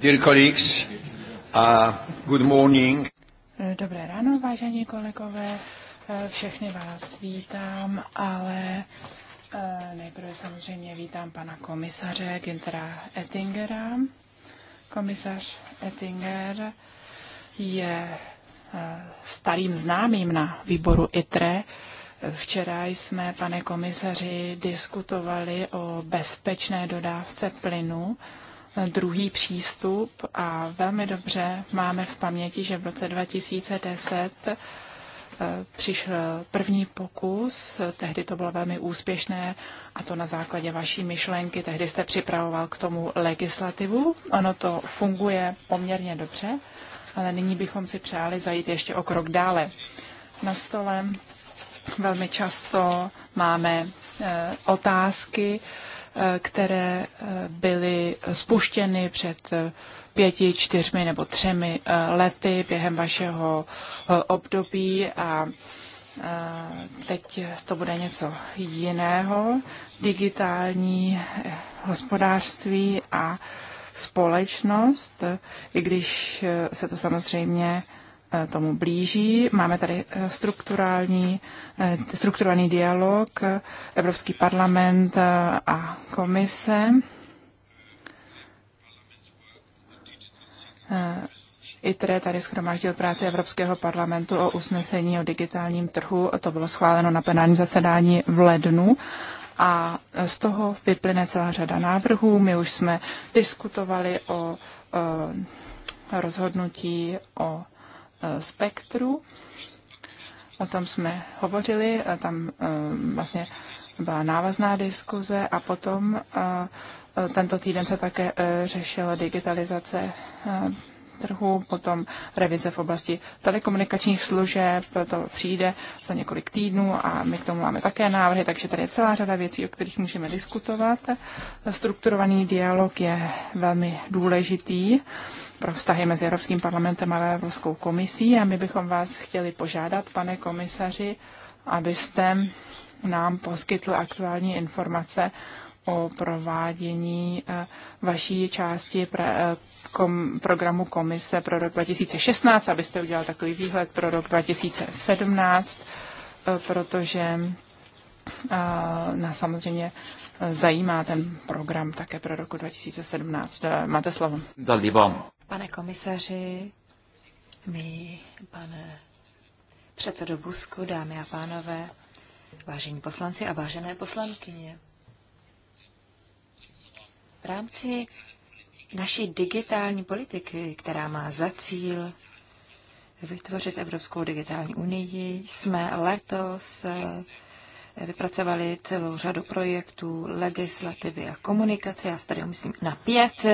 Dear colleagues, uh, good morning. Eh, dobré ráno, vážení kolegové. Eh, všechny vás vítám, ale eh, nejprve samozřejmě vítám pana komisaře Gintera Ettingera. Komisař Ettinger je starým známým na výboru ITRE. Včera jsme, pane komisaři, diskutovali o bezpečné dodávce plynu druhý přístup a velmi dobře máme v paměti, že v roce 2010 eh, přišel první pokus, tehdy to bylo velmi úspěšné a to na základě vaší myšlenky, tehdy jste připravoval k tomu legislativu, ono to funguje poměrně dobře, ale nyní bychom si přáli zajít ještě o krok dále. Na stole velmi často máme eh, otázky, Eh, které eh, byly spuštěny před eh, pěti, čtyřmi nebo třemi lety během vašeho období a teď to bude něco jiného. Digitální hospodářství a společnost, i když se to samozřejmě Eh, tomu blíží. Máme tady eh, strukturální, eh, strukturovaný dialog, Evropský parlament a komise. ITRE tady schromáždil práci Evropského parlamentu o usnesení o digitálním trhu. To bylo schváleno na plenárním zasedání v lednu a z toho vyplyne celá řada návrhů. My už jsme diskutovali o, o rozhodnutí o Eh, spektru. O tom jsme hovořili, tam eh, vlastně byla návazná diskuze a potom eh, tento týden se také řešila digitalizace trhu, potom revize v oblasti telekomunikačních služeb, to přijde za několik týdnů a my k tomu máme také návrhy, takže tady je celá řada věcí, o kterých můžeme diskutovat. Strukturovaný dialog je velmi důležitý pro vztahy mezi Evropským parlamentem a Evropskou komisí a my bychom vás chtěli požádat, pane komisaři, abyste nám poskytl aktuální informace o provádění eh, vaší části eh, kom, programu komise pro rok 2016, abyste udělal takový výhled pro rok 2017, eh, protože eh, nás samozřejmě eh, zajímá ten program také pro roku 2017. Máte slovo. Pane komisaři, my, pane předsedo Busku, dámy a pánové, vážení poslanci a vážené poslankyně. V rámci naší digitální politiky, která má za cíl vytvořit Evropskou digitální unii, jsme letos eh, vypracovali celou řadu projektů legislativy a komunikace. Já se tady myslím na pět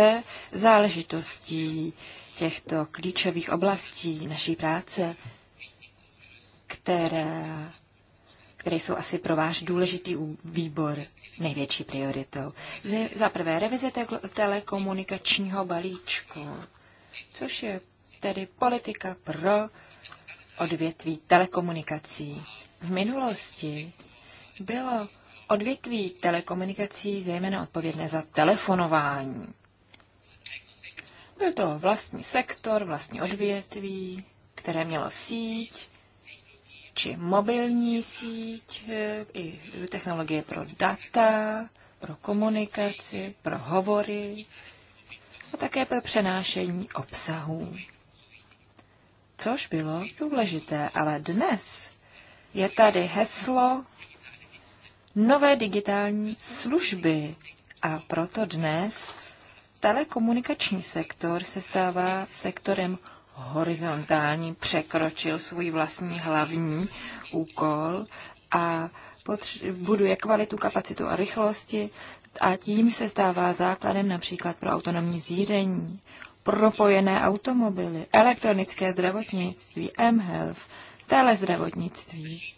záležitostí těchto klíčových oblastí naší práce, které, které jsou asi pro váš důležitý výbor největší prioritou. Za prvé revize telekomunikačního balíčku, což je tedy politika pro odvětví telekomunikací. V minulosti bylo odvětví telekomunikací zejména odpovědné za telefonování. Byl to vlastní sektor, vlastní odvětví, které mělo síť či mobilní síť, e, i technologie pro data, pro komunikaci, pro hovory a také pro přenášení obsahů. Což bylo důležité, ale dnes je tady heslo nové digitální služby a proto dnes telekomunikační sektor se stává sektorem horizontální překročil svůj vlastní hlavní úkol a buduje kvalitu, kapacitu a rychlosti a tím se stává základem například pro autonomní zíření, propojené automobily, elektronické zdravotnictví, mHealth, telezdravotnictví,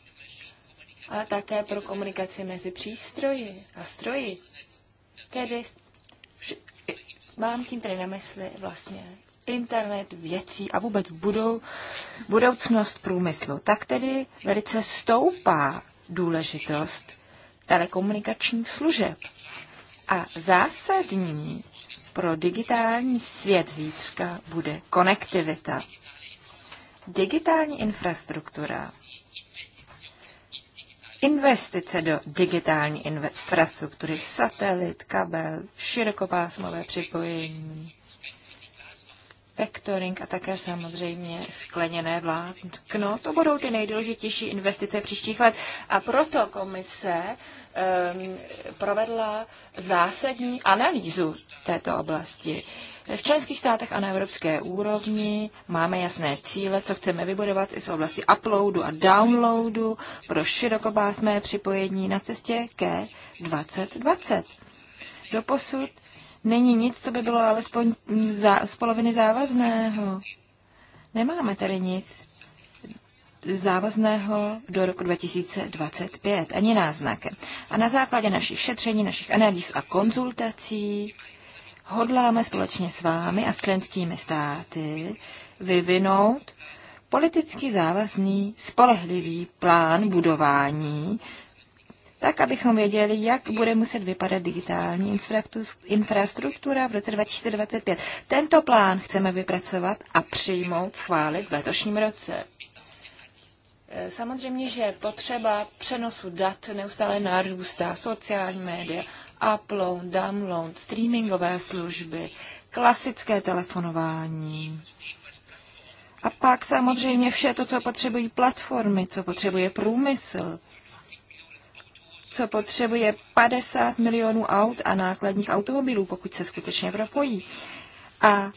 ale také pro komunikaci mezi přístroji a stroji. Tedy mám tím tedy na mysli vlastně internet věcí a vůbec budou, budoucnost průmyslu, tak tedy velice stoupá důležitost telekomunikačních služeb. A zásadní pro digitální svět zítřka bude konektivita. Digitální infrastruktura investice do digitální infrastruktury, satelit, kabel, širokopásmové připojení, factoring a také samozřejmě skleněné vlákno. To budou ty nejdůležitější investice příštích let. A proto komise um, provedla zásadní analýzu této oblasti. V členských státech a na evropské úrovni máme jasné cíle, co chceme vybudovat i z oblasti uploadu a downloadu pro širokopásmé připojení na cestě ke 2020. Doposud není nic, co by bylo alespoň za, z poloviny závazného. Nemáme tady nic závazného do roku 2025, ani náznakem. A na základě našich šetření, našich analýz a konzultací hodláme společně s vámi a s členskými státy vyvinout politicky závazný, spolehlivý plán budování tak abychom věděli, jak bude muset vypadat digitální infrastruktura v roce 2025. Tento plán chceme vypracovat a přijmout, schválit v letošním roce. E, samozřejmě, že potřeba přenosu dat neustále narůstá. Sociální média, upload, download, streamingové služby, klasické telefonování. A pak samozřejmě vše to, co potřebují platformy, co potřebuje průmysl co potřebuje 50 milionů aut a nákladních automobilů, pokud se skutečně propojí. A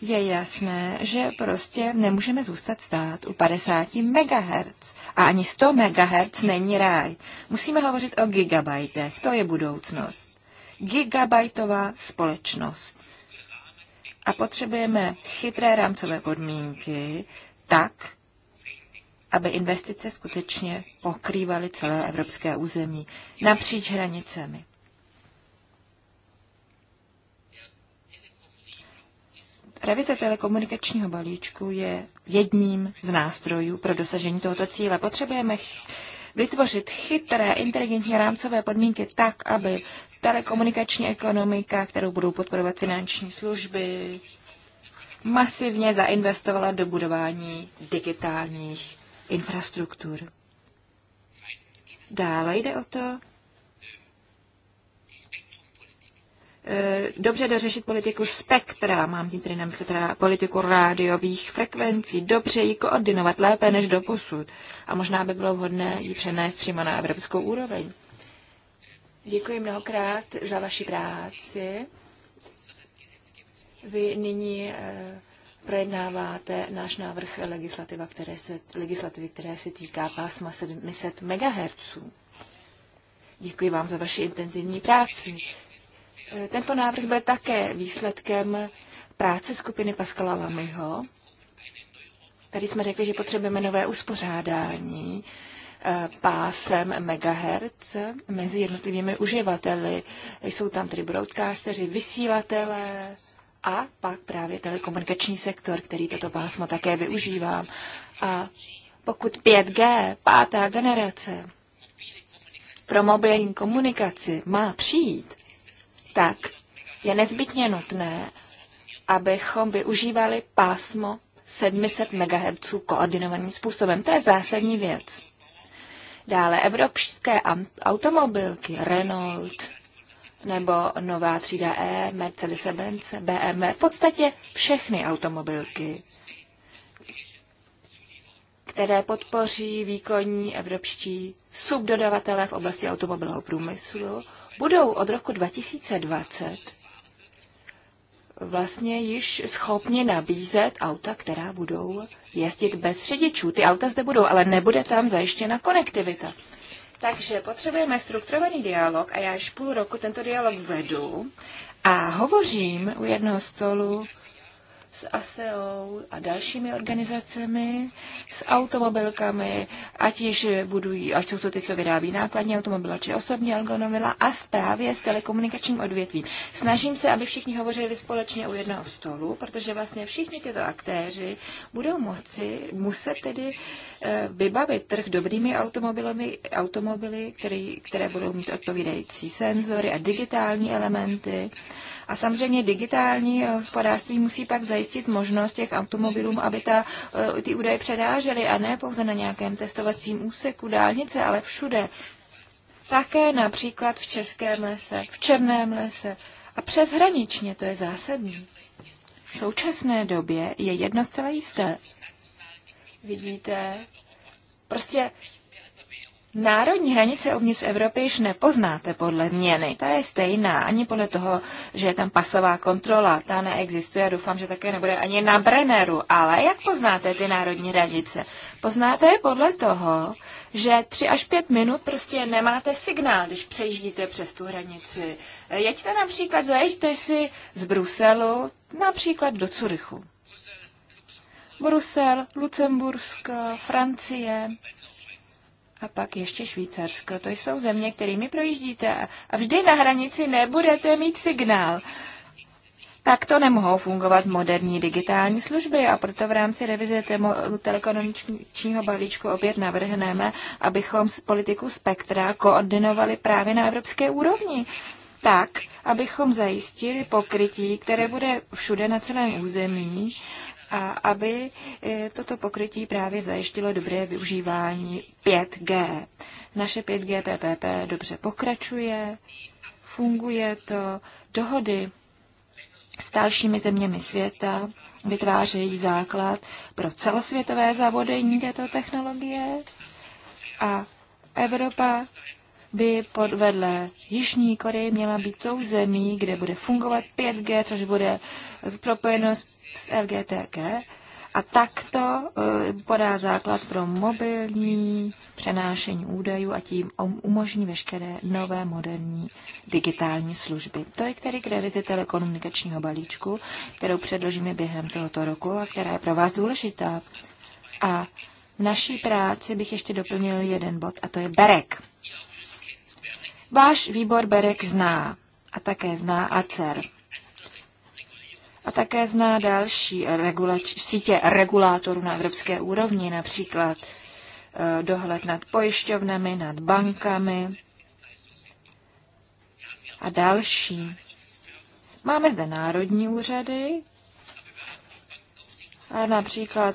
je jasné, že prostě nemůžeme zůstat stát u 50 MHz a ani 100 MHz není ráj. Musíme hovořit o gigabajtech, to je budoucnost. Gigabajtová společnost. A potřebujeme chytré rámcové podmínky tak, aby investice skutečně pokrývaly celé evropské území napříč hranicemi. Revize telekomunikačního balíčku je jedním z nástrojů pro dosažení tohoto cíle. Potřebujeme vytvořit chytré, inteligentní rámcové podmínky tak, aby telekomunikační ekonomika, kterou budou podporovat finanční služby, masivně zainvestovala do budování digitálních infrastruktur. Dále jde o to, eh, dobře dořešit politiku spektra, mám tím tedy na mysli teda politiku rádiových frekvencí, dobře ji koordinovat lépe než do posud. A možná by bylo vhodné ji přenést přímo na evropskou úroveň. Děkuji mnohokrát za vaši práci. Vy nyní eh, projednáváte náš návrh legislativa, které se, legislativy, které se týká pásma 700 MHz. Děkuji vám za vaši intenzivní práci. E, tento návrh byl také výsledkem práce skupiny Pascala Lamyho. Tady jsme řekli, že potřebujeme nové uspořádání e, pásem megahertz mezi jednotlivými uživateli. Jsou tam tedy broadcasteri, vysílatelé, a pak právě telekomunikační sektor, který toto pásmo také využívá. A pokud 5G, pátá generace, pro mobilní komunikaci má přijít, tak je nezbytně nutné, abychom využívali pásmo 700 MHz koordinovaným způsobem. To je zásadní věc. Dále evropské automobilky, Renault, nebo nová třída E, Mercedes-Benz, BMW, v podstatě všechny automobilky, které podpoří výkonní evropští subdodavatele v oblasti automobilového průmyslu, budou od roku 2020 vlastně již schopni nabízet auta, která budou jezdit bez řidičů. Ty auta zde budou, ale nebude tam zajištěna konektivita. Takže potřebujeme strukturovaný dialog a já již půl roku tento dialog vedu a hovořím u jednoho stolu s ASEO a dalšími organizacemi, s automobilkami, ať již budují, ať jsou to ty, co vyrábí nákladní automobila či osobní algonomila a právě s telekomunikačním odvětvím. Snažím se, aby všichni hovořili společně u jednoho stolu, protože vlastně všichni tyto aktéři budou moci, muset tedy eh, vybavit trh dobrými automobily, automobily který, které budou mít odpovídající senzory a digitální elementy a samozřejmě digitální eh, hospodářství musí pak zajistit možnost těch automobilům, aby ta, eh, ty údaje předážely a ne pouze na nějakém testovacím úseku dálnice, ale všude. Také například v Českém lese, v Černém lese a přeshraničně, to je zásadní. V současné době je jedno zcela jisté. Vidíte, prostě Národní hranice uvnitř Evropy již nepoznáte podle měny. Ta je stejná, ani podle toho, že je tam pasová kontrola. Ta neexistuje, doufám, že také nebude ani na Brenneru. Ale jak poznáte ty národní hranice? Poznáte je podle toho, že 3 až 5 minut prostě nemáte signál, když přejíždíte přes tu hranici. Jeďte například, zajeďte si z Bruselu například do Curychu. Brusel, Lucembursko, Francie, a pak ještě Švýcarsko. To jsou země, kterými projíždíte a vždy na hranici nebudete mít signál. Tak to nemohou fungovat moderní digitální služby a proto v rámci revize telekomunikačního balíčku opět navrhneme, abychom politiku spektra koordinovali právě na evropské úrovni. Tak, abychom zajistili pokrytí, které bude všude na celém území a aby eh, toto pokrytí právě zajištilo dobré využívání 5G. Naše 5G PPP dobře pokračuje, funguje to, dohody s dalšími zeměmi světa vytvářejí základ pro celosvětové zavodení této technologie a Evropa by podvedle Jižní Koreje měla být tou zemí, kde bude fungovat 5G, což bude propojeno s z LGTK a takto eh, podá základ pro mobilní přenášení údajů a tím um-, umožní veškeré nové moderní digitální služby. To je tedy k revizi telekomunikačního balíčku, kterou předložíme během tohoto roku a která je pro vás důležitá. A v naší práci bych ještě doplnil jeden bod a to je Berek. Váš výbor Berek zná a také zná ACER a také zná další regulač, sítě regulátorů na evropské úrovni, například eh, dohled nad pojišťovnami, nad bankami a další. Máme zde národní úřady, a například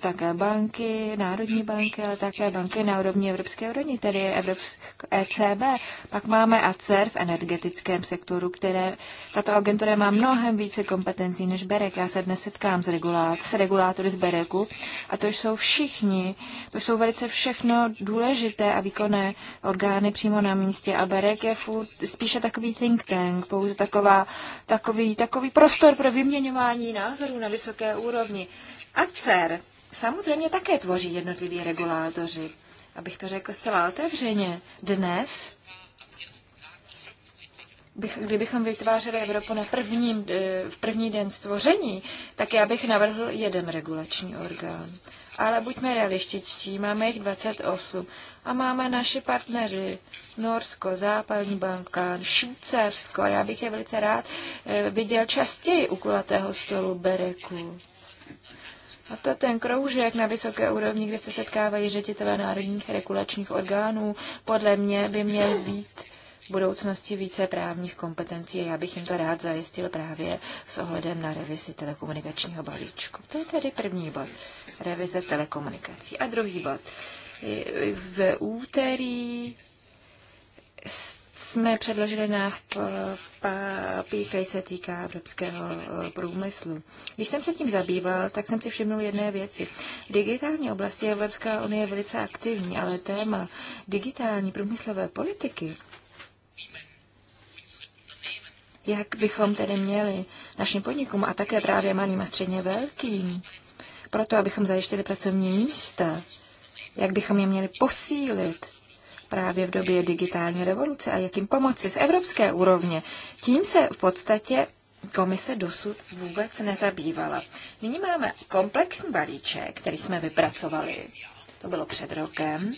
také banky, národní banky, ale také banky na úrovni Evropské úrovni, tedy Evropské ECB. Pak máme ACER v energetickém sektoru, které tato agentura má mnohem více kompetencí než Berek. Já se dnes setkám s, regulát, s regulátory z Bereku a to jsou všichni, to jsou velice všechno důležité a výkonné orgány přímo na místě a Berek je furt, spíše takový think tank, pouze taková, takový, takový prostor pro vyměňování názorů na vysoké úrovni. ACER samozřejmě také tvoří jednotliví regulátoři. Abych to řekl zcela otevřeně, dnes, bych, kdybychom vytvářeli Evropu na prvním, eh, v první den stvoření, tak já bych navrhl jeden regulační orgán. Ale buďme realističtí, máme jich 28 a máme naši partnery Norsko, Západní Balkán, Švýcarsko já bych je velice rád eh, viděl častěji u kulatého stolu Bereku. A to ten kroužek na vysoké úrovni, kde se setkávají ředitele národních regulačních orgánů, podle mě by měl být v budoucnosti více právních kompetencí a já bych jim to rád zajistil právě s ohledem na revizi telekomunikačního balíčku. To je tedy první bod, revize telekomunikací. A druhý bod, v úterý jsme předložili na eh, papí, který se týká evropského eh, průmyslu. Když jsem se tím zabýval, tak jsem si všiml jedné věci. V digitální oblasti Evropská unie je velice aktivní, ale téma digitální průmyslové politiky, jak bychom tedy měli našim podnikům a také právě malým a středně velkým, proto abychom zajištěli pracovní místa, jak bychom je měli posílit, právě v době digitální revoluce a jak jim pomoci z evropské úrovně. Tím se v podstatě komise dosud vůbec nezabývala. Nyní máme komplexní balíček, který jsme vypracovali. To bylo před rokem.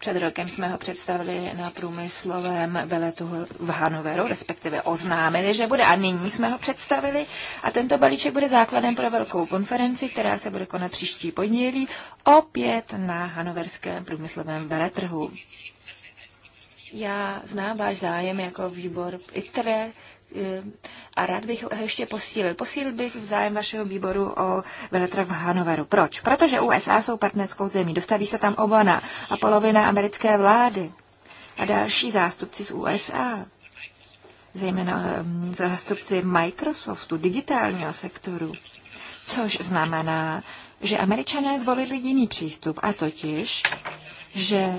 Před rokem jsme ho představili na průmyslovém veletu v Hanoveru, respektive oznámili, že bude a nyní jsme ho představili. A tento balíček bude základem pro velkou konferenci, která se bude konat příští pondělí opět na Hanoverském průmyslovém veletrhu. Já znám váš zájem jako výbor ITRE, a rád bych ho ještě posílil. Posílil bych vzájem vašeho výboru o veletra v Hanoveru. Proč? Protože USA jsou partnerskou zemí. Dostaví se tam Obama a polovina americké vlády a další zástupci z USA zejména hm, zástupci Microsoftu, digitálního sektoru. Což znamená, že američané zvolili jiný přístup, a totiž, že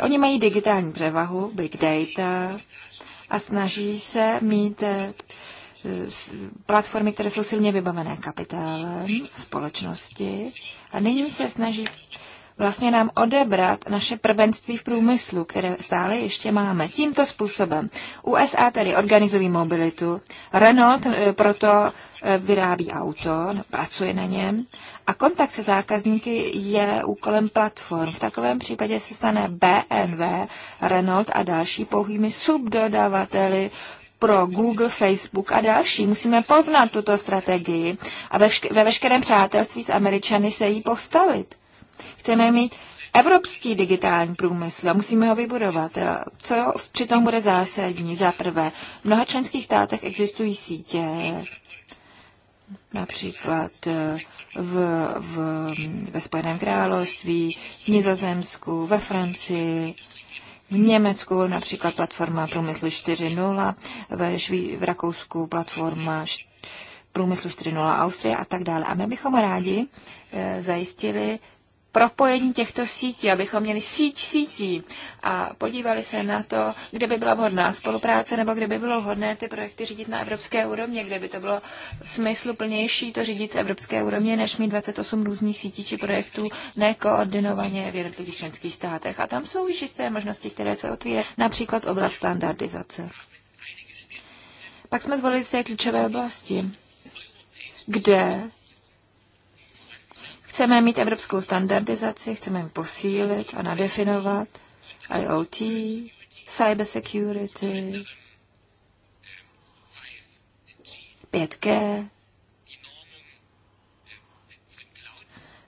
oni mají digitální převahu, big data, a snaží se mít eh, platformy, které jsou silně vybavené kapitálem společnosti a nyní se snaží vlastně nám odebrat naše prvenství v průmyslu, které stále ještě máme. Tímto způsobem USA tedy organizují mobilitu, Renault eh, proto vyrábí auto, no, pracuje na něm a kontakt se zákazníky je úkolem platform. V takovém případě se stane BMW, Renault a další pouhými subdodavateli pro Google, Facebook a další. Musíme poznat tuto strategii a ve, vš- ve veškerém přátelství s Američany se jí postavit. Chceme mít evropský digitální průmysl a musíme ho vybudovat. Co přitom bude zásadní? Za prvé, v mnoha členských státech existují sítě, například eh, v, v, ve Spojeném království, v Nizozemsku, ve Francii, v Německu například platforma Průmyslu 4.0, ve Šví, v Rakousku platforma Průmyslu 4.0 Austria a tak dále. A my bychom rádi eh, zajistili propojení těchto sítí, abychom měli síť sítí a podívali se na to, kde by byla vhodná spolupráce nebo kde by bylo vhodné ty projekty řídit na evropské úrovni, kde by to bylo smysluplnější to řídit z evropské úrovně, než mít 28 různých sítí či projektů nekoordinovaně v jednotlivých členských státech. A tam jsou již jisté možnosti, které se otvírají, například oblast standardizace. Pak jsme zvolili si klíčové oblasti, kde Chceme mít evropskou standardizaci, chceme ji posílit a nadefinovat. IoT, cyber security, 5G,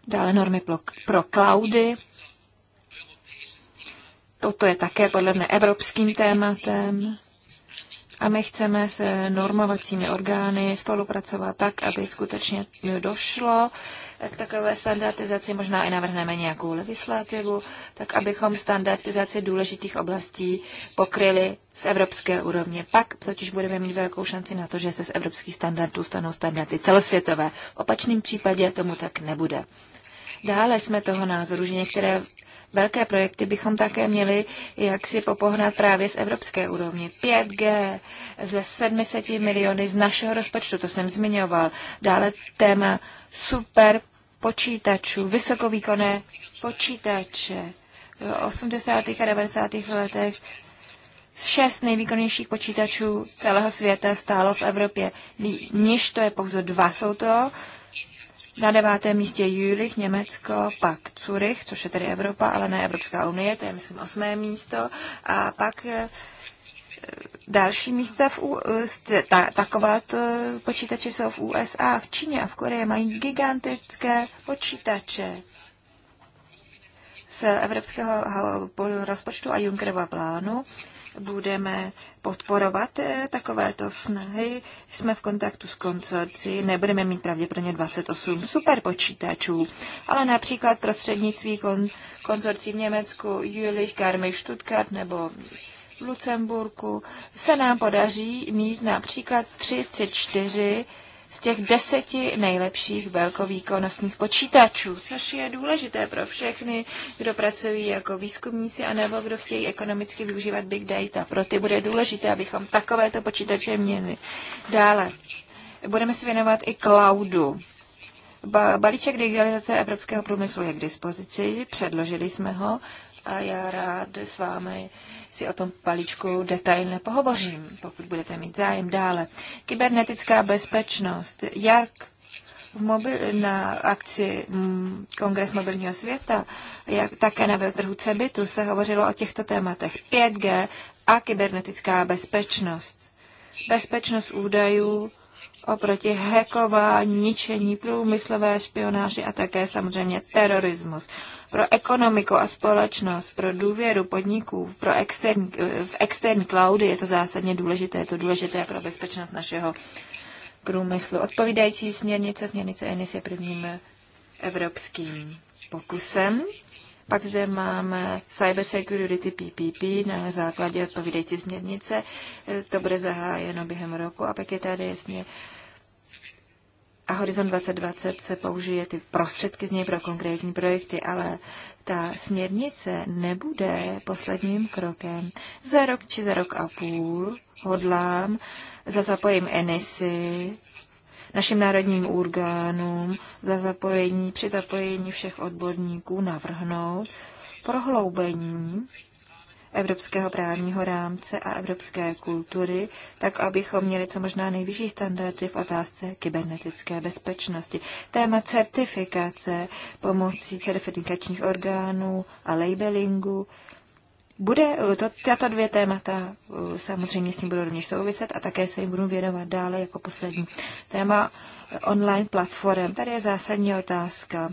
dále normy pro, pro cloudy. Toto je také podle mě evropským tématem. A my chceme se normovacími orgány spolupracovat tak, aby skutečně došlo k takové standardizaci, možná i navrhneme nějakou legislativu, tak abychom standardizaci důležitých oblastí pokryli z evropské úrovně. Pak totiž budeme mít velkou šanci na to, že se z evropských standardů stanou standardy celosvětové. V opačném případě tomu tak nebude. Dále jsme toho názoru, že některé velké projekty bychom také měli jak si popohnat právě z evropské úrovně. 5G ze 700 miliony z našeho rozpočtu, to jsem zmiňoval. Dále téma super počítačů, vysokovýkonné počítače. V 80. a 90. letech šest nejvýkonnějších počítačů celého světa stálo v Evropě. Niž to je pouze dva, jsou to na devátém místě Jülich, Německo, pak Zurich, což je tedy Evropa, ale ne Evropská unie, to je myslím osmé místo. A pak eh, další místa v U, eh, ta, taková to, počítače jsou v USA, v Číně a v Koreji mají gigantické počítače z evropského rozpočtu a Junckerova plánu budeme podporovat eh, takovéto snahy. Jsme v kontaktu s konsorci, nebudeme mít pravděpodobně 28 superpočítačů, ale například prostřednictví kon- konzorcí v Německu, Jülich, Garmisch, Stuttgart nebo v Lucemburku se nám podaří mít například 34 z těch deseti nejlepších velkovýkonnostních počítačů, což je důležité pro všechny, kdo pracují jako výzkumníci anebo kdo chtějí ekonomicky využívat big data. Pro ty bude důležité, abychom takovéto počítače měli. Dále budeme se věnovat i cloudu. Ba balíček digitalizace evropského průmyslu je k dispozici, předložili jsme ho a já rád s vámi si o tom palíčku detailně pohovořím, pokud budete mít zájem dále. Kybernetická bezpečnost. Jak v mobil, na akci mm, Kongres mobilního světa, jak také na veltrhu Cebitu se hovořilo o těchto tématech 5G a kybernetická bezpečnost. Bezpečnost údajů oproti hackování, ničení, průmyslové špionáži a také samozřejmě terorismus. Pro ekonomiku a společnost, pro důvěru podniků, pro extern v externí cloudy je to zásadně důležité, je to důležité pro bezpečnost našeho průmyslu. Odpovídající směrnice, směrnice ENIS je prvním evropským pokusem. Pak zde máme Cyber Security PPP na základě odpovídající směrnice. To bude zahájeno během roku. A pak je tady jasně a Horizon 2020 se použije ty prostředky z něj pro konkrétní projekty, ale ta směrnice nebude posledním krokem. Za rok či za rok a půl hodlám, za zapojím ENISY, našim národním orgánům, za zapojení, při zapojení všech odborníků navrhnout prohloubení evropského právního rámce a evropské kultury, tak abychom měli co možná nejvyšší standardy v otázce kybernetické bezpečnosti. Téma certifikace pomocí certifikačních orgánů a labelingu bude, to, tato dvě témata uh, samozřejmě s ním budou rovněž souviset a také se jim budu věnovat dále jako poslední téma online platform. Tady je zásadní otázka.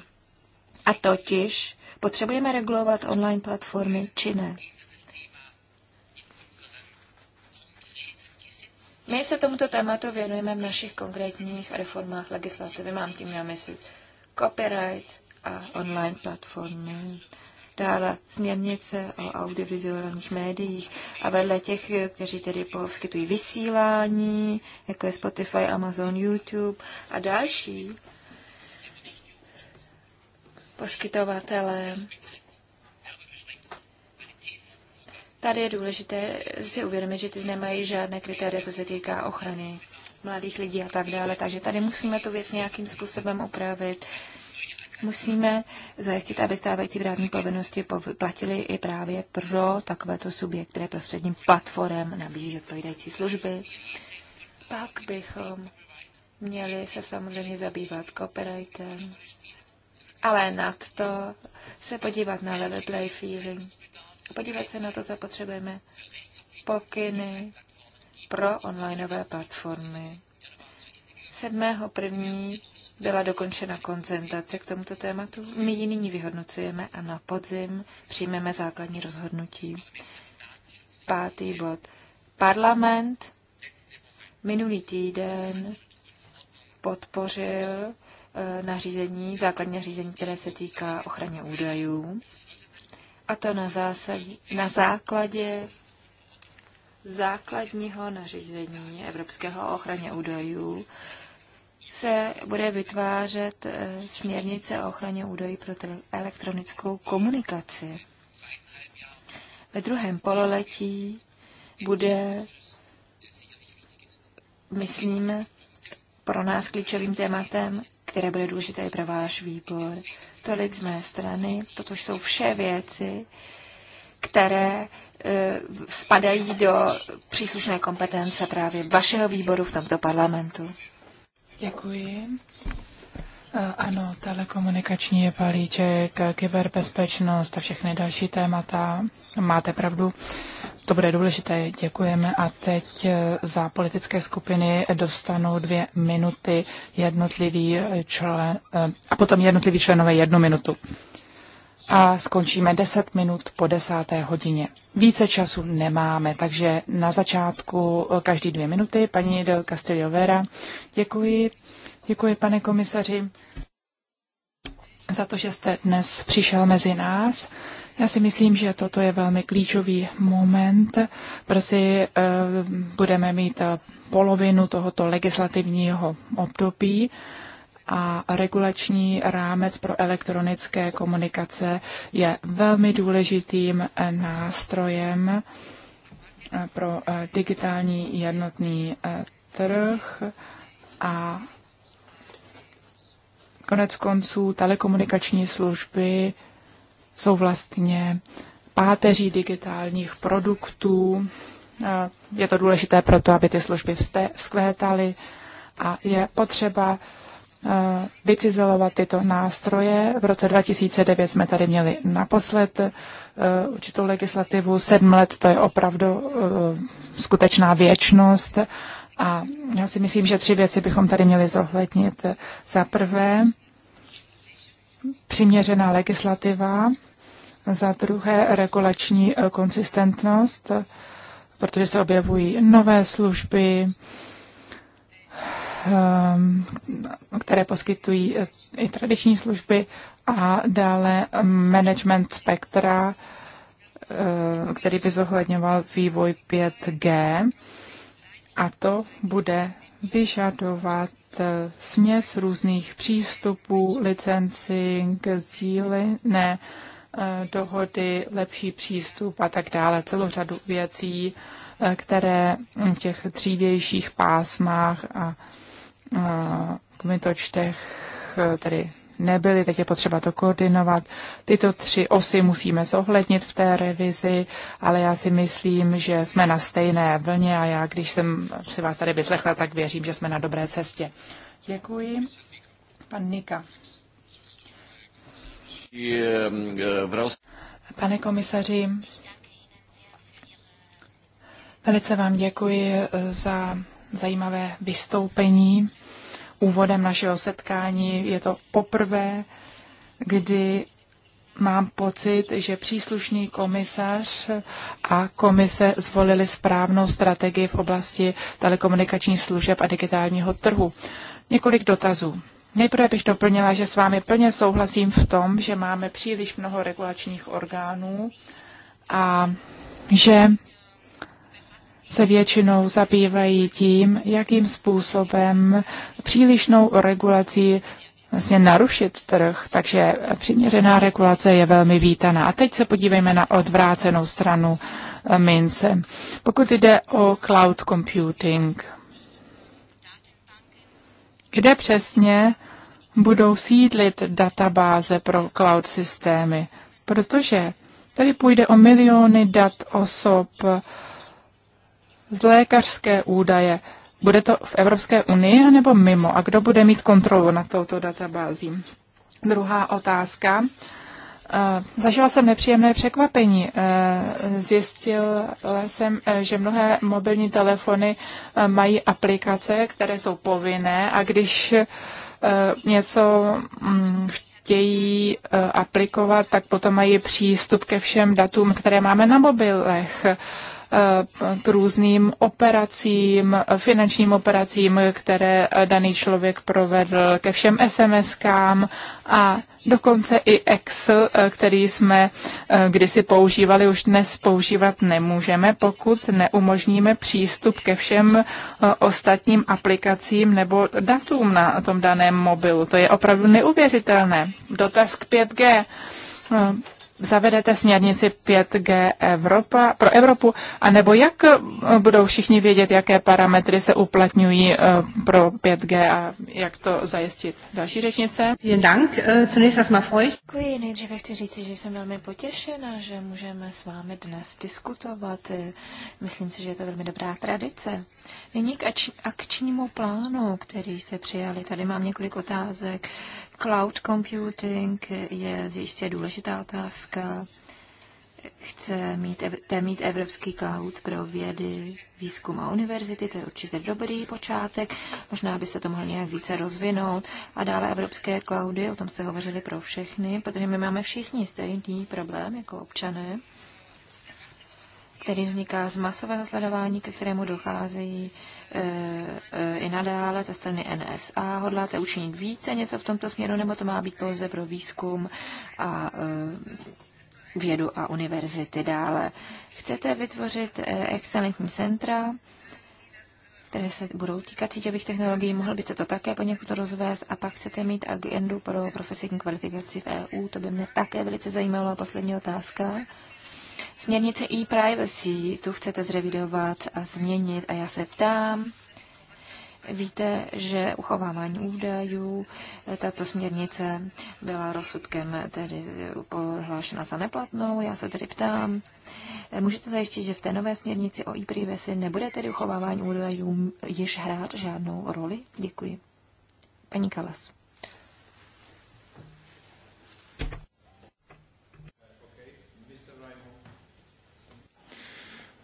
A totiž, potřebujeme regulovat online platformy či ne? My se tomuto tématu věnujeme v našich konkrétních reformách legislativy. Mám tím na mysli copyright a online platformy, dále směrnice o audiovizuálních médiích a vedle těch, kteří tedy poskytují vysílání, jako je Spotify, Amazon, YouTube a další poskytovatele Tady je důležité si uvědomit, že ty nemají žádné kritéria, co se týká ochrany mladých lidí a tak dále. Takže tady musíme tu věc nějakým způsobem upravit. Musíme zajistit, aby stávající právní povinnosti platily i právě pro takovéto subjekt, které prostředním platformem nabízí odpovídající služby. Pak bychom měli se samozřejmě zabývat copyrightem, ale nad to se podívat na level play feeling a podívat se na to, co potřebujeme. Pokyny pro onlineové platformy. 7.1. byla dokončena koncentrace k tomuto tématu. My ji nyní vyhodnocujeme a na podzim přijmeme základní rozhodnutí. Pátý bod. Parlament minulý týden podpořil eh, nařízení, základní nařízení, které se týká ochraně údajů a to na, zásadě, na základě základního nařízení Evropského ochraně údajů se bude vytvářet eh, směrnice o ochraně údajů pro elektronickou komunikaci. Ve druhém pololetí bude, myslím, pro nás klíčovým tématem, které bude důležité i pro váš výbor, Tolik z mé strany. Toto jsou vše věci, které e, spadají do příslušné kompetence právě vašeho výboru v tomto parlamentu. Děkuji. E, ano, telekomunikační je palíček, kyberbezpečnost a všechny další témata. Máte pravdu. To bude důležité, děkujeme. A teď eh, za politické skupiny dostanou dvě minuty jednotlivý eh, člen, eh, a potom jednotliví členové jednu minutu. A skončíme 10 minut po desáté hodině. Více času nemáme, takže na začátku každý dvě minuty. Paní Del Castillo Vera, děkuji. Děkuji, pane komisaři, za to, že jste dnes přišel mezi nás. Já si myslím, že toto je velmi klíčový moment. Prostě budeme mít eh, polovinu tohoto legislativního období a regulační rámec pro elektronické komunikace je velmi důležitým eh, nástrojem pro digitální jednotný trh a konec konců telekomunikační služby jsou vlastně páteří digitálních produktů. Eh, je to důležité proto, aby ty služby vzkvétaly a je potřeba eh, vycizelovat tyto nástroje. V roce 2009 jsme tady měli naposled eh, určitou legislativu. Sedm let to je opravdu skutečná věčnost. A já si myslím, že tři věci bychom tady měli zohlednit. Za prvé, přiměřená legislativa, za druhé regulační eh, konsistentnost, protože se objevují nové služby, ehm, které poskytují eh, i tradiční služby a dále management spektra, eh, který by zohledňoval vývoj 5G a to bude vyžadovat směs různých přístupů, licencing, sdílené Eh, dohody, lepší přístup a tak dále, celou řadu věcí, eh, které v těch dřívějších pásmách a kmitočtech eh, tedy nebyly, teď je potřeba to koordinovat. Tyto tři osy musíme zohlednit v té revizi, ale já si myslím, že jsme na stejné vlně a já, když jsem si vás tady vyslechla, tak věřím, že jsme na dobré cestě. Děkuji. Pan Nika. Pane komisaři, velice vám děkuji za zajímavé vystoupení. Úvodem našeho setkání je to poprvé, kdy mám pocit, že příslušný komisař a komise zvolili správnou strategii v oblasti telekomunikačních služeb a digitálního trhu. Několik dotazů. Nejprve bych doplnila, že s vámi plně souhlasím v tom, že máme příliš mnoho regulačních orgánů a že se většinou zabývají tím, jakým způsobem přílišnou regulací vlastně narušit trh, takže přiměřená regulace je velmi vítaná. A teď se podívejme na odvrácenou stranu mince. Pokud jde o cloud computing, kde přesně budou sídlit databáze pro cloud systémy, protože tady půjde o miliony dat osob z lékařské údaje. Bude to v Evropské unii nebo mimo? A kdo bude mít kontrolu nad touto databází? Druhá otázka Zažila jsem nepříjemné překvapení. E, Zjistil jsem, e, že mnohé mobilní telefony e, mají aplikace, které jsou povinné a když něco mm, chtějí aplikovat, tak potom mají přístup ke všem datům, které máme na mobilech k různým operacím, finančním operacím, které daný člověk provedl, ke všem SMS-kám a dokonce i Excel, eh, který jsme eh, kdysi používali, už dnes používat nemůžeme, pokud neumožníme přístup ke všem eh, ostatním aplikacím nebo datům na tom daném mobilu. To je opravdu neuvěřitelné. Dotaz k 5G zavedete směrnici 5G Evropa, pro Evropu, anebo jak eh, budou všichni vědět, jaké parametry se uplatňují eh, pro 5G a jak to zajistit? Další řečnice? Äh, Děkuji, nejdříve chci říct, že jsem velmi potěšena, že můžeme s vámi dnes diskutovat. Eh, myslím si, že je to velmi dobrá tradice. Nyní k akčnímu plánu, který se přijali. Tady mám několik otázek. Cloud computing je jistě důležitá otázka. Chce mít, chce mít evropský cloud pro vědy, výzkum a univerzity, to je určitě dobrý počátek. Možná by se to mohlo nějak více rozvinout. A dále evropské cloudy, o tom se hovořili pro všechny, protože my máme všichni stejný problém jako občané, který vzniká z masového sledování, ke kterému docházejí Eh, eh, i nadále ze strany NSA. Hodláte učinit více něco v tomto směru, nebo to má být pouze pro výzkum a eh, vědu a univerzity dále? Chcete vytvořit excelentní centra, které se budou týkat síťových technologií. Mohl byste to také poněkud rozvést a pak chcete mít agendu pro profesní kvalifikaci v EU. To by mě také velice zajímalo. A poslední otázka. Směrnice e-privacy, tu chcete zrevidovat a změnit a já se ptám, Víte, že uchovávání údajů, tato směrnice byla rozsudkem tedy pohlášena za neplatnou. Já se tedy ptám, můžete zajistit, že v té nové směrnici o e-privacy nebude tedy uchovávání údajů již hrát žádnou roli? Děkuji. Paní Kalas.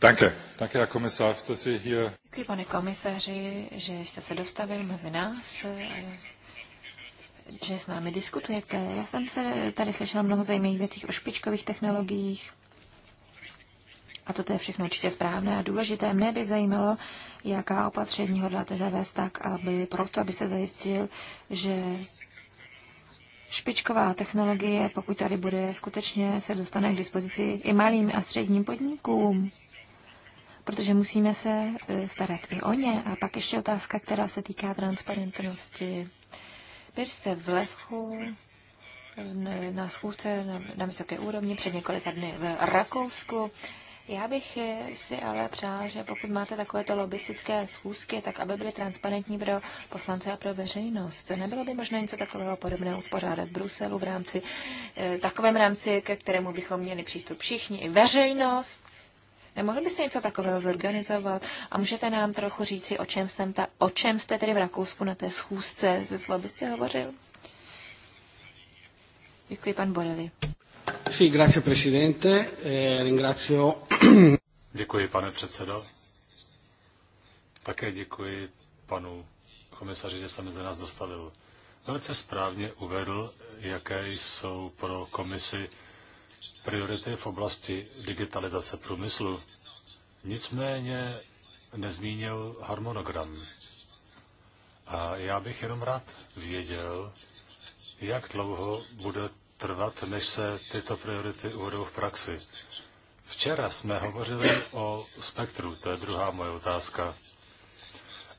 Danke. Danke, Herr Kommissar, dass Sie hier... Děkuji, pane komisaři, že jste se dostavil mezi nás, eh, že s námi diskutujete. Já jsem se tady slyšela mnoho zajímavých věcí o špičkových technologiích, a toto je všechno určitě správné a důležité. Mne by zajímalo, jaká opatření hodláte zavést tak, aby proto, aby se zajistil, že špičková technologie, pokud tady bude, skutečně se dostane k dispozici i malým a středním podnikům protože musíme se e, starat i o ně. A pak ještě otázka, která se týká transparentnosti. Byl jste v Levchu na schůzce na, vysoké úrovni před několika dny v Rakousku. Já bych e, si ale přál, že pokud máte takovéto lobbystické schůzky, tak aby byly transparentní pro poslance a pro veřejnost. Nebylo by možné něco takového podobného uspořádat v Bruselu v rámci, e, takovém rámci, ke kterému bychom měli přístup všichni, i veřejnost, Nemohli byste něco takového zorganizovat? A můžete nám trochu říci, o čem, jsem ta, o čem jste tedy v Rakousku na té schůzce ze Sloby jste hovořil? Děkuji, pan Borelli. Sí, grazie, presidente. Eh, ringrazio... Děkuji, pane předsedo. Také děkuji panu komisaři, že se mezi nás dostavil. Velice správně uvedl, jaké jsou pro komisi priority v oblasti digitalizace průmyslu. Nicméně nezmínil harmonogram. A já bych jenom rád věděl, jak dlouho bude trvat, než se tyto priority uvedou v praxi. Včera jsme hovořili o spektru, to je druhá moje otázka.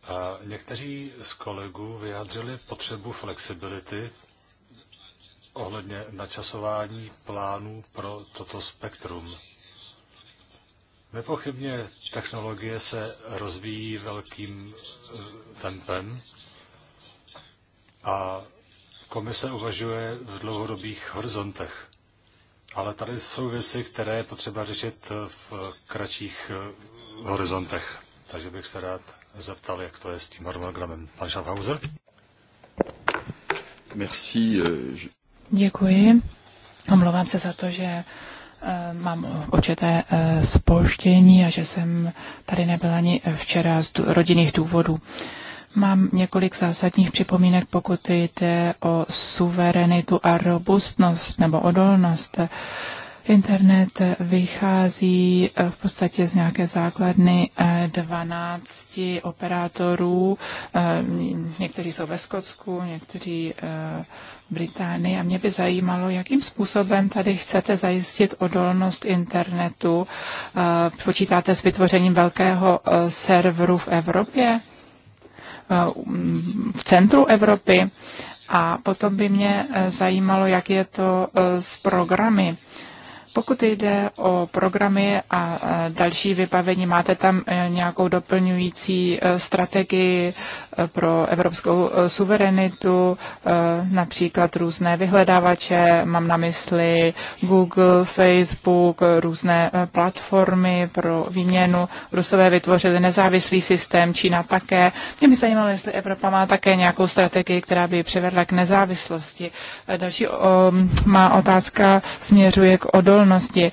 A někteří z kolegů vyjádřili potřebu flexibility ohledně načasování plánů pro toto spektrum. Nepochybně technologie se rozvíjí velkým eh, tempem a komise uvažuje v dlouhodobých horizontech. Ale tady jsou věci, které je potřeba řešit v kratších eh, horizontech. Takže bych se rád zeptal, jak to je s tím harmonogramem. Pan Schaffhauser? Merci. Eh, Děkuji. Omlouvám se za to, že eh, mám uh, eh, spouštění a že jsem tady nebyla ani včera z rodinných důvodů. Mám několik zásadních připomínek, pokud jde o suverenitu a robustnost nebo odolnost. Eh, Internet vychází eh, v podstatě z nějaké základny 12 eh, operátorů. Eh, někteří jsou ve Skotsku, někteří v Británii. A mě by zajímalo, jakým způsobem tady chcete zajistit odolnost internetu. Počítáte s vytvořením velkého serveru v Evropě? v centru Evropy a potom by mě zajímalo, jak je to s programy pokud jde o programy a další vybavení, máte tam e, nějakou doplňující e, strategii e, pro evropskou suverenitu, například různé vyhledávače, mám na mysli Google, Facebook, různé platformy pro výměnu. Rusové vytvořili nezávislý systém, Čína také. Mě by zajímalo, jestli Evropa má také nějakou strategii, která by ji přivedla k nezávislosti. Další má otázka směřuje k odolnosti spravedlnosti.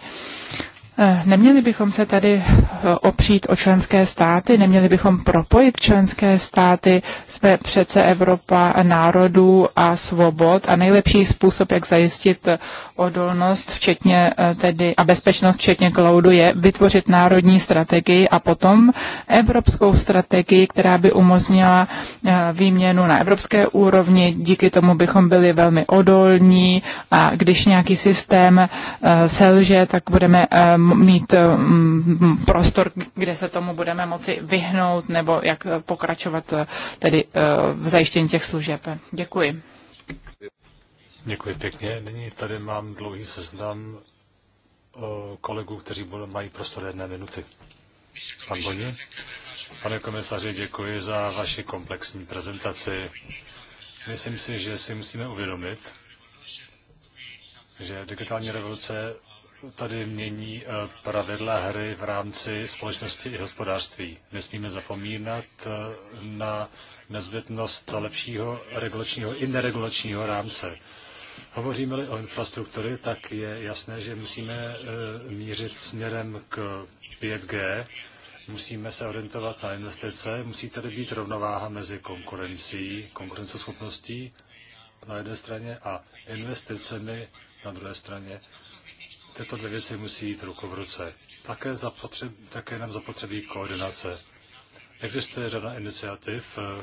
Eh, neměli bychom se tady eh, opřít o členské státy, neměli bychom propojit členské státy, jsme přece Evropa národů a svobod a nejlepší způsob, jak zajistit eh, odolnost včetně tedy a bezpečnost včetně cloudu je vytvořit národní strategii a potom evropskou strategii, která by umožnila výměnu na evropské úrovni. Díky tomu bychom byli velmi odolní a když nějaký systém selže, tak budeme mít mm, prostor, kde se tomu budeme moci vyhnout nebo jak pokračovat eh, tedy eh, v zajištění těch služeb. Děkuji. Děkuji pěkně. Nyní tady mám dlouhý seznam eh, kolegů, kteří mají prostor jedné minuty. Pan Boni? Pane komisaři, děkuji za vaši komplexní prezentaci. Myslím si, že si musíme uvědomit, že digitální revoluce tady mění eh, pravidla hry v rámci společnosti i hospodářství. Nesmíme zapomínat eh, na nezbytnost lepšího regulačního i neregulačního rámce. Hovoříme-li o infrastruktury, tak je jasné, že musíme eh, mířit směrem k 5G, musíme se orientovat na investice, musí tady být rovnováha mezi konkurencí, konkurenceschopností na jedné straně a investicemi na druhé straně tyto dvě věci musí jít ruku v ruce. Také, zapotřeb, také nám zapotřebí koordinace. Existuje řada iniciativ, eh,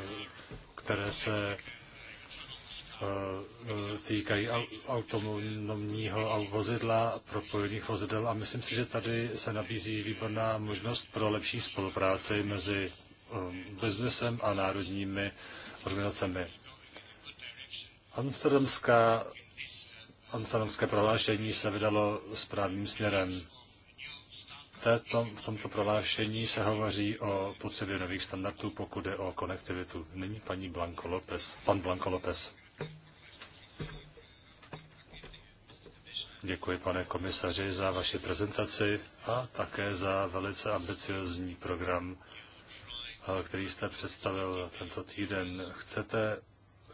které se eh, eh, týkají autonomního vozidla, propojených vozidel a myslím si, že tady se nabízí výborná možnost pro lepší spolupráci mezi biznesem a národními organizacemi. Amsterdamská Amsterdamské prohlášení se vydalo správným směrem. Této, v tomto prohlášení se hovoří o potřebě nových standardů, pokud jde o konektivitu. Nyní paní Blanco López. Pan Blanco López. Děkuji, pane komisaři, za vaši prezentaci a také za velice ambiciozní program, eh, který jste představil tento týden. Chcete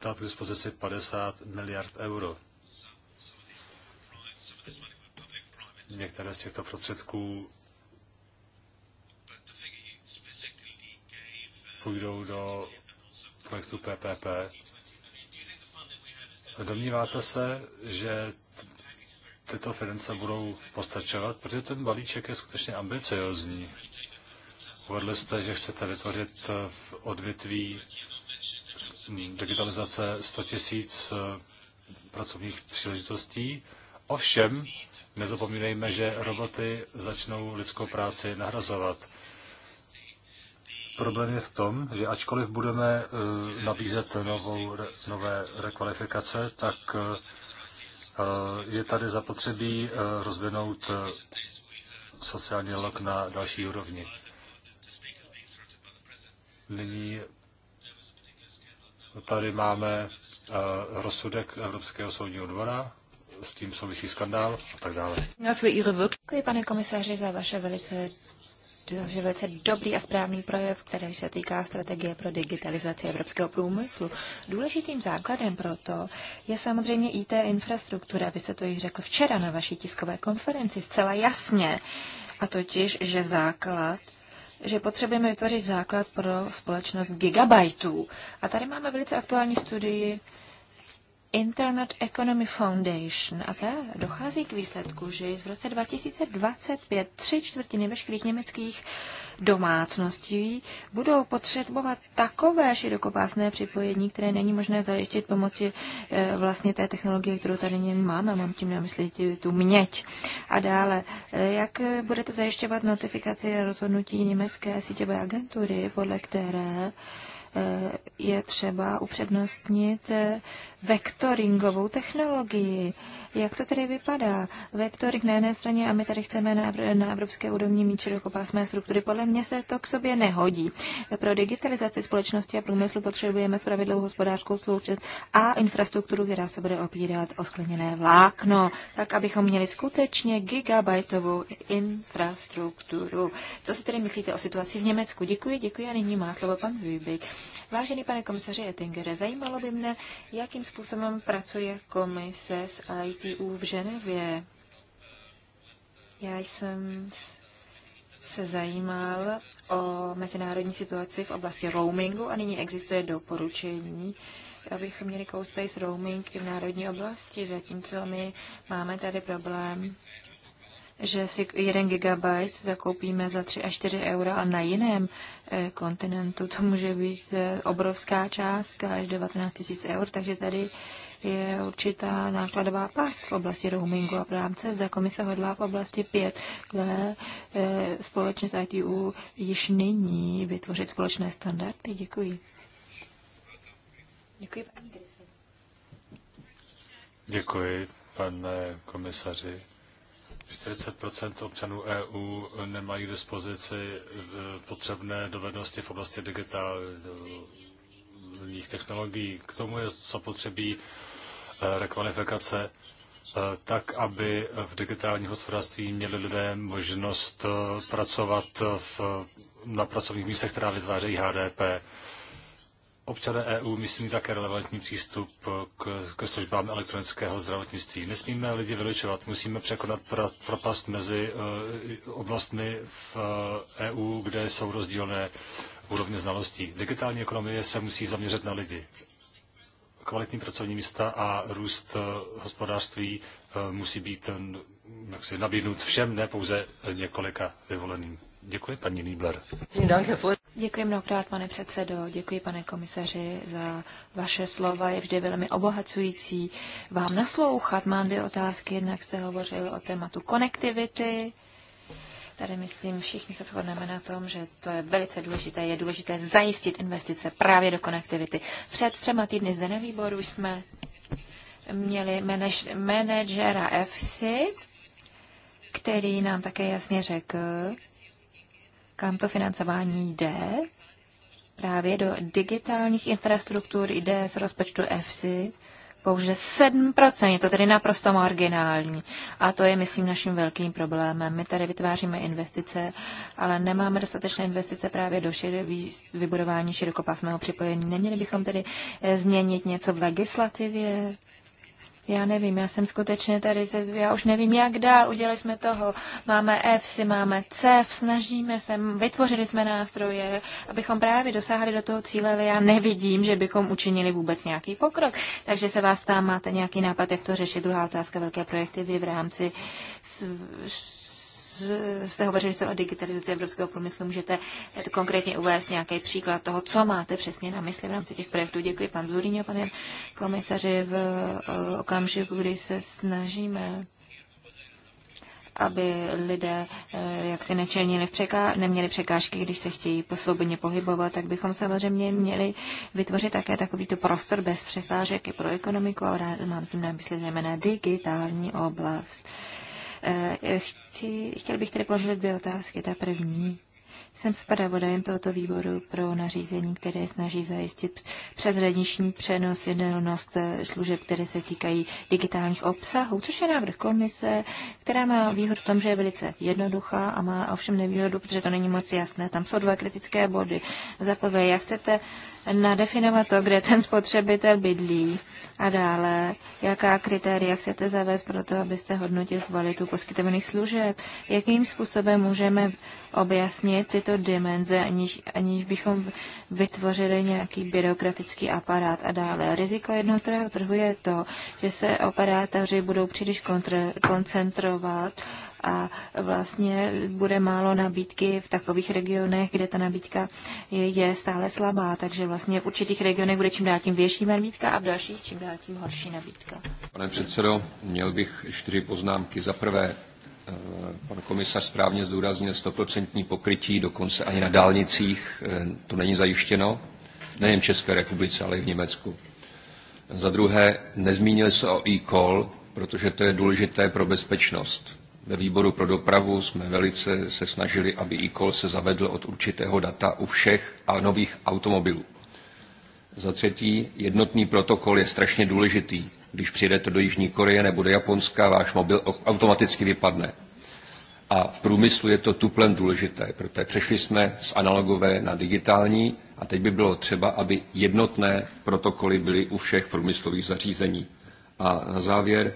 dát k dispozici 50 miliard euro. některé z těchto prostředků půjdou do projektu PPP. Domníváte se, že tyto finance budou postačovat, protože ten balíček je skutečně ambiciozní. Uvedli jste, že chcete vytvořit v odvětví digitalizace 100 000 eh, pracovních příležitostí. Ovšem, nezapomínejme, že roboty začnou lidskou práci nahrazovat. Problém je v tom, že ačkoliv budeme eh, nabízet novou, nové rekvalifikace, tak eh, je tady zapotřebí eh, rozvinout sociální lok na další úrovni. Nyní tady máme rozsudek Evropského soudního dvora, s tím souvisí skandál a tak dále. Děkuji, pane komisaři, za vaše velice že velice dobrý a správný projev, který se týká strategie pro digitalizaci evropského průmyslu. Důležitým základem pro to je samozřejmě IT infrastruktura. Vy jste to již řekl včera na vaší tiskové konferenci zcela jasně. A totiž, že základ že potřebujeme vytvořit základ pro společnost gigabajtů. A tady máme velice aktuální studii Internet Economy Foundation a ta dochází k výsledku, že v roce 2025 tři čtvrtiny veškerých německých domácností budou potřebovat takové širokopásné připojení, které není možné zajistit pomocí e, eh, vlastně té technologie, kterou tady máme, mám tím na mysli tu měť. A dále, eh, jak budete zajišťovat notifikaci rozhodnutí německé síťové agentury, podle které Eh, je třeba upřednostnit eh, vektoringovou technologii. Jak to tedy vypadá? Vektoring na jedné straně a my tady chceme na, na evropské úrovni mít širokopásmé struktury. Podle mě se to k sobě nehodí. Pro digitalizaci společnosti a průmyslu potřebujeme spravidlou hospodářskou sloučit a infrastrukturu, která se bude opírat o skleněné vlákno, tak abychom měli skutečně gigabajtovou infrastrukturu. Co si tedy myslíte o situaci v Německu? Děkuji, děkuji a nyní má slovo pan Rübig. Vážený pane komisaři Ettingere, zajímalo by mne, jakým způsobem pracuje komise s ITU v Ženevě. Já jsem se zajímal o mezinárodní situaci v oblasti roamingu a nyní existuje doporučení, abychom měli co-space roaming i v národní oblasti, zatímco my máme tady problém že si 1 gigabyte zakoupíme za 3 až 4 euro a na jiném eh, kontinentu to může být eh, obrovská částka až 19 tisíc eur, takže tady je určitá nákladová past v oblasti roamingu a prámce. Zda komise hodlá v oblasti 5 kde eh, společně s ITU již nyní vytvořit společné standardy. Děkuji. Děkuji, paní Děkuji, pane komisaři. 40 občanů EU nemají k dispozici e, potřebné dovednosti v oblasti digitálních technologií. K tomu je zapotřebí e, rekvalifikace e, tak, aby v digitálním hospodářství měli lidé možnost pracovat v, na pracovních místech, která vytvářejí HDP občané EU myslím také relevantní přístup k, k službám elektronického zdravotnictví. Nesmíme lidi vylučovat, musíme překonat pra, propast mezi uh, oblastmi v uh, eh, EU, kde jsou rozdílné úrovně znalostí. Digitální ekonomie se musí zaměřit na lidi. Kvalitní pracovní místa a růst uh, hospodářství uh, musí být uh, nabídnut všem, ne pouze několika vyvoleným. Děkuji, paní Líbler. Děkuji mnohokrát, pane předsedo. Děkuji, pane komisaři, za vaše slova. Je vždy velmi obohacující vám naslouchat. Mám dvě otázky. Jednak jste hovořili o tématu konektivity. Tady myslím, všichni se shodneme na tom, že to je velice důležité. Je důležité zajistit investice právě do konektivity. Před třema týdny zde na výboru jsme měli manaž, manažera FC, který nám také jasně řekl, kam to financování jde. Právě do digitálních infrastruktur jde z rozpočtu EFSI pouze 7%, je to tedy naprosto marginální. A to je, myslím, naším velkým problémem. My tady vytváříme investice, ale nemáme dostatečné investice právě do šir- vybudování širokopásmého připojení. Neměli bychom tedy eh, změnit něco v legislativě? Já nevím, já jsem skutečně tady, se, já už nevím, jak dál. Udělali jsme toho, máme F si, máme C, snažíme se, vytvořili jsme nástroje, abychom právě dosáhli do toho cíle, ale já nevidím, že bychom učinili vůbec nějaký pokrok. Takže se vás ptám, máte nějaký nápad, jak to řešit? Druhá otázka, velké projekty vy v rámci jste hovořili jste o digitalizaci evropského průmyslu, můžete konkrétně uvést nějaký příklad toho, co máte přesně na mysli v rámci těch projektů. Děkuji pan Zuriňo, pane komisaři, v eh, okamžiku, kdy se snažíme aby lidé eh, jak si nečelnili překá, neměli překážky, když se chtějí posvobodně pohybovat, tak bychom samozřejmě měli vytvořit také takovýto prostor bez překážek i pro ekonomiku a mám tu na mysli zejména digitální oblast. Uh, Eh, chci, chtěl bych tedy položit dvě otázky. Ta první. Jsem zpravodajem tohoto výboru pro nařízení, které snaží zajistit přeshraniční přenos jednost eh, služeb, které se týkají digitálních obsahů, což je návrh komise, která má výhodu v tom, že je velice jednoduchá a má ovšem nevýhodu, protože to není moc jasné. Tam jsou dva kritické body. Za prvé, jak chcete nadefinovat to, kde ten spotřebitel bydlí a dále, jaká kritéria chcete zavést pro to, abyste hodnotil kvalitu poskytovaných služeb, jakým způsobem můžeme objasnit tyto dimenze, aniž, aniž bychom vytvořili nějaký byrokratický aparát a dále. Riziko jednotného trhu je to, že se operátoři budou příliš kontr- koncentrovat a vlastně bude málo nabídky v takových regionech, kde ta nabídka je, je stále slabá, takže vlastně v určitých regionech bude čím dál tím větší nabídka a v dalších čím dál tím horší nabídka. Pane předsedo, měl bych čtyři poznámky. Za prvé, eh, pan komisař správně zdůraznil 100% pokrytí, dokonce ani na dálnicích eh, to není zajištěno, nejen v České republice, ale i v Německu. Za druhé, nezmínil se o e-call, protože to je důležité pro bezpečnost. Ve výboru pro dopravu jsme velice se snažili, aby e-call se zavedl od určitého data u všech a nových automobilů. Za třetí, jednotný protokol je strašně důležitý. Když přijedete do Jižní Koreje nebo do Japonska, váš mobil automaticky vypadne. A v průmyslu je to tuplem důležité, protože přešli jsme z analogové na digitální a teď by bylo třeba, aby jednotné protokoly byly u všech průmyslových zařízení. A na závěr,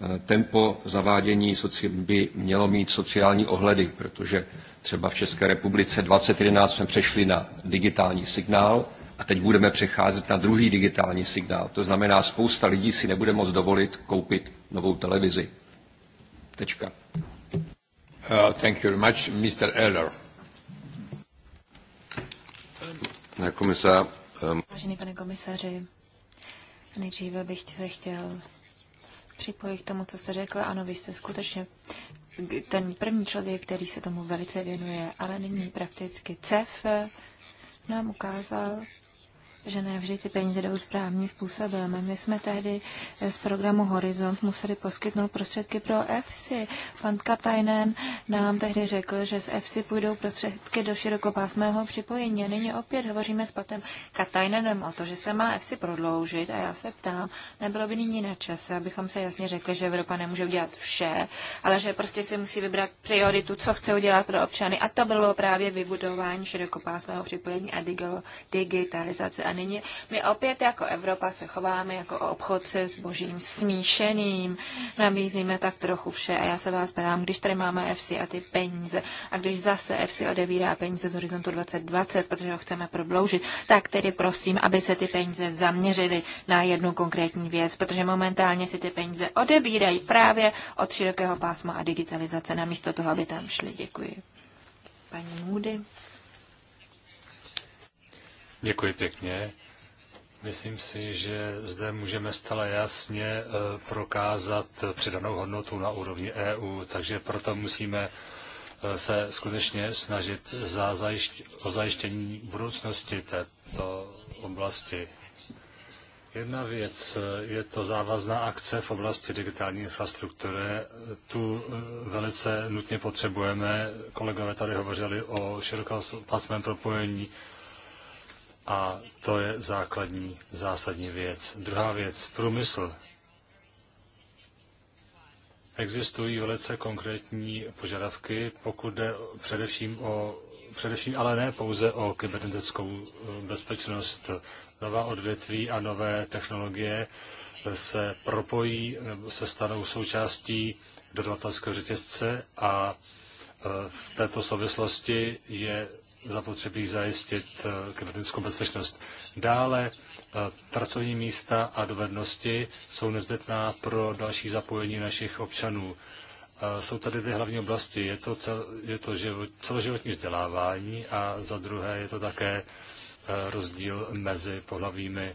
Eh, tempo zavádění by mělo mít sociální ohledy, protože třeba v České republice 2011 jsme přešli na digitální signál a teď budeme přecházet na druhý digitální signál. To znamená, spousta lidí si nebude moc dovolit koupit novou televizi. Tečka. Uh, thank you very much, Mr. Eller. Um, Vážený pane komisaři, nejdříve bych se chtěl připojit k tomu, co jste řekl. Ano, vy jste skutečně ten první člověk, který se tomu velice věnuje, ale nyní prakticky CEF nám ukázal, že ne vždy ty peníze jdou správným způsobem. My jsme tehdy z programu Horizont museli poskytnout prostředky pro EFSI. Pan Katajnen nám tehdy řekl, že z EFSI půjdou prostředky do širokopásmého připojení. nyní opět hovoříme s patem Katajnenem o to, že se má EFSI prodloužit a já se ptám, nebylo by nyní na čase, abychom se jasně řekli, že Evropa nemůže udělat vše, ale že prostě si musí vybrat prioritu, co chce udělat pro občany. A to bylo právě vybudování širokopásmého připojení a digitalizace a nyní my opět jako Evropa se chováme jako obchodce s božím smíšeným. Nabízíme tak trochu vše a já se vás ptám, když tady máme FC a ty peníze a když zase FC odebírá peníze z horizontu 2020, protože ho chceme prodloužit, tak tedy prosím, aby se ty peníze zaměřily na jednu konkrétní věc, protože momentálně si ty peníze odebírají právě od širokého pásma a digitalizace, namísto toho, aby tam šli. Děkuji. Paní Moody. Děkuji pěkně. Myslím si, že zde můžeme stále jasně eh, prokázat přidanou hodnotu na úrovni EU, takže proto musíme eh, se skutečně snažit za zajišť, o zajištění budoucnosti této oblasti. Jedna věc eh, je to závazná akce v oblasti digitální infrastruktury. Tu velice nutně potřebujeme. Kolegové tady hovořili o širokopásmém propojení a to je základní, zásadní věc. Druhá věc, průmysl. Existují velice konkrétní požadavky, pokud jde především o především ale ne pouze o kybernetickou eh, bezpečnost. Nová odvětví a nové technologie eh, se propojí nebo eh, se stanou součástí dodavatelského řetězce a v této souvislosti je zapotřebí zajistit eh, kybernetickou bezpečnost. Dále eh, pracovní místa a dovednosti jsou nezbytná pro další zapojení našich občanů. Eh, jsou tady dvě hlavní oblasti. Je to, cel, je to život, celoživotní vzdělávání a za druhé je to také rozdíl mezi pohlavími.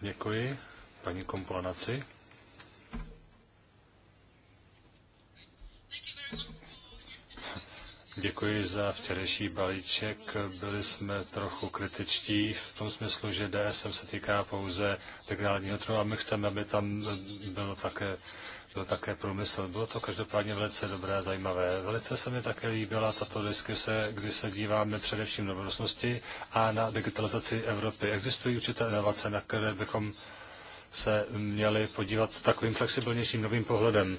Děkuji paní Kompolanaci. Děkuji za včerejší balíček. Byli jsme trochu kritičtí v tom smyslu, že DSM se týká pouze regionálního trhu a my chceme, aby tam bylo také, byl také průmysl. Bylo to každopádně velice dobré a zajímavé. Velice se mi také líbila tato diskuse, kdy se díváme především na budoucnosti a na digitalizaci Evropy. Existují určité inovace, na které bychom se měli podívat takovým flexibilnějším novým pohledem.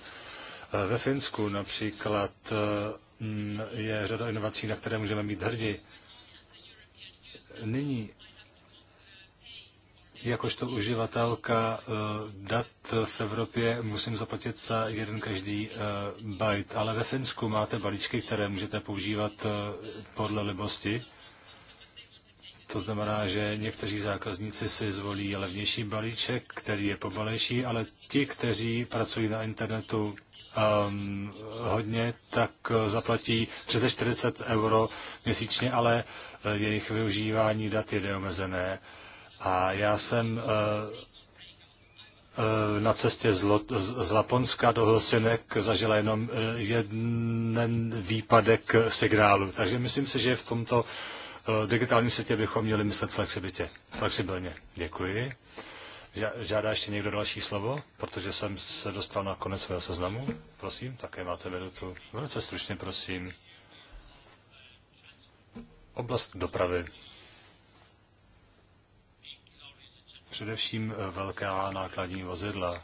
Ve Finsku například Mm, je řada inovací, na které můžeme být hrdí. Nyní, jakožto uživatelka eh, dat v Evropě, musím zaplatit za jeden každý eh, byte, ale ve Finsku máte balíčky, které můžete používat eh, podle libosti to znamená, že někteří zákazníci si zvolí levnější balíček, který je pomalejší, ale ti, kteří pracují na internetu um, hodně, tak uh, zaplatí 30-40 euro měsíčně, ale uh, jejich využívání dat je neomezené. A já jsem uh, uh na cestě z, Lot, z Laponska do Hlsinek zažila jenom jeden výpadek signálu. Takže myslím si, že v tomto Eh, digitálním světě bychom měli myslet flexibilitě, flexibilně. Děkuji. Žádá ještě někdo další slovo, protože jsem se dostal na konec svého seznamu. Prosím, také máte minutu. Velice stručně, prosím. Oblast dopravy. Především eh, velká nákladní vozidla.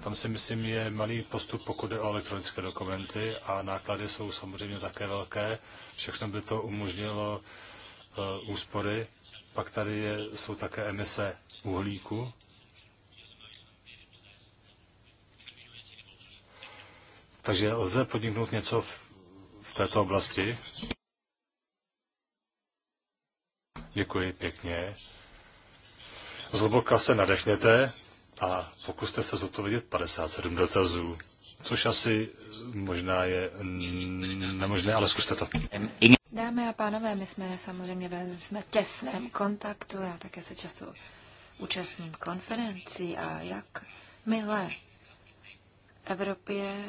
Tam si myslím je malý postup, pokud je o elektronické dokumenty a náklady jsou samozřejmě také velké. Všechno by to umožnilo eh, úspory. Pak tady je, jsou také emise uhlíku. Takže lze podniknout něco v, v této oblasti. Děkuji pěkně. Zhluboka se nadechněte a pokuste se zodpovědět 57 dotazů, což asi možná je nemožné, ale zkuste to. Dámy a pánové, my jsme samozřejmě ve jsme těsném kontaktu, já také se často účastním konferencí a jak milé Evropě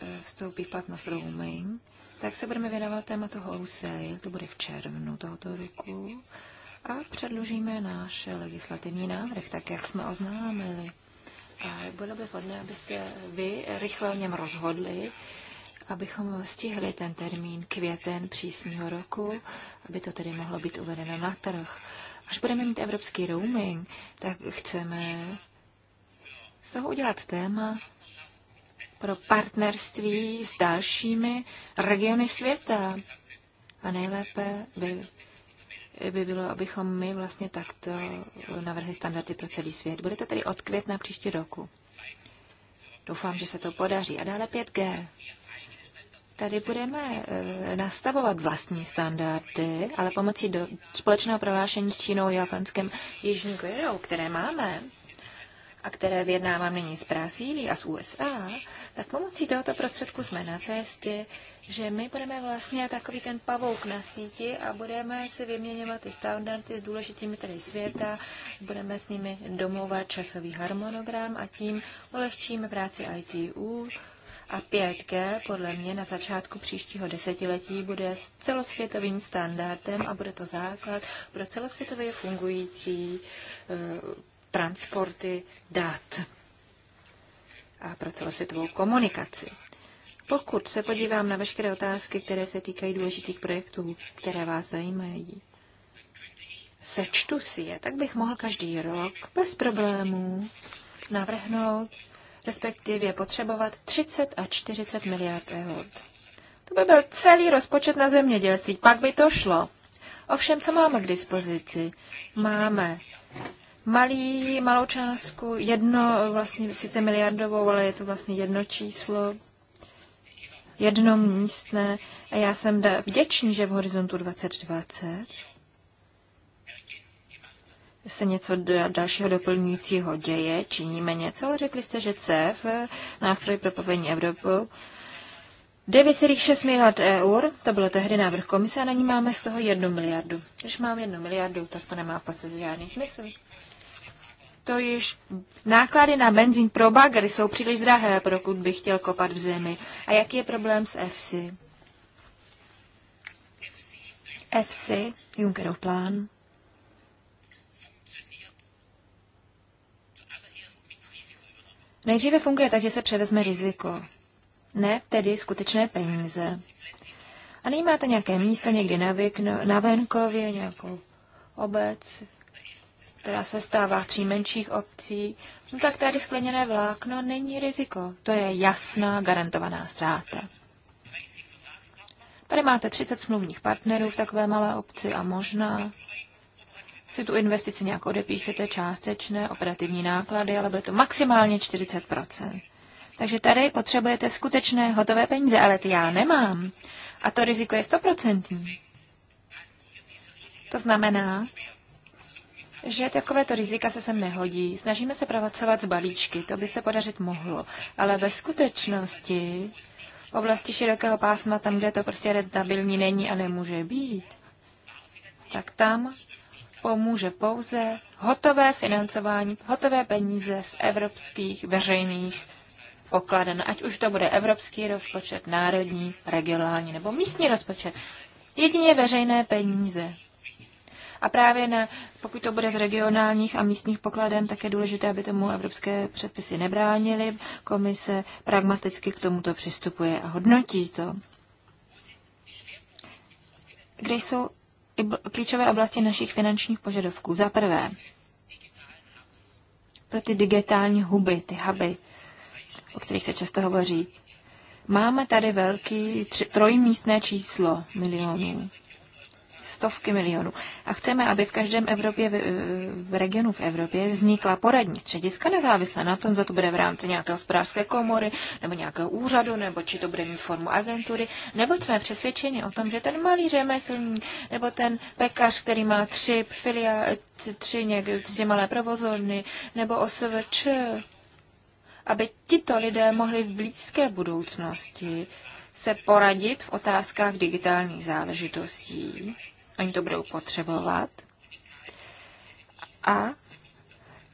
eh, vstoupí v platnost roaming, tak se budeme věnovat tématu wholesale, to bude v červnu tohoto roku a předložíme náš legislativní návrh, tak jak jsme oznámili. A bylo by vhodné, abyste vy rychle o něm rozhodli, abychom stihli ten termín květen přísního roku, aby to tedy mohlo být uvedeno na trh. Až budeme mít evropský roaming, tak chceme z toho udělat téma pro partnerství s dalšími regiony světa. A nejlépe by by bylo, abychom my vlastně takto navrhli standardy pro celý svět. Bude to tedy od května příští roku. Doufám, že se to podaří. A dále 5G. Tady budeme eh, nastavovat vlastní standardy, ale pomocí do společného prohlášení s Čínou, Japonskem, Jižní Koreou, které máme, a které vyjednávám nyní s Brazílií a s USA, tak pomocí tohoto prostředku jsme na cestě že my budeme vlastně takový ten pavouk na síti a budeme si vyměňovat ty standardy s důležitými tedy světa, budeme s nimi domovat časový harmonogram a tím ulehčíme práci ITU, a 5G podle mě na začátku příštího desetiletí bude celosvětovým standardem a bude to základ pro celosvětově fungující e, transporty dat a pro celosvětovou komunikaci. Pokud se podívám na veškeré otázky, které se týkají důležitých projektů, které vás zajímají, sečtu si je, tak bych mohl každý rok bez problémů navrhnout, respektive potřebovat 30 a 40 miliard eur. To by byl celý rozpočet na zemědělství, pak by to šlo. Ovšem, co máme k dispozici? Máme malý, malou částku, jedno vlastně sice miliardovou, ale je to vlastně jedno číslo místné a já jsem vděčný, že v Horizontu 2020 se něco dalšího doplňujícího děje, činíme něco, ale řekli jste, že CEF, nástroj pro povení Evropu, 9,6 miliard eur, to bylo tehdy návrh komise a na ní máme z toho 1 miliardu. Když mám 1 miliardu, tak to nemá v podstatě žádný smysl to již náklady na benzín pro bagry jsou příliš drahé, pokud bych chtěl kopat v zemi. A jaký je problém s FC? FC Junckerův plán. Nejdříve funguje tak, že se převezme riziko. Ne tedy skutečné peníze. A nyní máte nějaké místo někdy na, věk, na venkově, nějakou obec, která se stává v tří menších obcí, no tak tady skleněné vlákno není riziko. To je jasná garantovaná ztráta. Tady máte 30 smluvních partnerů v takové malé obci a možná si tu investici nějak odepíšete částečné operativní náklady, ale bude to maximálně 40 Takže tady potřebujete skutečné hotové peníze, ale ty já nemám. A to riziko je 100 To znamená, že takovéto rizika se sem nehodí. Snažíme se pracovat z balíčky, to by se podařit mohlo, ale ve skutečnosti v oblasti širokého pásma, tam, kde to prostě rentabilní není a nemůže být, tak tam pomůže pouze hotové financování, hotové peníze z evropských veřejných pokladen, ať už to bude evropský rozpočet, národní, regionální nebo místní rozpočet. Jedině veřejné peníze. A právě na, pokud to bude z regionálních a místních pokladen, tak je důležité, aby tomu evropské předpisy nebránily. Komise pragmaticky k tomuto přistupuje a hodnotí to. Kde jsou klíčové oblasti našich finančních požadavků? Za prvé, pro ty digitální huby, ty huby, o kterých se často hovoří. Máme tady velký tři, trojmístné číslo milionů stovky milionů. A chceme, aby v každém Evropě, v regionu v Evropě vznikla poradní střediska nezávisle na tom, zda to bude v rámci nějaké hospodářské komory, nebo nějakého úřadu, nebo či to bude mít formu agentury, nebo jsme přesvědčeni o tom, že ten malý řemeslník, nebo ten pekař, který má tři filia, tři, někdy, tři malé provozovny, nebo OSVČ, aby tito lidé mohli v blízké budoucnosti se poradit v otázkách digitálních záležitostí Oni to budou potřebovat. A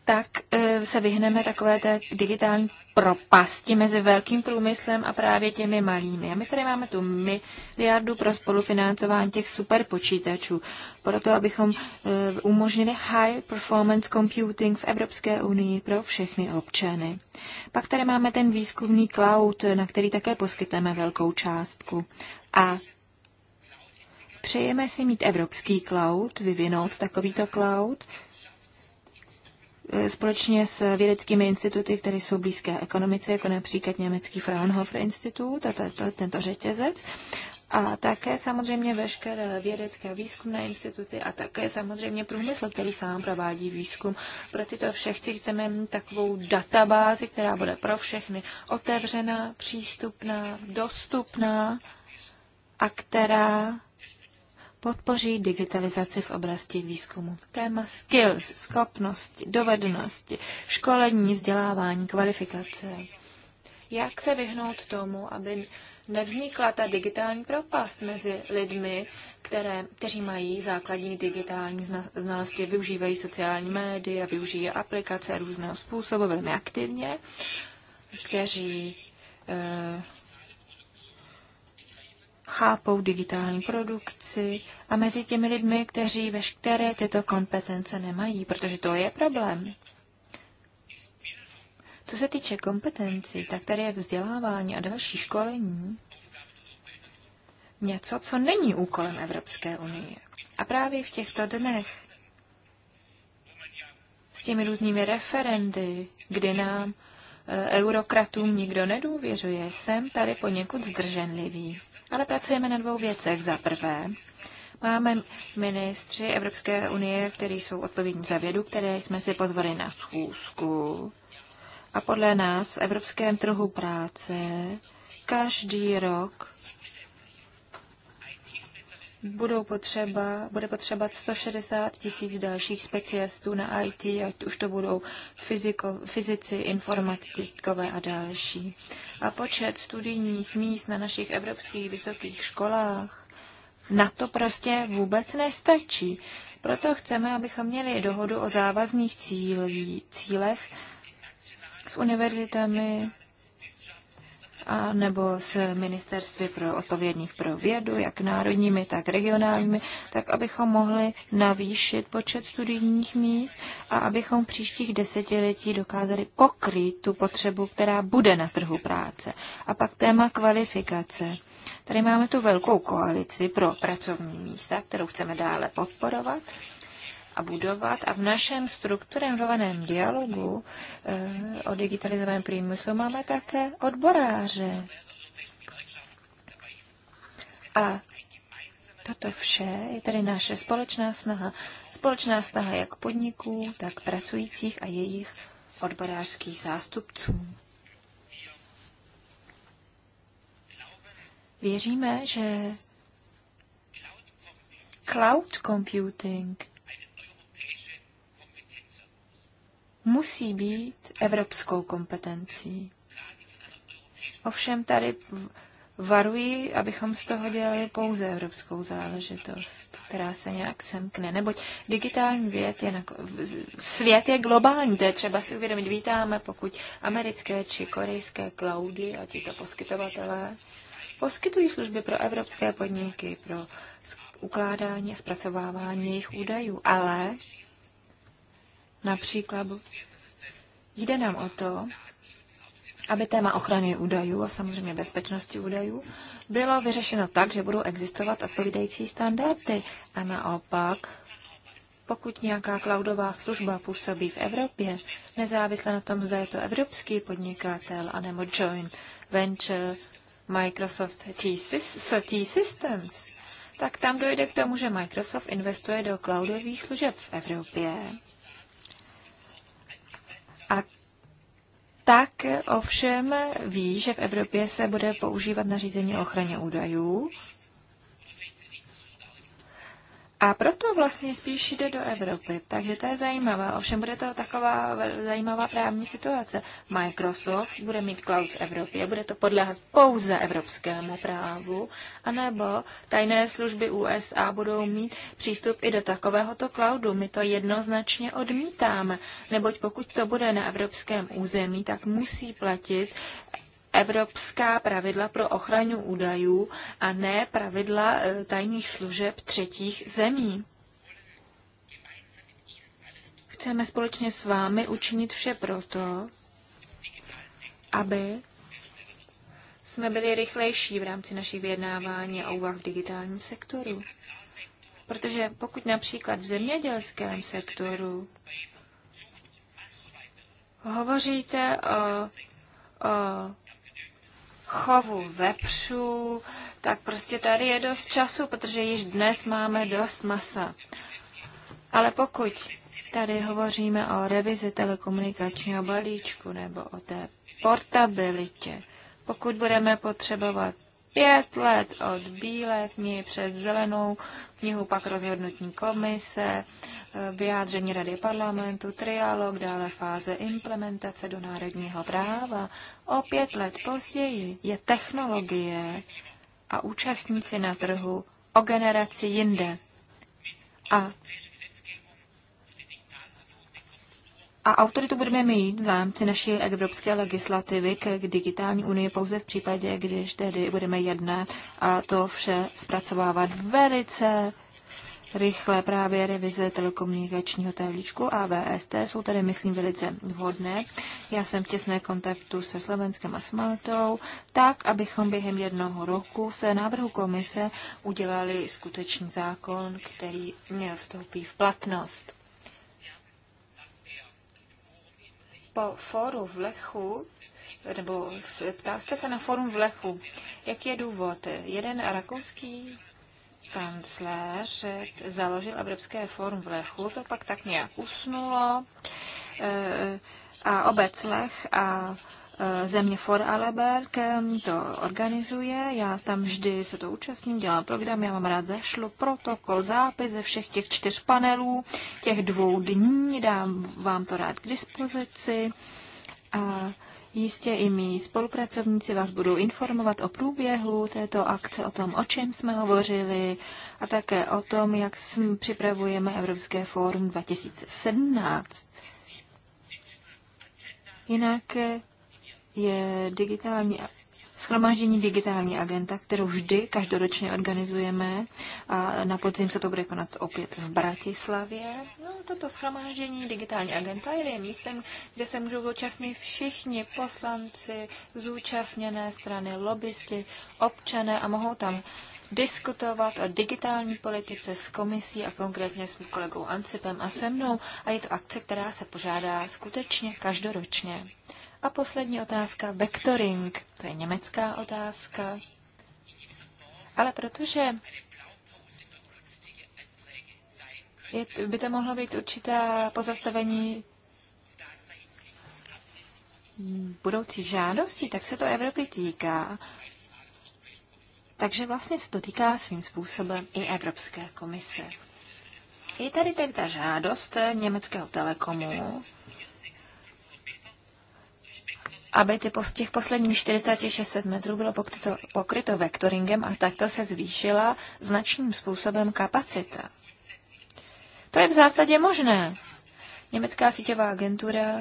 tak e, se vyhneme takové té digitální propasti mezi velkým průmyslem a právě těmi malými. A my tady máme tu miliardu pro spolufinancování těch superpočítačů, proto abychom e, umožnili high performance computing v Evropské unii pro všechny občany. Pak tady máme ten výzkumný cloud, na který také poskytneme velkou částku. A Přejeme si mít evropský cloud, vyvinout takovýto cloud e, společně s vědeckými instituty, které jsou blízké ekonomice, jako například německý Fraunhofer Institut a tato, tento řetězec. A také samozřejmě veškeré vědecké a výzkumné instituty a také samozřejmě průmysl, který sám provádí výzkum. Pro tyto všechny chceme mít takovou databázi, která bude pro všechny otevřená, přístupná, dostupná a která podpoří digitalizaci v oblasti výzkumu. Téma skills, schopnosti, dovednosti, školení, vzdělávání, kvalifikace. Jak se vyhnout tomu, aby nevznikla ta digitální propast mezi lidmi, které, kteří mají základní digitální znalosti, využívají sociální média, využívají aplikace různého způsobu velmi aktivně, kteří eh, chápou digitální produkci a mezi těmi lidmi, kteří veškeré tyto kompetence nemají, protože to je problém. Co se týče kompetencí, tak tady je vzdělávání a další školení něco, co není úkolem Evropské unie. A právě v těchto dnech s těmi různými referendy, kdy nám eh, eurokratům nikdo nedůvěřuje, jsem tady poněkud zdrženlivý ale pracujeme na dvou věcech. Za prvé, máme ministři Evropské unie, kteří jsou odpovědní za vědu, které jsme si pozvali na schůzku. A podle nás v evropském trhu práce každý rok budou potřeba, bude potřeba 160 tisíc dalších specialistů na IT, ať už to budou fyziko, fyzici, informatikové a další. A počet studijních míst na našich evropských vysokých školách na to prostě vůbec nestačí. Proto chceme, abychom měli dohodu o závazných cílech s univerzitami, a nebo s ministerství pro odpovědných pro vědu, jak národními, tak regionálními, tak abychom mohli navýšit počet studijních míst a abychom v příštích desetiletí dokázali pokrýt tu potřebu, která bude na trhu práce. A pak téma kvalifikace. Tady máme tu velkou koalici pro pracovní místa, kterou chceme dále podporovat a budovat. A v našem strukturovaném dialogu eh, o digitalizovaném průmyslu máme také odboráře. A toto vše je tedy naše společná snaha. Společná snaha jak podniků, tak pracujících a jejich odborářských zástupců. Věříme, že cloud computing musí být evropskou kompetencí. Ovšem tady varuji, abychom z toho dělali pouze evropskou záležitost, která se nějak semkne. Neboť digitální věd je svět je globální, to je třeba si uvědomit. Vítáme, pokud americké či korejské cloudy a tito poskytovatelé poskytují služby pro evropské podniky, pro ukládání a zpracovávání jejich údajů, ale Například jde nám o to, aby téma ochrany údajů a samozřejmě bezpečnosti údajů bylo vyřešeno tak, že budou existovat odpovídající standardy. A naopak, pokud nějaká cloudová služba působí v Evropě, nezávisle na tom, zda je to evropský podnikatel anebo joint venture Microsoft T-Systems, tak tam dojde k tomu, že Microsoft investuje do cloudových služeb v Evropě tak ovšem ví, že v Evropě se bude používat nařízení o ochraně údajů a proto vlastně spíš jde do Evropy. Takže to je zajímavé. Ovšem bude to taková zajímavá právní situace. Microsoft bude mít cloud v Evropě, bude to podléhat pouze evropskému právu, anebo tajné služby USA budou mít přístup i do takovéhoto cloudu. My to jednoznačně odmítáme, neboť pokud to bude na evropském území, tak musí platit evropská pravidla pro ochranu údajů a ne pravidla eh, tajných služeb třetích zemí. Chceme společně s vámi učinit vše proto, aby jsme byli rychlejší v rámci našich vyjednávání a úvah v digitálním sektoru. Protože pokud například v zemědělském sektoru hovoříte o, o chovu vepřů, tak prostě tady je dost času, protože již dnes máme dost masa. Ale pokud tady hovoříme o revizi telekomunikačního balíčku nebo o té portabilitě, pokud budeme potřebovat pět let od bílé knihy přes zelenou knihu, pak rozhodnutí komise, eh, vyjádření Rady parlamentu, trialog, dále fáze implementace do národního práva. O pět let později je technologie a účastníci na trhu o generaci jinde. A A autoritu budeme mít v rámci naší evropské legislativy k digitální unii pouze v případě, když tedy budeme jednat a to vše zpracovávat velice rychle právě revize telekomunikačního tablíčku a VST jsou tady, myslím, velice vhodné. Já jsem v těsné kontaktu se Slovenskem a Smaltou, tak, abychom během jednoho roku se návrhu komise udělali skutečný zákon, který měl vstoupí v platnost. po fóru v Lechu, nebo ptal jste se na fórum v Lechu, jaký je důvod? Jeden rakouský kancléř založil Evropské fórum v Lechu, to pak tak nějak usnulo e, a obec Lech a Eh, země Vorarlberg to organizuje, já tam vždy se to účastním, dělám program, já mám rád zašlo protokol, zápis ze všech těch čtyř panelů, těch dvou dní, dám vám to rád k dispozici. A Jistě i mý spolupracovníci vás budou informovat o průběhu této akce, o tom, o čem jsme hovořili a také o tom, jak připravujeme Evropské fórum 2017. Jinak eh, je digitální schromáždění digitální agenta, kterou vždy každoročně organizujeme a na podzim se to bude konat opět v Bratislavě. No, toto schromáždění digitální agenta je místem, kde se můžou zúčastnit všichni poslanci, zúčastněné strany, lobbysti, občané a mohou tam diskutovat o digitální politice s komisí a konkrétně s mým kolegou Ancipem a se mnou. A je to akce, která se požádá skutečně každoročně. A poslední otázka, vectoring, to je německá otázka. Ale protože je, by to mohlo být určitá pozastavení budoucí žádostí, tak se to Evropy týká. Takže vlastně se to týká svým způsobem i Evropské komise. Je tady tedy ta žádost německého telekomu, aby ty, těch posledních 400-600 metrů bylo pokryto, pokryto vektoringem a takto se zvýšila značným způsobem kapacita. To je v zásadě možné. Německá síťová agentura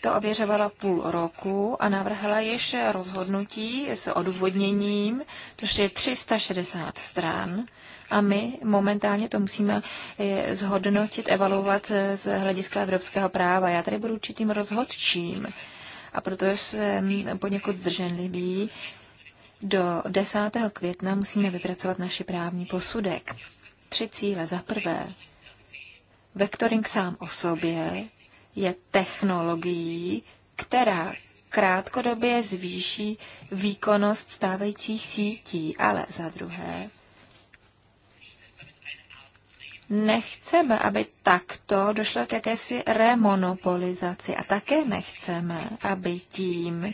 to ověřovala půl roku a navrhla již rozhodnutí s odůvodněním, což je 360 stran, a my momentálně to musíme eh, zhodnotit, evaluovat z hlediska evropského práva. Já tady budu určitým rozhodčím a proto jsem poněkud zdrženlivý. Do 10. května musíme vypracovat naši právní posudek. Tři cíle. Za prvé, vektoring sám o sobě je technologií, která krátkodobě zvýší výkonnost stávajících sítí, ale za druhé, nechceme, aby takto došlo k jakési remonopolizaci a také nechceme, aby tím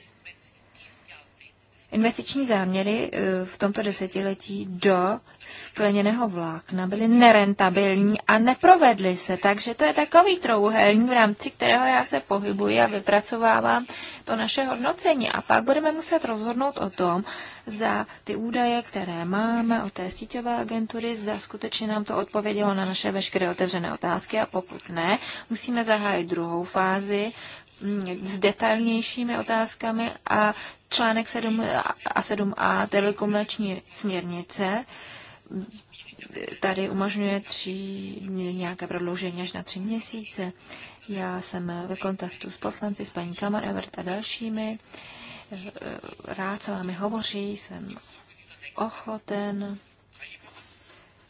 Investiční záměry e, v tomto desetiletí do skleněného vlákna byly nerentabilní a neprovedly se, takže to je takový trouhelní, v rámci kterého já se pohybuji a vypracovávám to naše hodnocení. A pak budeme muset rozhodnout o tom, zda ty údaje, které máme o té síťové agentury, zda skutečně nám to odpovědělo na naše veškeré otevřené otázky a pokud ne, musíme zahájit druhou fázi, s detailnějšími otázkami a článek 7 a 7a telekomunikační směrnice tady umožňuje tři, nějaké prodloužení až na tři měsíce. Já jsem ve kontaktu s poslanci, s paní Kamarevert a dalšími. Rád se vámi hovoří, jsem ochoten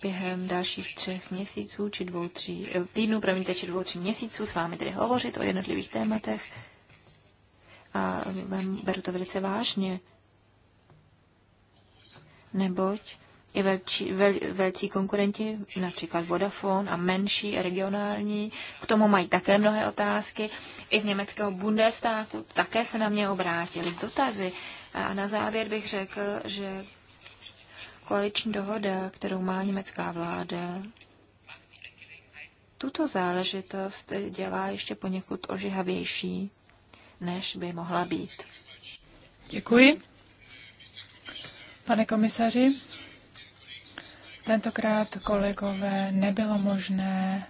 během dalších třech měsíců či dvou, tří eh, týdnů, promiňte, či dvou, tří měsíců s vámi tedy hovořit o jednotlivých tématech a beru to velice vážně, neboť i velcí, vel, velcí konkurenti, například Vodafone a menší regionální, k tomu mají také mnohé otázky. I z německého Bundestagu také se na mě obrátili s dotazy. A na závěr bych řekl, že koaliční dohoda, kterou má německá vláda, tuto záležitost dělá ještě poněkud ožihavější, než by mohla být. Děkuji. Pane komisaři, tentokrát, kolegové, nebylo možné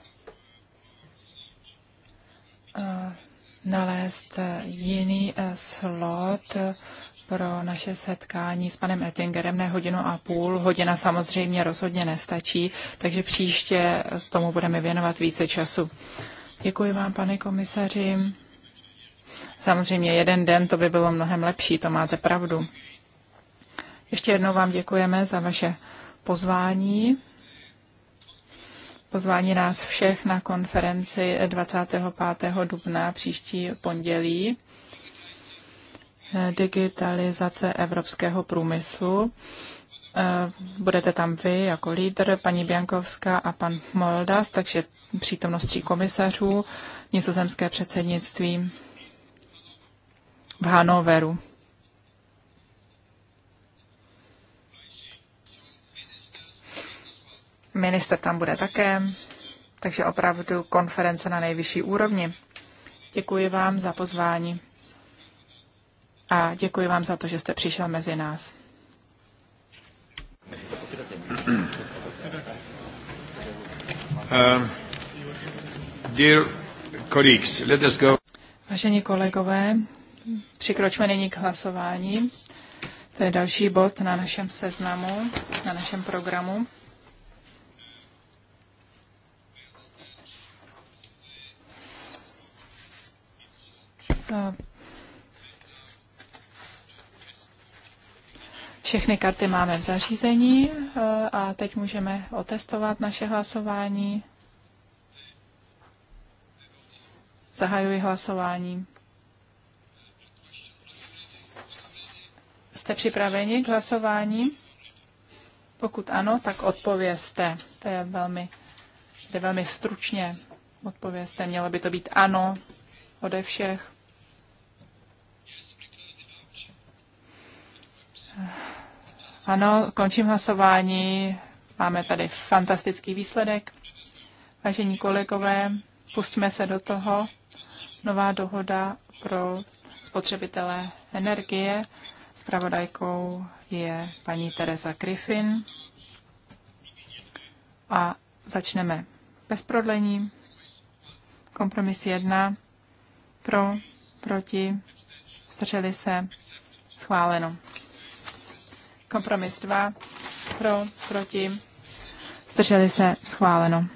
eh, nalézt jiný eh, slot pro naše setkání s panem Ettingerem ne hodinu a půl. Hodina samozřejmě rozhodně nestačí, takže příště tomu budeme věnovat více času. Děkuji vám, pane komisaři. Samozřejmě jeden den to by bylo mnohem lepší, to máte pravdu. Ještě jednou vám děkujeme za vaše pozvání. Pozvání nás všech na konferenci 25. dubna příští pondělí. Eh, digitalizace evropského průmyslu. Eh, budete tam vy jako lídr, paní Biankovská a pan Moldas, takže přítomnost tří komisařů, nizozemské předsednictví v Hanoveru. Minister tam bude také, takže opravdu konference na nejvyšší úrovni. Děkuji vám za pozvání a děkuji vám za to, že jste přišel mezi nás. Um, Vážení kolegové, přikročme nyní k hlasování. To je další bod na našem seznamu, na našem programu. Všechny karty máme v zařízení eh, a teď můžeme otestovat naše hlasování. Zahajuji hlasování. Jste připraveni k hlasování? Pokud ano, tak odpovězte. To je velmi, to je velmi stručně. Odpovězte, mělo by to být ano ode všech. Ano, končím hlasování. Máme tady fantastický výsledek. Vážení kolegové, pustíme se do toho. Nová dohoda pro spotřebitele energie. Spravodajkou je paní Teresa Griffin. A začneme bez prodlení. Kompromis 1. Pro, proti, zdrželi se, schváleno. Kompromis 2 pro, proti, zdrželi se, schváleno.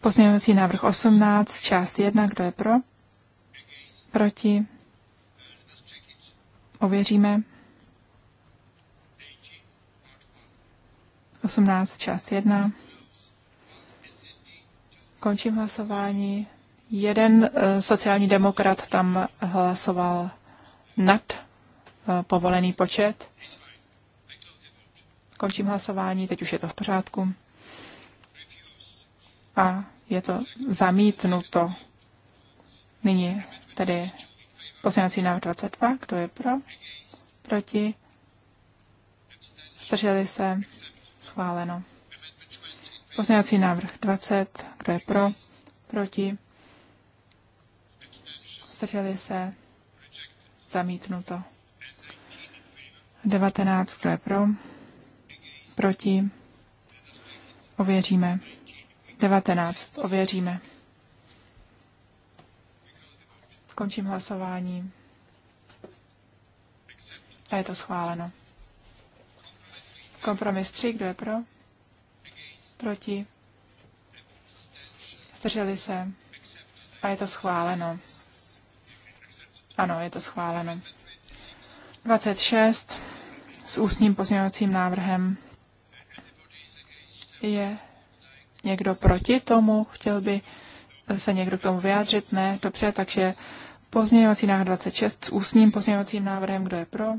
Pozměňovací návrh 18, část 1, kdo je pro? Proti? Ověříme. 18, část 1. Končím hlasování. Jeden eh, sociální demokrat tam hlasoval nad Eh, povolený počet. Končím hlasování, teď už je to v pořádku. A je to zamítnuto. Nyní tedy poslanecí návrh 22. Kdo je pro? Proti? strželi se? Schváleno. Poslanecí návrh 20. Kdo je pro? Proti? strželi se? Zamítnuto. 19, kdo je pro? Proti? Ověříme. 19, ověříme. Končím hlasování. A je to schváleno. Kompromis 3, kdo je pro? Proti? Zdrželi se? A je to schváleno. Ano, je to schváleno. 26 s ústním pozměňovacím návrhem. Je někdo proti tomu? Chtěl by se někdo k tomu vyjádřit? Ne, dobře, takže pozměňovací návrh 26 s ústním pozměňovacím návrhem. Kdo je pro?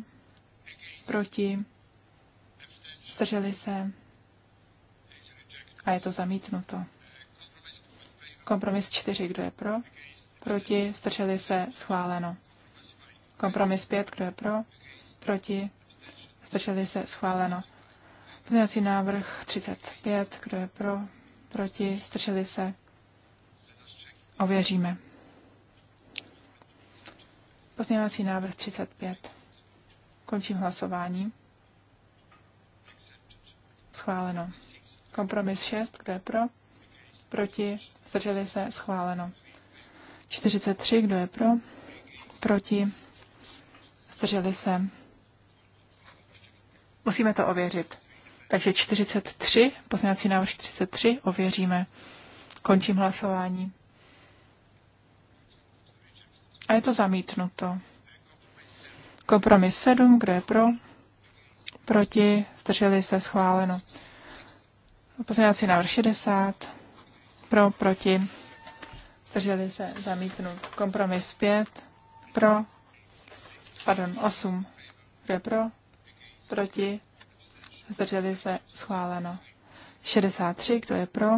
Proti? Zdrželi se? A je to zamítnuto. Kompromis 4, kdo je pro? Proti? Zdrželi se? Schváleno. Kompromis 5, kdo je pro? Proti? stačili se? Schváleno. Pozměňovací návrh 35, kdo je pro? Proti? stačili se? Ověříme. Pozměňovací návrh 35. Končím hlasování. Schváleno. Kompromis 6, kdo je pro? Proti? stačili se? Schváleno. 43, kdo je pro? Proti? Zdrželi se. Musíme to ověřit. Takže 43, pozměňovací návrh 43, ověříme. Končím hlasování. A je to zamítnuto. Kompromis 7, kdo je pro? Proti, zdrželi se, schváleno. Pozměňovací návrh 60, pro, proti, zdrželi se, zamítnut. Kompromis 5, pro, Pardon, 8. Kdo je pro? Proti? Zdrželi se? Schváleno. 63. Kdo je pro?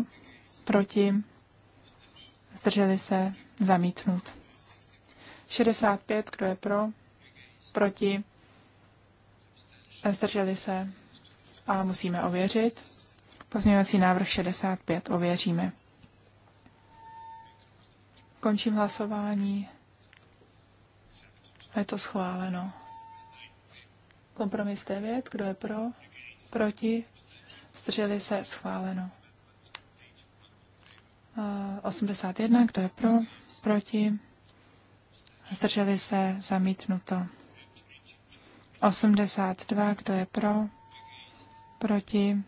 Proti? Zdrželi se? Zamítnut. 65. Kdo je pro? Proti? Zdrželi se? A musíme ověřit. Pozměňovací návrh 65 ověříme. Končím hlasování. A je to schváleno. Kompromis 9. Kdo je pro? Proti? Zdrželi se? Schváleno. 81. Eh, kdo je pro? Proti? Zdrželi se? Zamítnuto. 82. Kdo je pro? Proti?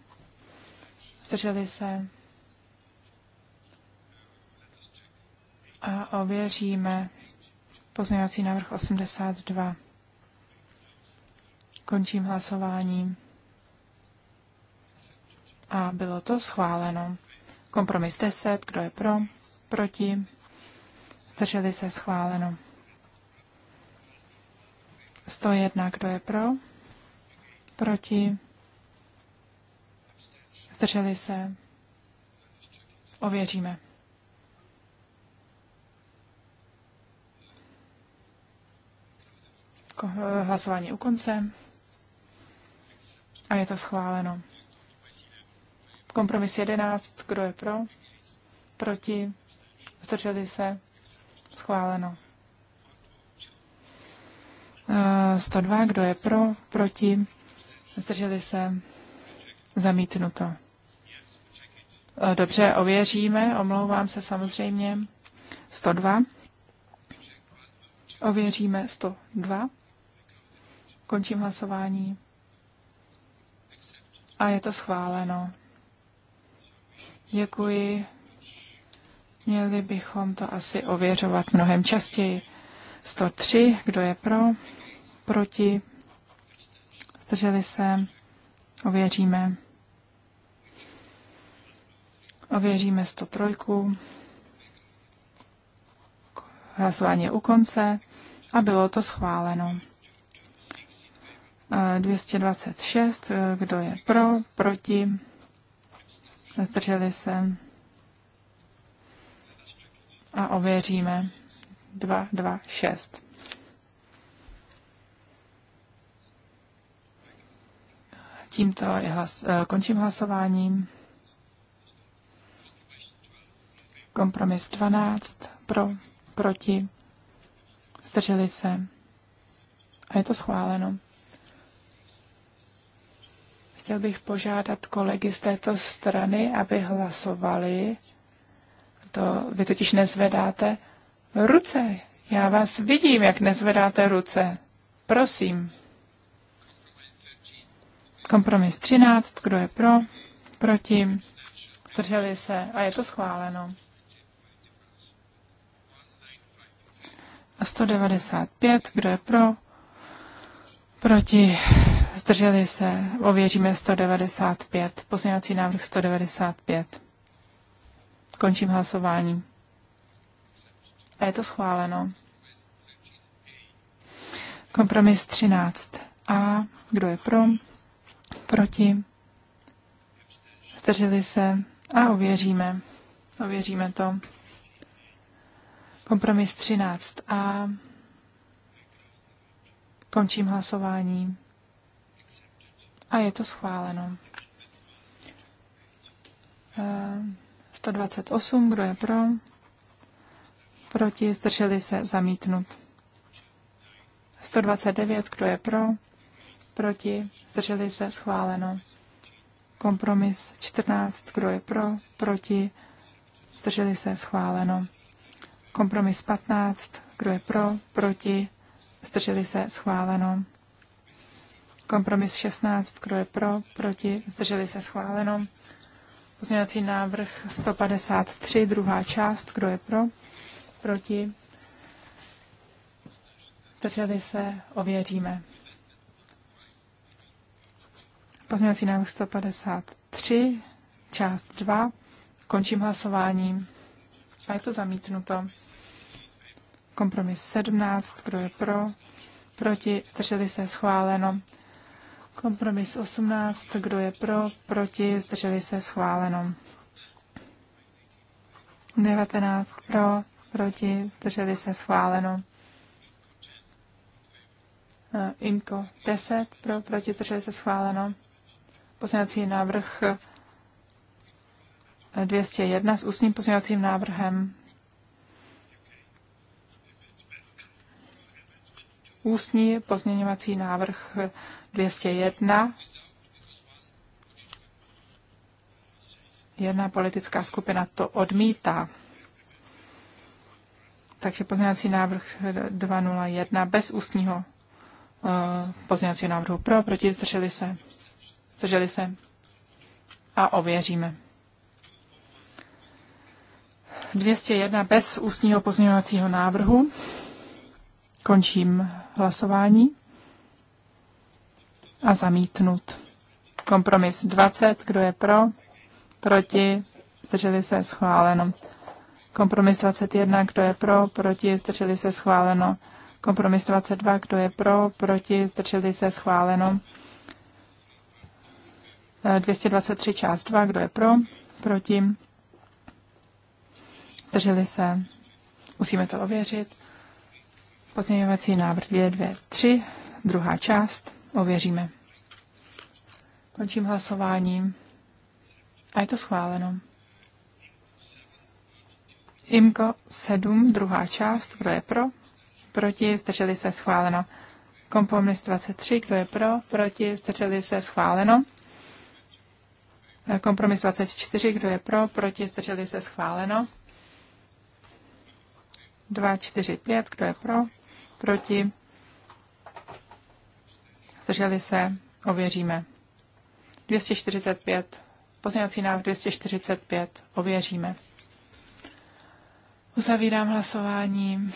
Zdrželi se? A ověříme Pozměňovací návrh 82. Končím hlasování. A bylo to schváleno. Kompromis 10. Kdo je pro? Proti? Zdrželi se schváleno. 101. Kdo je pro? Proti? Zdrželi se? Ověříme. Eh, hlasování u konce a je to schváleno. Kompromis 11, kdo je pro, proti, zdrželi se, schváleno. 102, eh, kdo je pro, proti, zdrželi se, zamítnuto. Eh, dobře, ověříme, omlouvám se samozřejmě. 102. Ověříme 102. Končím hlasování. A je to schváleno. Děkuji. Měli bychom to asi ověřovat mnohem častěji. 103, kdo je pro, proti, zdrželi se, ověříme. Ověříme 103. Hlasování je u konce a bylo to schváleno. 226, kdo je pro, proti, zdrželi se a ověříme 226. Tímto je hlas, eh, končím hlasováním. Kompromis 12 pro, proti, zdrželi se a je to schváleno. Chtěl bych požádat kolegy z této strany, aby hlasovali. To vy totiž nezvedáte ruce. Já vás vidím, jak nezvedáte ruce. Prosím. Kompromis 13, kdo je pro, proti, zdrželi se a je to schváleno. A 195, kdo je pro, proti, Zdrželi se. Ověříme 195. Pozměňovací návrh 195. Končím hlasování. A je to schváleno. Kompromis 13. A kdo je pro? Proti? Zdrželi se? A ověříme. Ověříme to. Kompromis 13. A končím hlasování. A je to schváleno. 128, eh, kdo je pro? Proti, zdrželi se, zamítnut. 129, kdo je pro? Proti, zdrželi se, schváleno. Kompromis 14, kdo je pro? Proti, zdrželi se, schváleno. Kompromis 15, kdo je pro? Proti, zdrželi se, schváleno. Kompromis 16, kdo je pro, proti, zdrželi se schváleno. Pozměňovací návrh 153, druhá část, kdo je pro, proti, zdrželi se, ověříme. Pozměňovací návrh 153, část 2, končím hlasování a je to zamítnuto. Kompromis 17, kdo je pro, proti, zdrželi se, schváleno. Kompromis 18. Kdo je pro? Proti? Zdrželi se? Schváleno. 19. Pro? Proti? Zdrželi se? Schváleno. E, IMKO 10. Pro? Proti? Zdrželi se? Schváleno. Pozměňovací návrh 201 s ústním pozměňovacím návrhem. ústní pozměňovací návrh 201. Jedna politická skupina to odmítá. Takže pozměňovací návrh 201 bez ústního eh, pozměňovacího návrhu pro, proti, zdrželi se. Zdrželi se. A ověříme. 201 bez ústního pozměňovacího návrhu. Končím hlasování a zamítnut. Kompromis 20, kdo je pro, proti, zdrželi se, schváleno. Kompromis 21, kdo je pro, proti, zdrželi se, schváleno. Kompromis 22, kdo je pro, proti, zdrželi se, schváleno. 223 eh, část 2, kdo je pro, proti, zdrželi se, musíme to ověřit. Pozměňovací návrh 2, 2, 3, druhá část, ověříme. Končím hlasováním. A je to schváleno. IMKO 7, druhá část, kdo je pro? Proti, zdrželi se schváleno. Kompromis 23, kdo je pro? Proti, zdrželi se schváleno. Kompromis 24, kdo je pro? Proti, zdrželi se schváleno. 2, 4, 5, kdo je pro? proti, zdrželi se, ověříme. 245, pozměňovací návrh 245, ověříme. Uzavírám hlasování.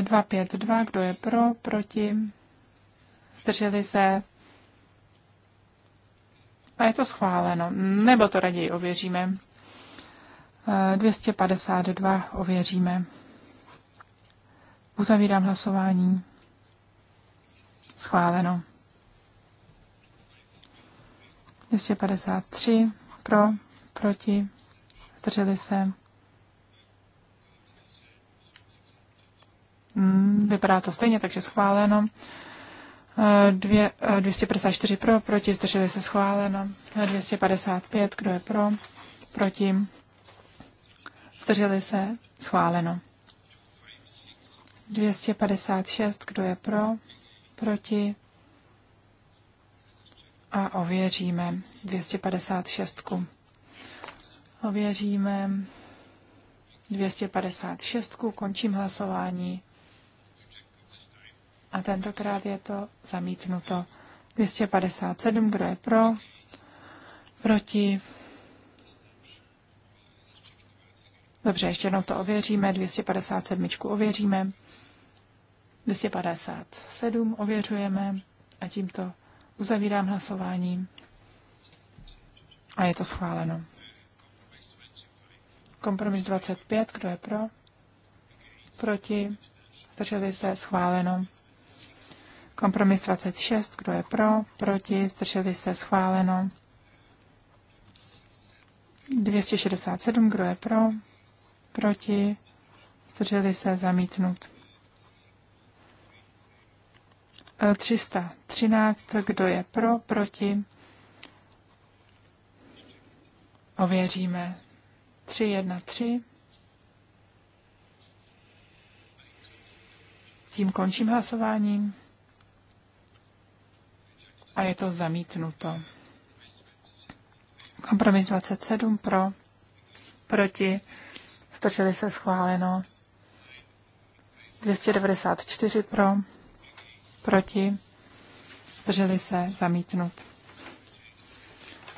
Dva pět dva, kdo je pro, proti, zdrželi se, a je to schváleno. Nebo to raději ověříme. 252 eh, ověříme. Uzavírám hlasování. Schváleno. 253 pro, proti, zdrželi se. Hmm, vypadá to stejně, takže schváleno. Eh, dvě, 254 eh, pro, proti, zdrželi se schváleno. 255, kdo je pro, proti, Zdrželi se? Schváleno. 256, kdo je pro? Proti? A ověříme 256. Ověříme 256. Končím hlasování. A tentokrát je to zamítnuto. 257, kdo je pro? Proti? Dobře, ještě jednou to ověříme. 257 ověříme. 257 ověřujeme a tímto uzavírám hlasování. A je to schváleno. Kompromis 25, kdo je pro? Proti? Zdrželi se, schváleno. Kompromis 26, kdo je pro? Proti? Zdrželi se, schváleno. 267, kdo je pro? proti, zdrželi se zamítnut. 313, e, kdo je pro, proti, ověříme. 313. Tím končím hlasováním a je to zamítnuto. Kompromis 27 pro, proti, Stočili se schváleno. 294 pro, proti, drželi se zamítnut.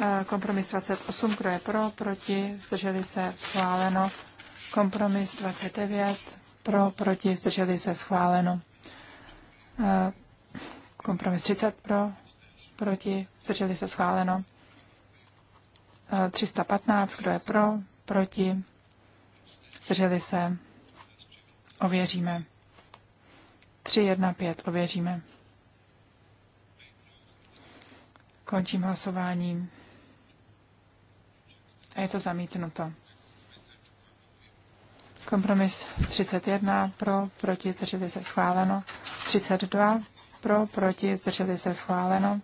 E, kompromis 28, kdo je pro, proti, zdrželi se, schváleno. Kompromis 29, pro, proti, zdrželi se, schváleno. E, kompromis 30, pro, proti, zdrželi se, schváleno. 315, e, kdo je pro, proti, zdrželi se, ověříme. 3, 1, 5, ověříme. Končím hlasování. A je to zamítnuto. Kompromis 31 pro, proti, zdrželi se schváleno. 32 pro, proti, zdrželi se schváleno.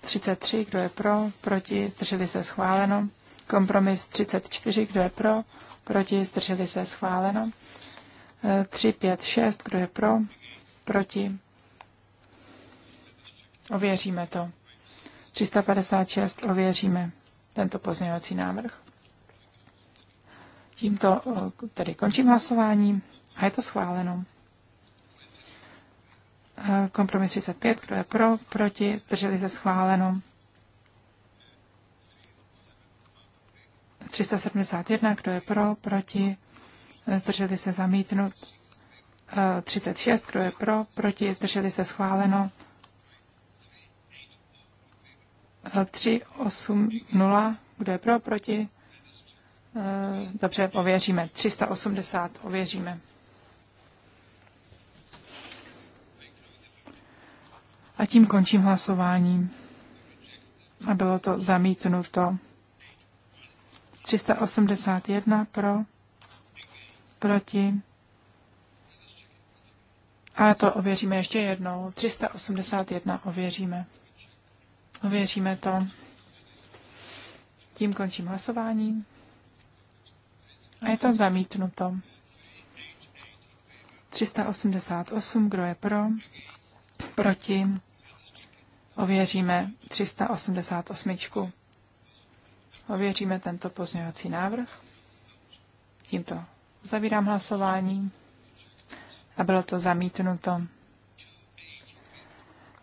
33, kdo je pro, proti, zdrželi se schváleno. Kompromis 34, kdo je pro, proti, zdrželi se, schváleno. 3, 5, 6, kdo je pro, proti. Ověříme to. 356 ověříme tento pozměňovací návrh. Tímto e, tedy končím hlasování a je to schváleno. E, kompromis 35, kdo je pro, proti, drželi se schváleno. 371, kdo je pro, proti, zdrželi se zamítnut. 36, eh, kdo je pro, proti, zdrželi se schváleno. 380, eh, kdo je pro, proti. Eh, dobře, ověříme. 380, ověříme. A tím končím hlasování. A bylo to zamítnuto. 381 pro, proti. A to ověříme ještě jednou. 381 ověříme. Ověříme to. Tím končím hlasování. A je to zamítnuto. 388, kdo je pro? Proti? Ověříme 388. Ověříme tento pozměňovací návrh. Tímto zavírám hlasování a bylo to zamítnuto.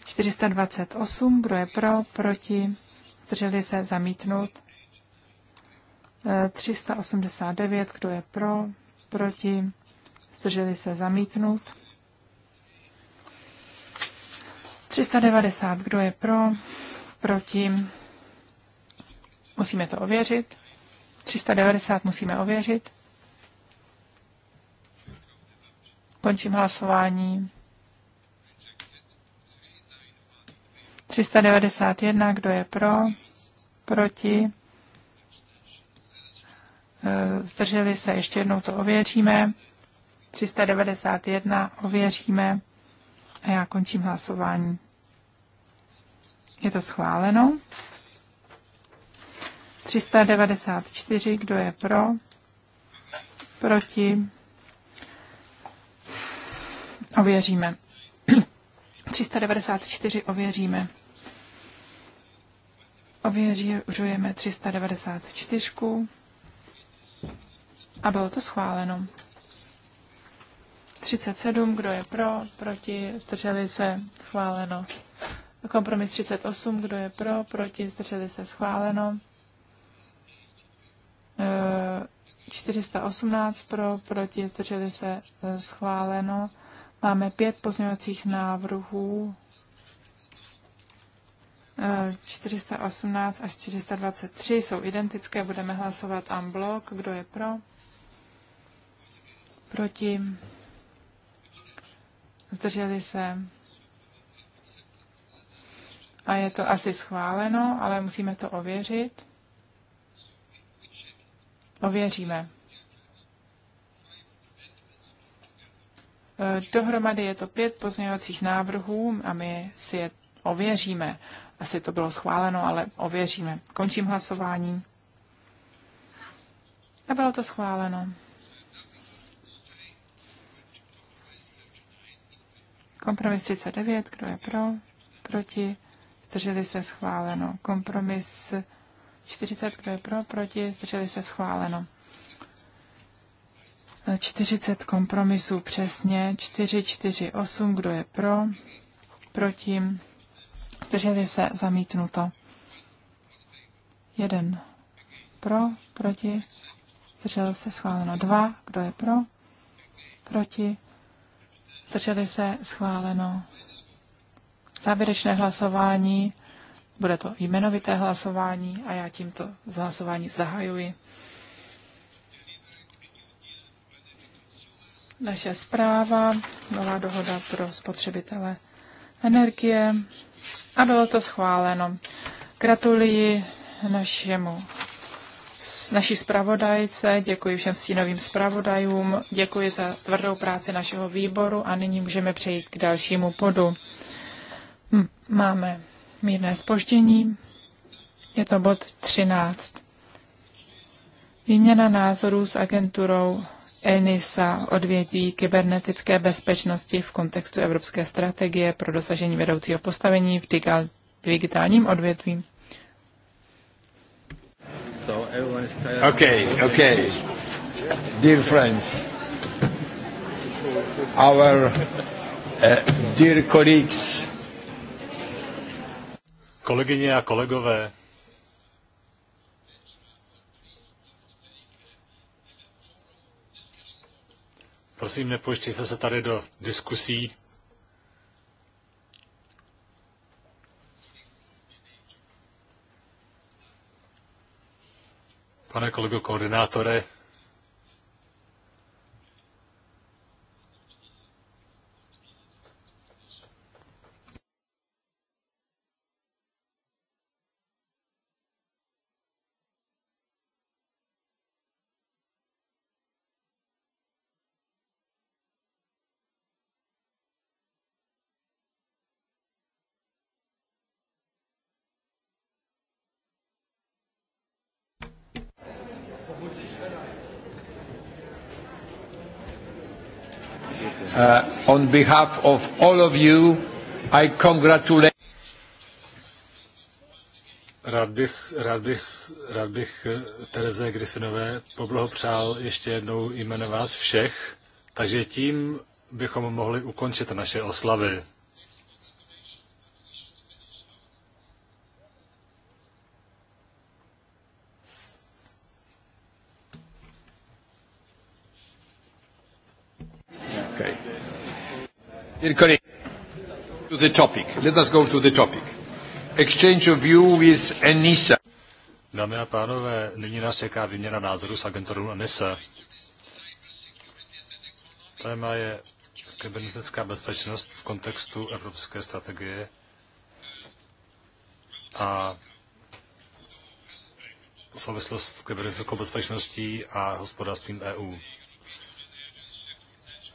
428, kdo je pro, proti, zdrželi se zamítnout. 389, e, kdo je pro, proti, zdrželi se zamítnout. 390, kdo je pro, proti, Musíme to ověřit. 390 musíme ověřit. Končím hlasování. 391, kdo je pro, proti, e, zdrželi se, ještě jednou to ověříme. 391 ověříme a já končím hlasování. Je to schváleno. 394, kdo je pro? Proti? Ověříme. 394 ověříme. Ověřujeme 394 a bylo to schváleno. 37, kdo je pro, proti, zdrželi se, schváleno. Kompromis 38, kdo je pro, proti, zdrželi se, schváleno. 418 pro, proti, zdrželi se e, schváleno. Máme pět pozměňovacích návrhů. 418 e, až 423 jsou identické, budeme hlasovat en bloc. Kdo je pro? Proti? Zdrželi se? A je to asi schváleno, ale musíme to ověřit. Ověříme. E, dohromady je to pět pozměňovacích návrhů a my si je ověříme. Asi to bylo schváleno, ale ověříme. Končím hlasování. A bylo to schváleno. Kompromis 39, kdo je pro, proti, zdrželi se schváleno. Kompromis 40, kdo je pro, proti, zdrželi se schváleno. 40 kompromisů přesně, 4, 4, 8, kdo je pro, proti, zdrželi se zamítnuto. 1 pro, proti, zdrželi se schváleno 2, kdo je pro, proti, zdrželi se schváleno. Závěrečné hlasování bude to jmenovité hlasování a já tímto hlasování zahajuji. Naše zpráva, nová dohoda pro spotřebitele energie a bylo to schváleno. Gratuluji našemu naší zpravodajce, děkuji všem stínovým zpravodajům, děkuji za tvrdou práci našeho výboru a nyní můžeme přejít k dalšímu podu. Hm, máme mírné spoždění. Je to bod 13. Výměna názorů s agenturou ENISA odvětví kybernetické bezpečnosti v kontextu evropské strategie pro dosažení vedoucího postavení v digitálním odvětví. OK, OK. Okay, okay. Dear friends, our uh, dear colleagues, Kolegyně a kolegové, prosím, nepojďte se tady do diskusí. Pane kolego koordinátore, on behalf of all of you, I congratulate Rád bych, rád bych, rád bych eh, Tereze Griffinové poblahopřál ještě jednou jménem vás všech, takže tím bychom mohli ukončit naše oslavy. to the topic. Let us go to the topic. Exchange of view with ENISA. Dámy a pánové, nyní nás čeká výměna názoru s agenturou ENISA. Téma je kybernetická bezpečnost v kontextu evropské strategie a souvislost s kybernetickou bezpečností a hospodářstvím EU.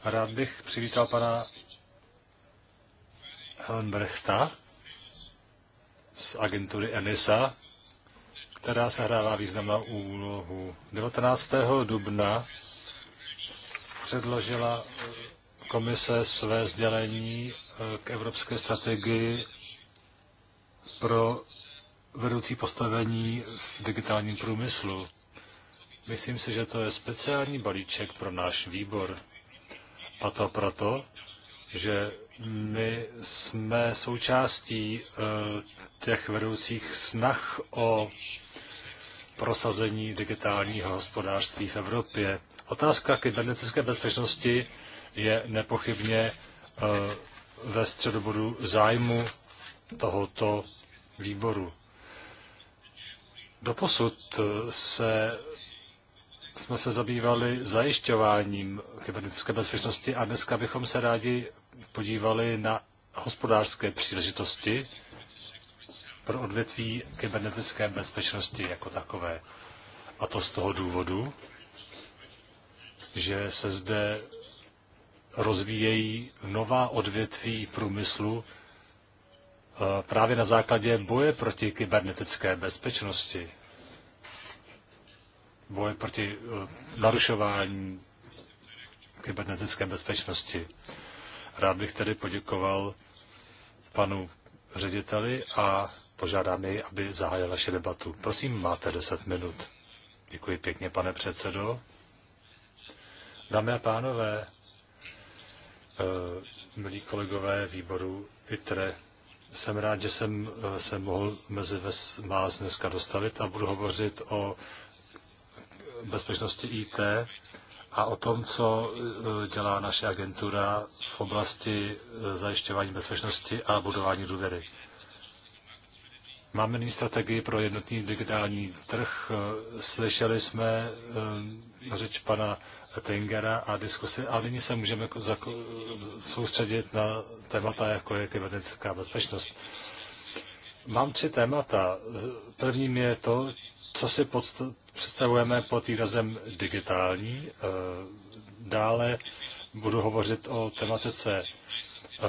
Rád bych přivítal pana Helen Brechta z agentury ENISA, která se hrává významnou úlohu. 19. dubna předložila komise své sdělení eh, k evropské strategii pro vedoucí postavení v digitálním průmyslu. Myslím si, že to je speciální balíček pro náš výbor. A to proto, že my jsme součástí eh, těch vedoucích snah o prosazení digitálního hospodářství v Evropě. Otázka kybernetické bezpečnosti je nepochybně eh, ve středobodu zájmu tohoto výboru. Doposud eh, se, jsme se zabývali zajišťováním kybernetické bezpečnosti a dneska bychom se rádi podívali na hospodářské příležitosti pro odvětví kybernetické bezpečnosti jako takové. A to z toho důvodu, že se zde rozvíjejí nová odvětví průmyslu e, právě na základě boje proti kybernetické bezpečnosti, boje proti e, narušování kybernetické bezpečnosti. Rád bych tedy poděkoval panu řediteli a požádám jej, aby zahájil naši debatu. Prosím, máte 10 minut. Děkuji pěkně, pane předsedo. Dámy a pánové, eh, milí kolegové výboru ITRE, jsem rád, že jsem eh, se mohl mezi vás dneska dostavit a budu hovořit o bezpečnosti IT a o tom, co e, dělá naše agentura v oblasti e, zajišťování bezpečnosti a budování důvěry. Máme nyní strategii pro jednotný digitální trh. E, slyšeli jsme řeč pana Tengera a diskusy a nyní se můžeme soustředit na témata, jako je kybernetická bezpečnost. Mám tři témata. Prvním je to, co si představujeme pod výrazem digitální. Eh, dále budu hovořit o tematice eh,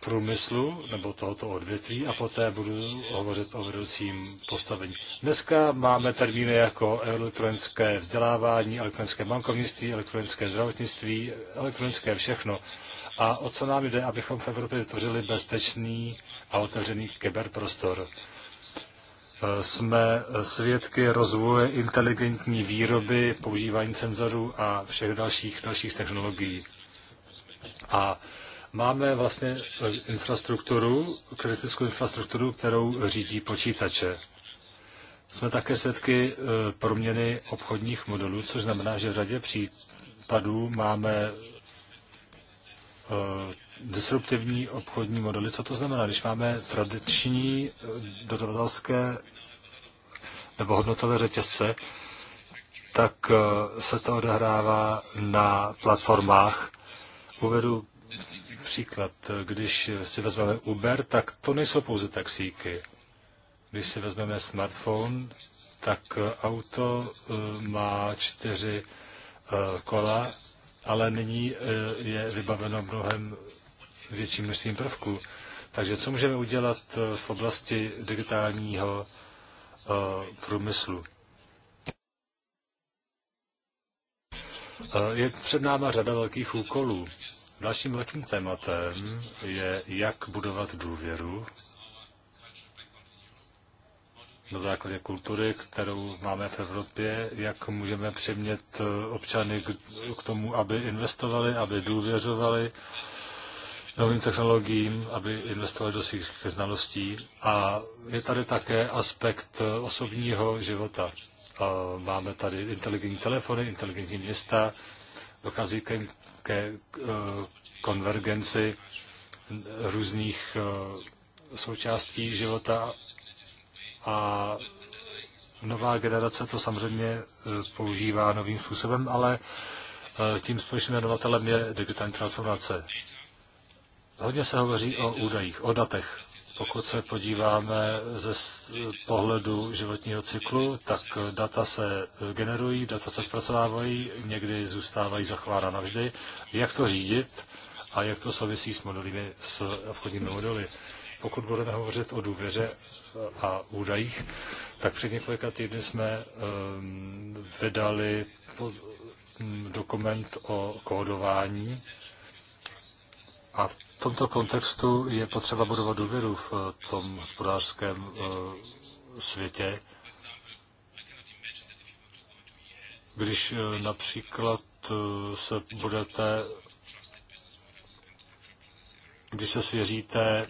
průmyslu nebo tohoto odvětví a poté budu hovořit o vedoucím postavení. Dneska máme termíny jako elektronické vzdělávání, elektronické bankovnictví, elektronické zdravotnictví, elektronické všechno. A o co nám jde, abychom v Evropě vytvořili bezpečný a otevřený kyberprostor jsme svědky rozvoje inteligentní výroby, používání senzorů a všech dalších, dalších technologií. A máme vlastně eh, infrastrukturu, kritickou infrastrukturu, kterou řídí počítače. Jsme také svědky eh, proměny obchodních modelů, což znamená, že v řadě případů máme Eh, disruptivní obchodní modely. Co to znamená, když máme tradiční eh, dodavatelské nebo hodnotové řetězce, tak eh, se to odehrává na platformách. Uvedu příklad. Když si vezmeme Uber, tak to nejsou pouze taxíky. Když si vezmeme smartphone, tak auto má čtyři kola ale nyní eh, je vybaveno mnohem větším množstvím prvků. Takže co můžeme udělat eh, v oblasti digitálního eh, průmyslu? Je před náma řada velkých úkolů. Dalším velkým tématem je, jak budovat důvěru na základě kultury, kterou máme v Evropě, jak můžeme přimět eh, občany k tomu, aby investovali, aby důvěřovali novým technologiím, aby investovali do svých znalostí. A je tady také aspekt eh, osobního života. Máme tady inteligentní telefony, inteligentní města, dochází ke, ke eh, konvergenci různých součástí života a nová generace to samozřejmě e, používá novým způsobem, ale e, tím společným jmenovatelem je digitální transformace. Hodně se hovoří o údajích, o datech. Pokud se podíváme ze e, pohledu životního cyklu, tak data se generují, data se zpracovávají, někdy zůstávají zachována navždy. Jak to řídit a jak to souvisí s, modely, s obchodními modely? Pokud budeme hovořit o důvěře, a údajích, tak před několika týdny jsme ehm, vydali hm, dokument o kódování a v tomto kontextu je potřeba budovat důvěru v eh, tom hospodářském eh, světě. Když eh, například se budete, když se svěříte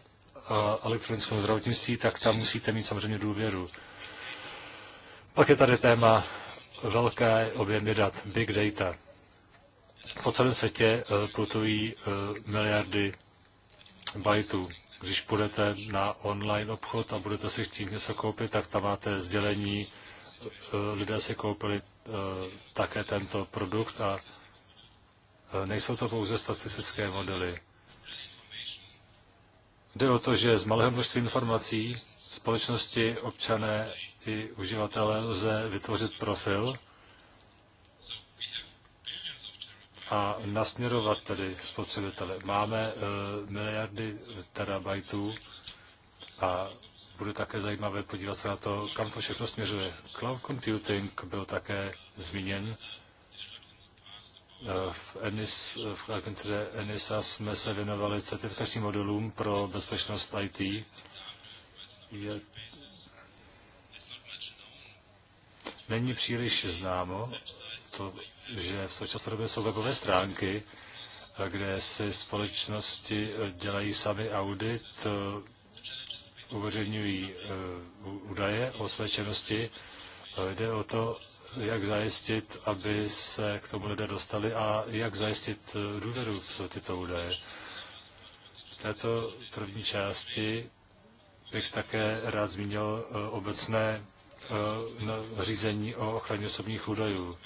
elektronickém zdravotnictví, tak tam musíte mít samozřejmě důvěru. Pak je tady téma velké objemy dat, big data. Po celém světě eh, putují eh, miliardy bajtů. Když půjdete na online obchod a budete si chtít něco koupit, tak tam máte sdělení, eh, lidé si koupili také tento produkt a nejsou to pouze statistické modely. Jde o to, že z malého množství informací společnosti, občané i uživatelé lze vytvořit profil a nasměrovat tedy spotřebitele. Máme uh, miliardy terabajtů a bude také zajímavé podívat se na to, kam to všechno směřuje. Cloud computing byl také zmíněn v, ENIS, v agentuře ENISA jsme se věnovali certifikačním modelům pro bezpečnost IT. Je... Není příliš známo to, že v současné době jsou webové stránky, kde si společnosti dělají sami audit, uveřejňují eh, údaje o své činnosti. Jde o to, jak zajistit, aby se k tomu lidé dostali a jak zajistit eh, důvěru v tyto údaje. V této první části bych také rád zmínil eh, obecné eh, řízení o ochraně osobních údajů.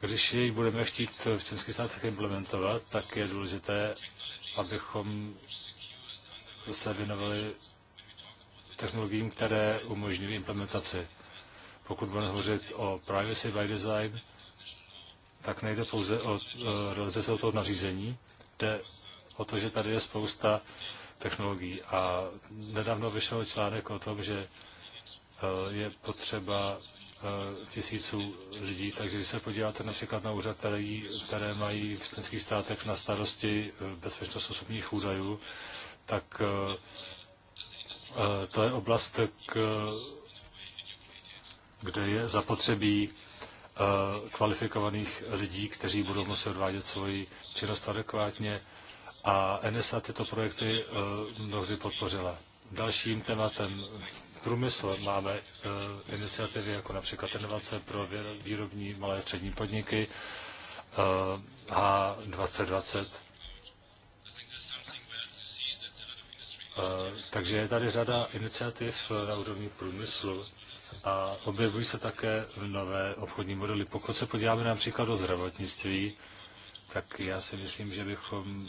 Když jej budeme chtít v Českých státech implementovat, tak je důležité, abychom se věnovali technologiím, které umožňují implementaci. Pokud budeme hovořit o privacy by design, tak nejde pouze o e, realizaci toho nařízení, jde o to, že tady je spousta technologií. A nedávno vyšel článek o tom, že e, je potřeba e, tisíců lidí, takže když se podíváte například na úřad, které, které mají v členských státech na starosti bezpečnost osobních údajů, tak to je oblast, k, kde je zapotřebí eh, kvalifikovaných lidí, kteří budou moci odvádět svoji činnost adekvátně. A NSA tyto projekty eh, mnohdy podpořila. Dalším tématem průmysl máme eh, iniciativy jako například inovace pro výrobní malé a střední podniky H2020. Takže je tady řada iniciativ na úrovni průmyslu a objevují se také nové obchodní modely. Pokud se podíváme například do zdravotnictví, tak já si myslím, že bychom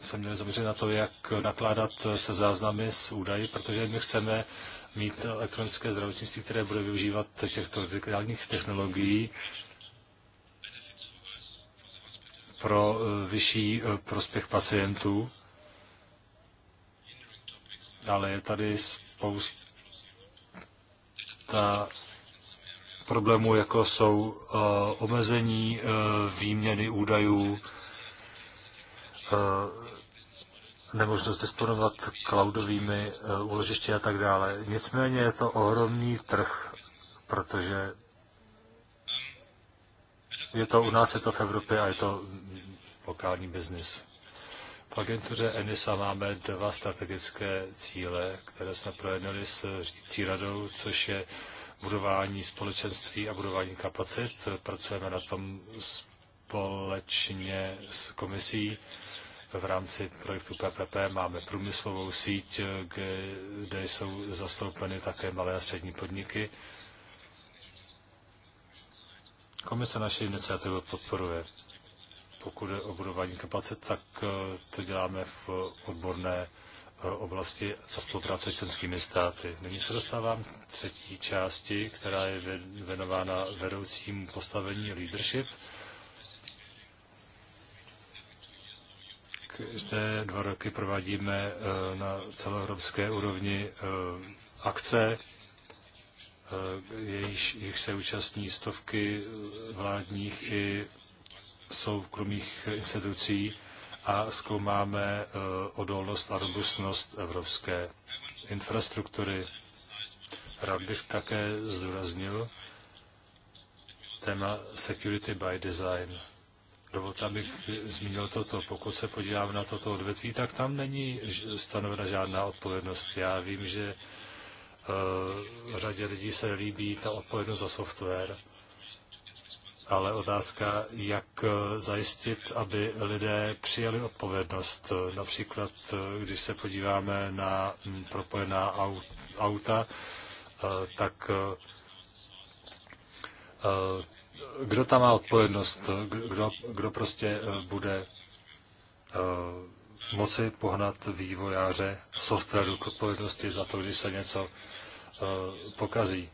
se měli zaměřit na to, jak nakládat se záznamy s údaji, protože my chceme mít elektronické zdravotnictví, které bude využívat těchto digitálních technologií pro eh, vyšší eh, prospěch pacientů. Ale je tady spousta ta problémů, jako jsou eh, omezení eh, výměny údajů, eh, nemožnost disponovat cloudovými úložišti a tak dále. Nicméně je to ohromný trh, protože je to u nás, je to v Evropě a je to lokální biznis agentuře ENISA máme dva strategické cíle, které jsme projednali s řídící radou, což je budování společenství a budování kapacit. Pracujeme na tom společně s komisí. V rámci projektu PPP máme průmyslovou síť, kde jsou zastoupeny také malé a střední podniky. Komise naše iniciativu podporuje pokud je o budování kapacit, tak eh, to děláme v odborné eh, oblasti za spolupráce s členskými státy. Nyní se dostávám k třetí části, která je věnována vedoucímu postavení leadership. Zde dva roky provádíme eh, na celoevropské úrovni akce, jejich se účastní stovky vládních i soukromých institucí a zkoumáme eh, odolnost a robustnost evropské infrastruktury. Rád bych také zdůraznil téma Security by Design. Dovolte, abych zmínil toto. Pokud se podívám na toto odvetví, tak tam není stanovena žádná odpovědnost. Já vím, že uh, řadě lidí se líbí ta odpovědnost za software, ale otázka, jak eh, zajistit, aby lidé přijali odpovědnost. Například, eh, když se podíváme na hm, propojená auta, eh, tak kdo tam má odpovědnost, kdo, kdo prostě bude moci pohnat vývojáře softwaru k odpovědnosti za to, když se něco pokazí.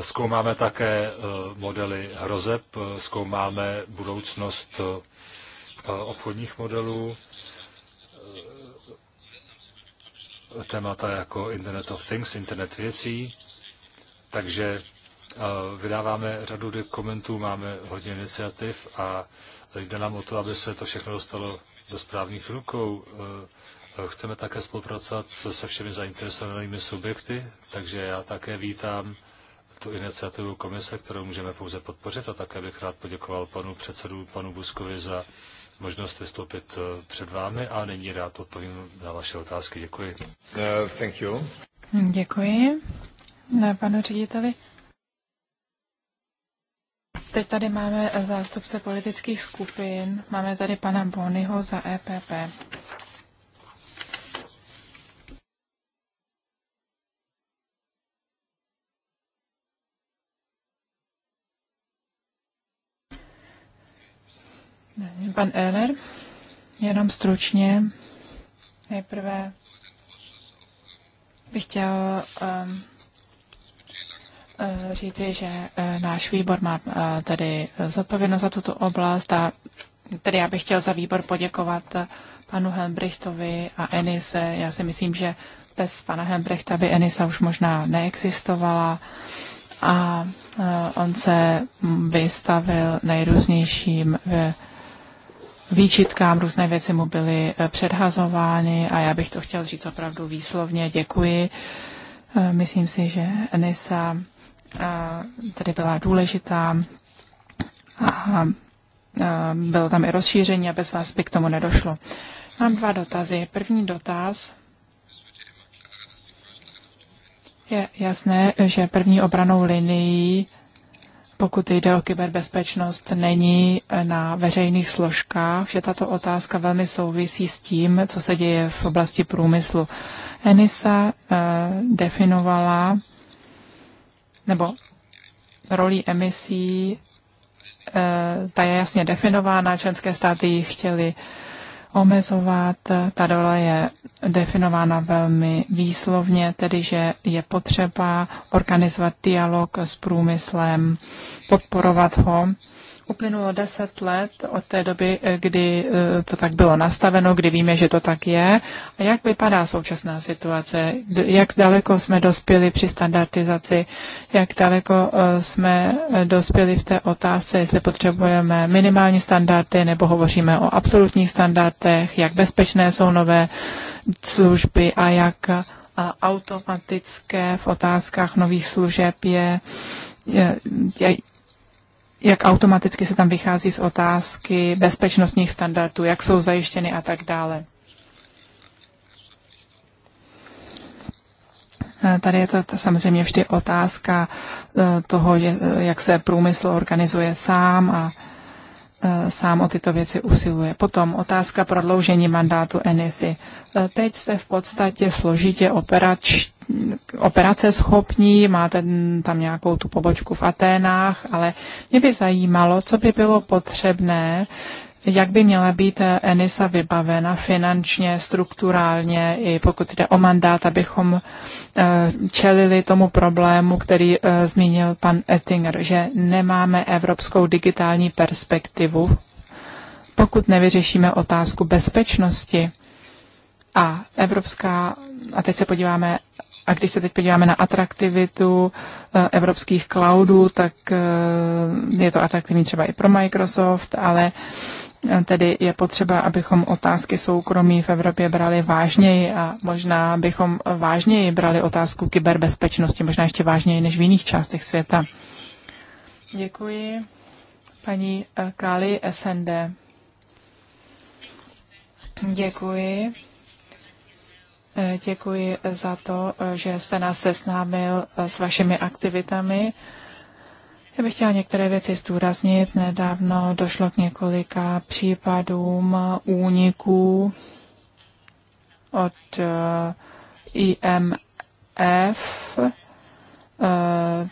Zkoumáme také eh, modely hrozeb, zkoumáme budoucnost eh, obchodních modelů, eh, témata jako Internet of Things, Internet věcí, takže vydáváme řadu dokumentů, máme hodně iniciativ a jde nám o to, aby se to všechno dostalo do správných rukou. Chceme také spolupracovat se všemi zainteresovanými subjekty, takže já také vítám tu iniciativu komise, kterou můžeme pouze podpořit a také bych rád poděkoval panu předsedu, panu Buskovi za možnost vystoupit eh, před vámi a nyní rád odpovím na vaše otázky. Děkuji. Uh, thank you. Děkuji. Na panu řediteli. Teď tady máme zástupce politických skupin. Máme tady pana Bonyho za EPP. Pan Eller, jenom stručně. Nejprve bych chtěl um, eh, říci, že eh, náš výbor má eh, tady zodpovědnost za tuto oblast a tedy já bych chtěl za výbor poděkovat panu Helmbrichtovi a Enise. Já si myslím, že bez pana Helmbrichta by Enisa už možná neexistovala a on se vystavil nejrůznějším výčitkám, různé věci mu byly eh, předhazovány a já bych to chtěl říct opravdu výslovně. Děkuji. Eh, myslím si, že Enisa eh, tady byla důležitá a bylo tam i rozšíření a bez vás by k tomu nedošlo. Mám dva dotazy. První dotaz je jasné, že první obranou linií pokud jde o kyberbezpečnost, není eh, na veřejných složkách, že tato otázka velmi souvisí s tím, co se děje v oblasti průmyslu. Enisa eh, definovala nebo roli emisí, eh, ta je jasně definována, členské státy ji chtěly omezovat. Ta dole je definována velmi výslovně, tedy že je potřeba organizovat dialog s průmyslem, podporovat ho uplynulo deset let od té doby, kdy eh, to tak bylo nastaveno, kdy víme, že to tak je. A jak vypadá současná situace? Jak daleko jsme dospěli při standardizaci? Jak daleko eh, jsme eh, dospěli v té otázce, jestli potřebujeme minimální standardy nebo hovoříme o absolutních standardech? Jak bezpečné jsou nové služby a jak automatické v otázkách nových služeb je, je, je jak automaticky se tam vychází z otázky bezpečnostních standardů, jak jsou zajištěny a tak dále. E, tady je to samozřejmě vždy otázka e, toho, e, jak se průmysl organizuje sám a Eh, sám o tyto věci usiluje. Potom otázka prodloužení mandátu Enisy. Eh, teď jste v podstatě složitě operač, operace schopní, máte tam nějakou tu pobočku v Aténách, ale mě by zajímalo, co by bylo potřebné, jak by měla být eh, ENISA vybavena finančně, strukturálně, i pokud jde o mandát, abychom eh, čelili tomu problému, který eh, zmínil pan Ettinger, že nemáme evropskou digitální perspektivu, pokud nevyřešíme otázku bezpečnosti. A evropská, a teď se podíváme a když se teď podíváme na atraktivitu evropských cloudů, tak je to atraktivní třeba i pro Microsoft, ale Tedy je potřeba, abychom otázky soukromí v Evropě brali vážněji a možná bychom vážněji brali otázku kyberbezpečnosti, možná ještě vážněji než v jiných částech světa. Děkuji. Paní eh, Kali SND. Děkuji. Eh, děkuji za to, eh, že jste nás seznámil s vašimi aktivitami. Já bych chtěla některé věci zdůraznit. Nedávno došlo k několika případům úniků od eh, IMF, o eh,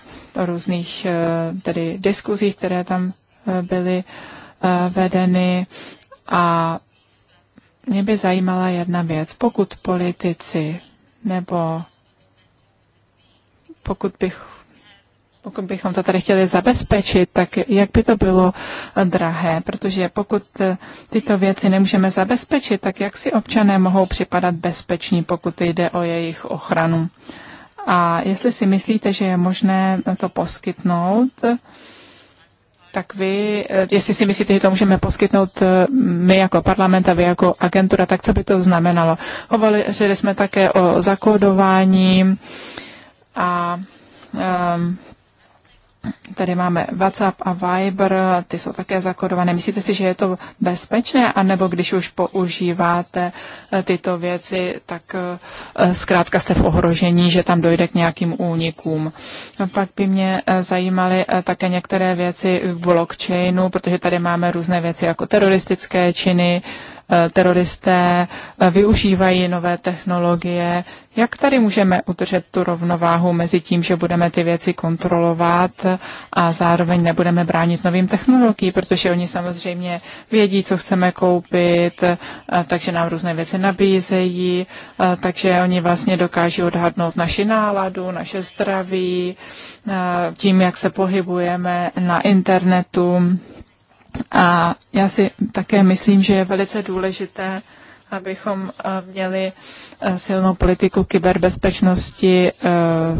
různých eh, tedy diskuzích, které tam byly vedeny. A mě by zajímala jedna věc. Pokud politici nebo pokud bych pokud bychom to tady chtěli zabezpečit, tak jak by to bylo drahé, protože pokud eh, tyto věci nemůžeme zabezpečit, tak jak si občané mohou připadat bezpeční, pokud jde o jejich ochranu. A jestli si myslíte, že je možné to poskytnout, tak vy, eh, jestli si myslíte, že to můžeme poskytnout eh, my jako parlament a vy jako agentura, tak co by to znamenalo? Hovořili jsme také o zakódování a um, Tady máme WhatsApp a Viber, ty jsou také zakodované. Myslíte si, že je to bezpečné, anebo když už používáte eh, tyto věci, tak eh, zkrátka jste v ohrožení, že tam dojde k nějakým únikům. Pak by mě eh, zajímaly také některé věci v blockchainu, protože tady máme různé věci jako teroristické činy, Eh, teroristé eh, využívají nové technologie. Jak tady můžeme udržet tu rovnováhu mezi tím, že budeme ty věci kontrolovat eh, a zároveň nebudeme bránit novým technologiím, protože oni samozřejmě vědí, co chceme koupit, takže nám různé věci nabízejí, takže oni vlastně dokáží odhadnout naši náladu, naše zdraví, tím, jak se pohybujeme na internetu a já si také myslím, že je velice důležité, abychom eh, měli eh, silnou politiku kyberbezpečnosti eh,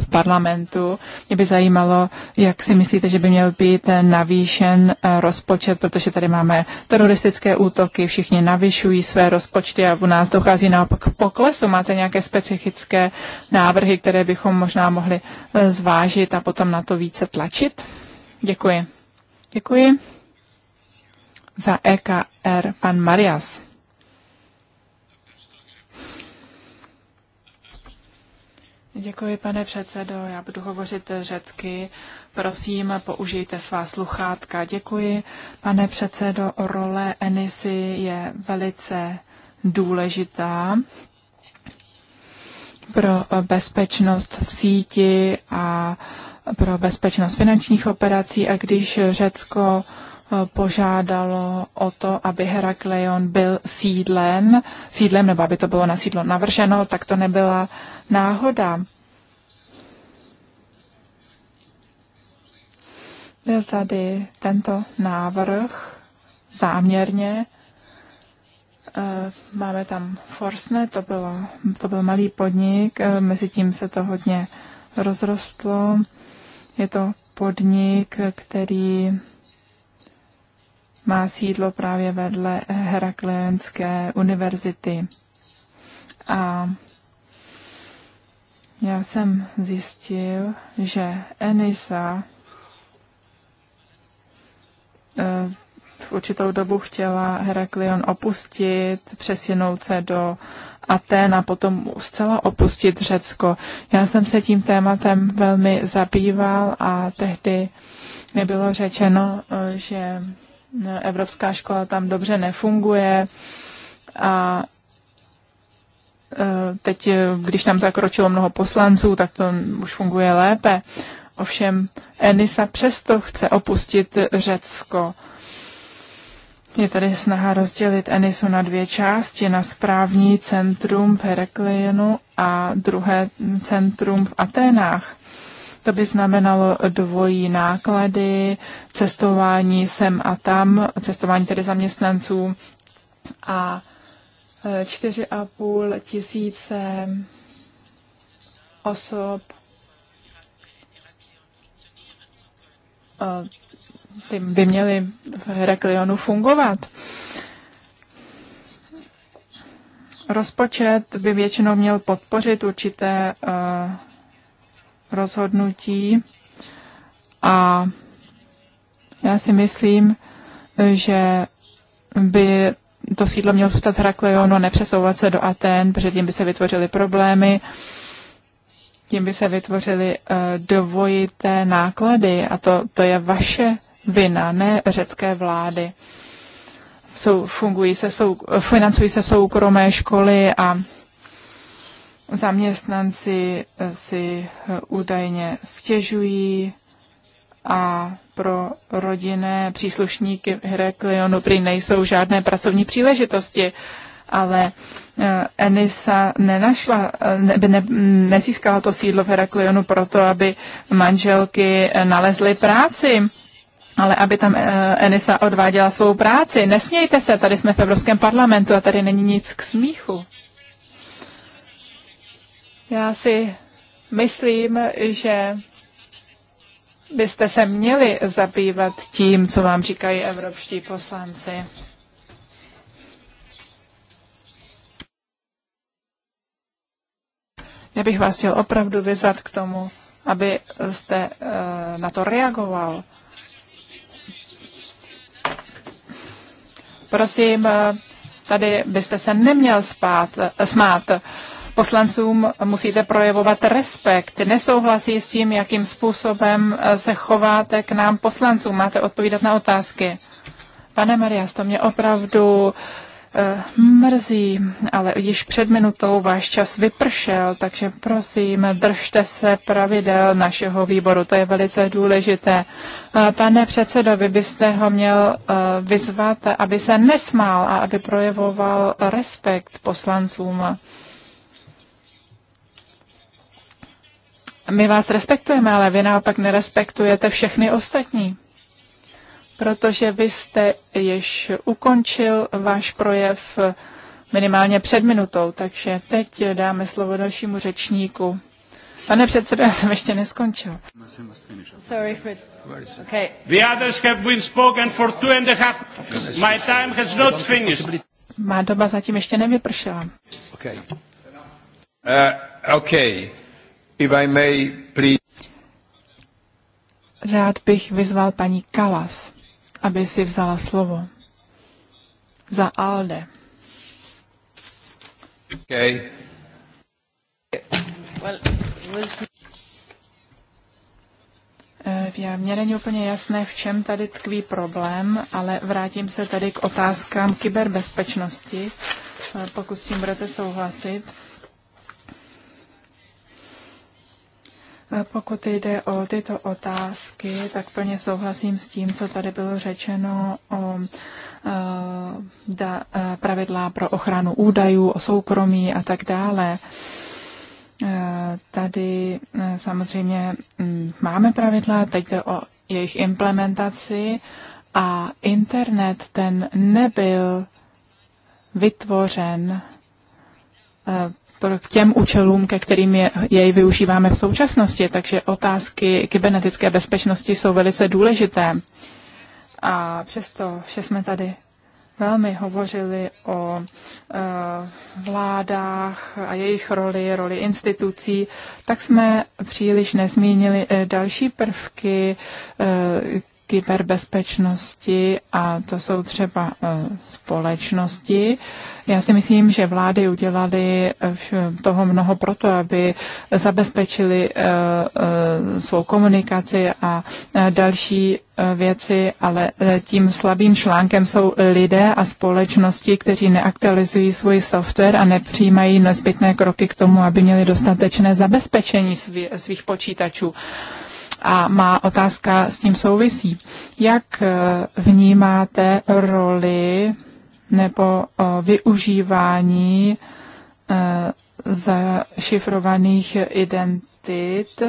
v parlamentu. Mě by zajímalo, jak si myslíte, že by měl být navýšen rozpočet, protože tady máme teroristické útoky, všichni navyšují své rozpočty a u nás dochází naopak k poklesu. Máte nějaké specifické návrhy, které bychom možná mohli zvážit a potom na to více tlačit? Děkuji. Děkuji za EKR pan Marias. Děkuji, pane předsedo. Já budu hovořit řecky. Prosím, použijte svá sluchátka. Děkuji, pane předsedo. Role Enisy je velice důležitá pro bezpečnost v síti a pro bezpečnost finančních operací. A když Řecko uh, požádalo o to, aby Herakleion byl sídlen, sídlem, nebo aby to bylo na sídlo navrženo, tak to nebyla náhoda. Byl tady tento návrh záměrně. Eh, máme tam Forsne, to, bylo, to byl malý podnik, eh, mezi tím se to hodně rozrostlo. Je to podnik, který má sídlo právě vedle Herakleonské univerzity. A já jsem zjistil, že Enisa eh, v určitou dobu chtěla Heraklion opustit, přesunout se do Aten a potom zcela opustit Řecko. Já jsem se tím tématem velmi zabýval a tehdy mi bylo řečeno, eh, že Evropská škola tam dobře nefunguje a e, teď, když tam zakročilo mnoho poslanců, tak to už funguje lépe. Ovšem Enisa přesto chce opustit Řecko. Je tady snaha rozdělit Enisu na dvě části, na správní centrum v Heraklionu a druhé centrum v Aténách. To by znamenalo dvojí náklady, cestování sem a tam, cestování tedy zaměstnanců a 4,5 e, tisíce osob e, ty by měly v Heraklionu fungovat. Rozpočet by většinou měl podpořit určité e, rozhodnutí a já si myslím, že by to sídlo mělo zůstat v a nepřesouvat se do Aten, protože tím by se vytvořily problémy, tím by se vytvořily uh, dvojité náklady a to, to je vaše vina, ne řecké vlády. Jsou, fungují se sou, financují se soukromé školy a zaměstnanci eh, si eh, údajně stěžují a pro rodinné příslušníky Heraklionu prý nejsou žádné pracovní příležitosti, ale eh, Enisa nenašla, ne, ne, nezískala to sídlo v Heraklionu proto, aby manželky nalezly práci ale aby tam Enisa odváděla svou práci. Nesmějte se, tady jsme v Evropském parlamentu a tady není nic k smíchu. Já si myslím, že byste se měli zabývat tím, co vám říkají evropští poslanci. Já bych vás chtěl opravdu vyzvat k tomu, abyste eh, na to reagoval. Prosím, eh, tady byste se neměl spát, eh, smát poslancům musíte projevovat respekt. Nesouhlasí s tím, jakým způsobem eh, se chováte k nám poslancům. Máte odpovídat na otázky. Pane Marias, to mě opravdu eh, mrzí, ale již před minutou váš čas vypršel, takže prosím, držte se pravidel našeho výboru, to je velice důležité. Eh, pane předsedo, vy byste ho měl vyzvat, aby se nesmál a aby projevoval respekt poslancům. My vás respektujeme, ale vy naopak nerespektujete všechny ostatní. Protože vy jste již ukončil váš projev minimálně před minutou, takže teď dáme slovo dalšímu řečníku. Pane předsedo, já jsem ještě neskončil. Sorry, Fred. Okay. The others have been spoken for two and a half. My time has not finished. Má doba zatím ještě nevypršela. Okay. Uh, okay. Rád bych vyzval paní Kalas, aby si vzala slovo. Za ALDE. Okay. Well, was... Eh, mě není úplně jasné, v čem tady tkví problém, ale vrátím se tady k otázkám kyberbezpečnosti, eh, pokud s tím budete souhlasit. Pokud jde o tyto otázky, tak plně souhlasím s tím, co tady bylo řečeno o eh, eh, pravidla pro ochranu údajů, o soukromí a tak dále. Eh, tady samozřejmě hm, máme pravidla, teď jde o jejich implementaci a internet ten nebyl vytvořen k těm účelům, ke kterým je, jej využíváme v současnosti. Takže otázky kybernetické bezpečnosti jsou velice důležité. A přesto, vše jsme tady velmi hovořili o e, vládách a jejich roli, roli institucí, tak jsme příliš nezmínili eh, další prvky, e, kyberbezpečnosti a to jsou třeba eh, společnosti. Já si myslím, že vlády udělaly eh, toho mnoho proto, aby zabezpečili eh, svou komunikaci a další věci, ale tím slabým článkem jsou lidé a společnosti, kteří neaktualizují svůj software a nepřijímají nezbytné kroky k tomu, aby měli dostatečné zabezpečení svých počítačů. A má otázka s tím souvisí. Jak eh, vnímáte roli nebo eh, využívání eh, zašifrovaných identit,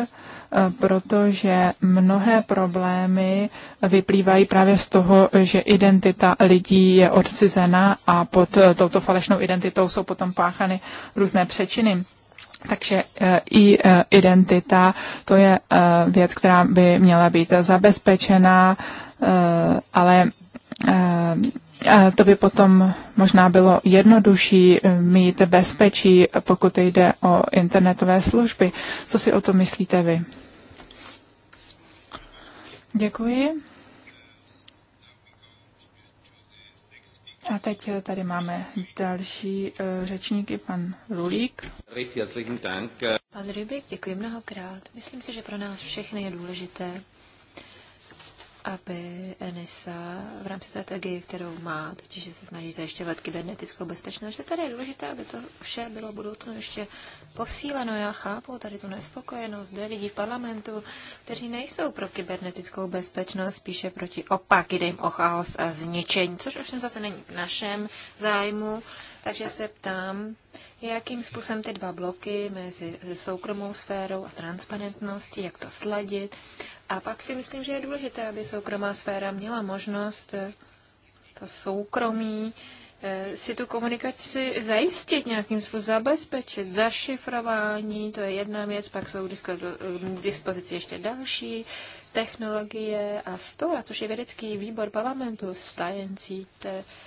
protože mnohé problémy vyplývají právě z toho, že identita lidí je odcizena a pod touto falešnou identitou jsou potom páchany různé přečiny. Takže eh, i eh, identita, to je eh, věc, která by měla být zabezpečená, ale to by potom možná bylo jednodušší mít bezpečí, pokud jde o internetové služby. Co si o to myslíte vy? Děkuji. A teď eh, tady máme další eh, řečníky, pan Rulík. Pan Rybik, děkuji mnohokrát. Myslím si, že pro nás všechny je důležité, aby ENISA v rámci strategie, kterou má, totiž že se snaží zajišťovat kybernetickou bezpečnost, že tady je důležité, aby to vše bylo budoucnu ještě posíleno. Já chápu tady tu nespokojenost zde lidí v parlamentu, kteří nejsou pro kybernetickou bezpečnost, spíše proti opak, jde jim o chaos a zničení, což ovšem zase není v našem zájmu. Takže se ptám, jakým způsobem ty dva bloky mezi soukromou sférou a transparentností, jak to sladit a pak si myslím, že je důležité, aby soukromá sféra měla možnost eh, to soukromí eh, si tu komunikaci zajistit nějakým způsobem, zabezpečit, zašifrování, to je jedna věc, pak jsou k eh, dispozici ještě další technologie a STORA, což je vědecký výbor parlamentu Science,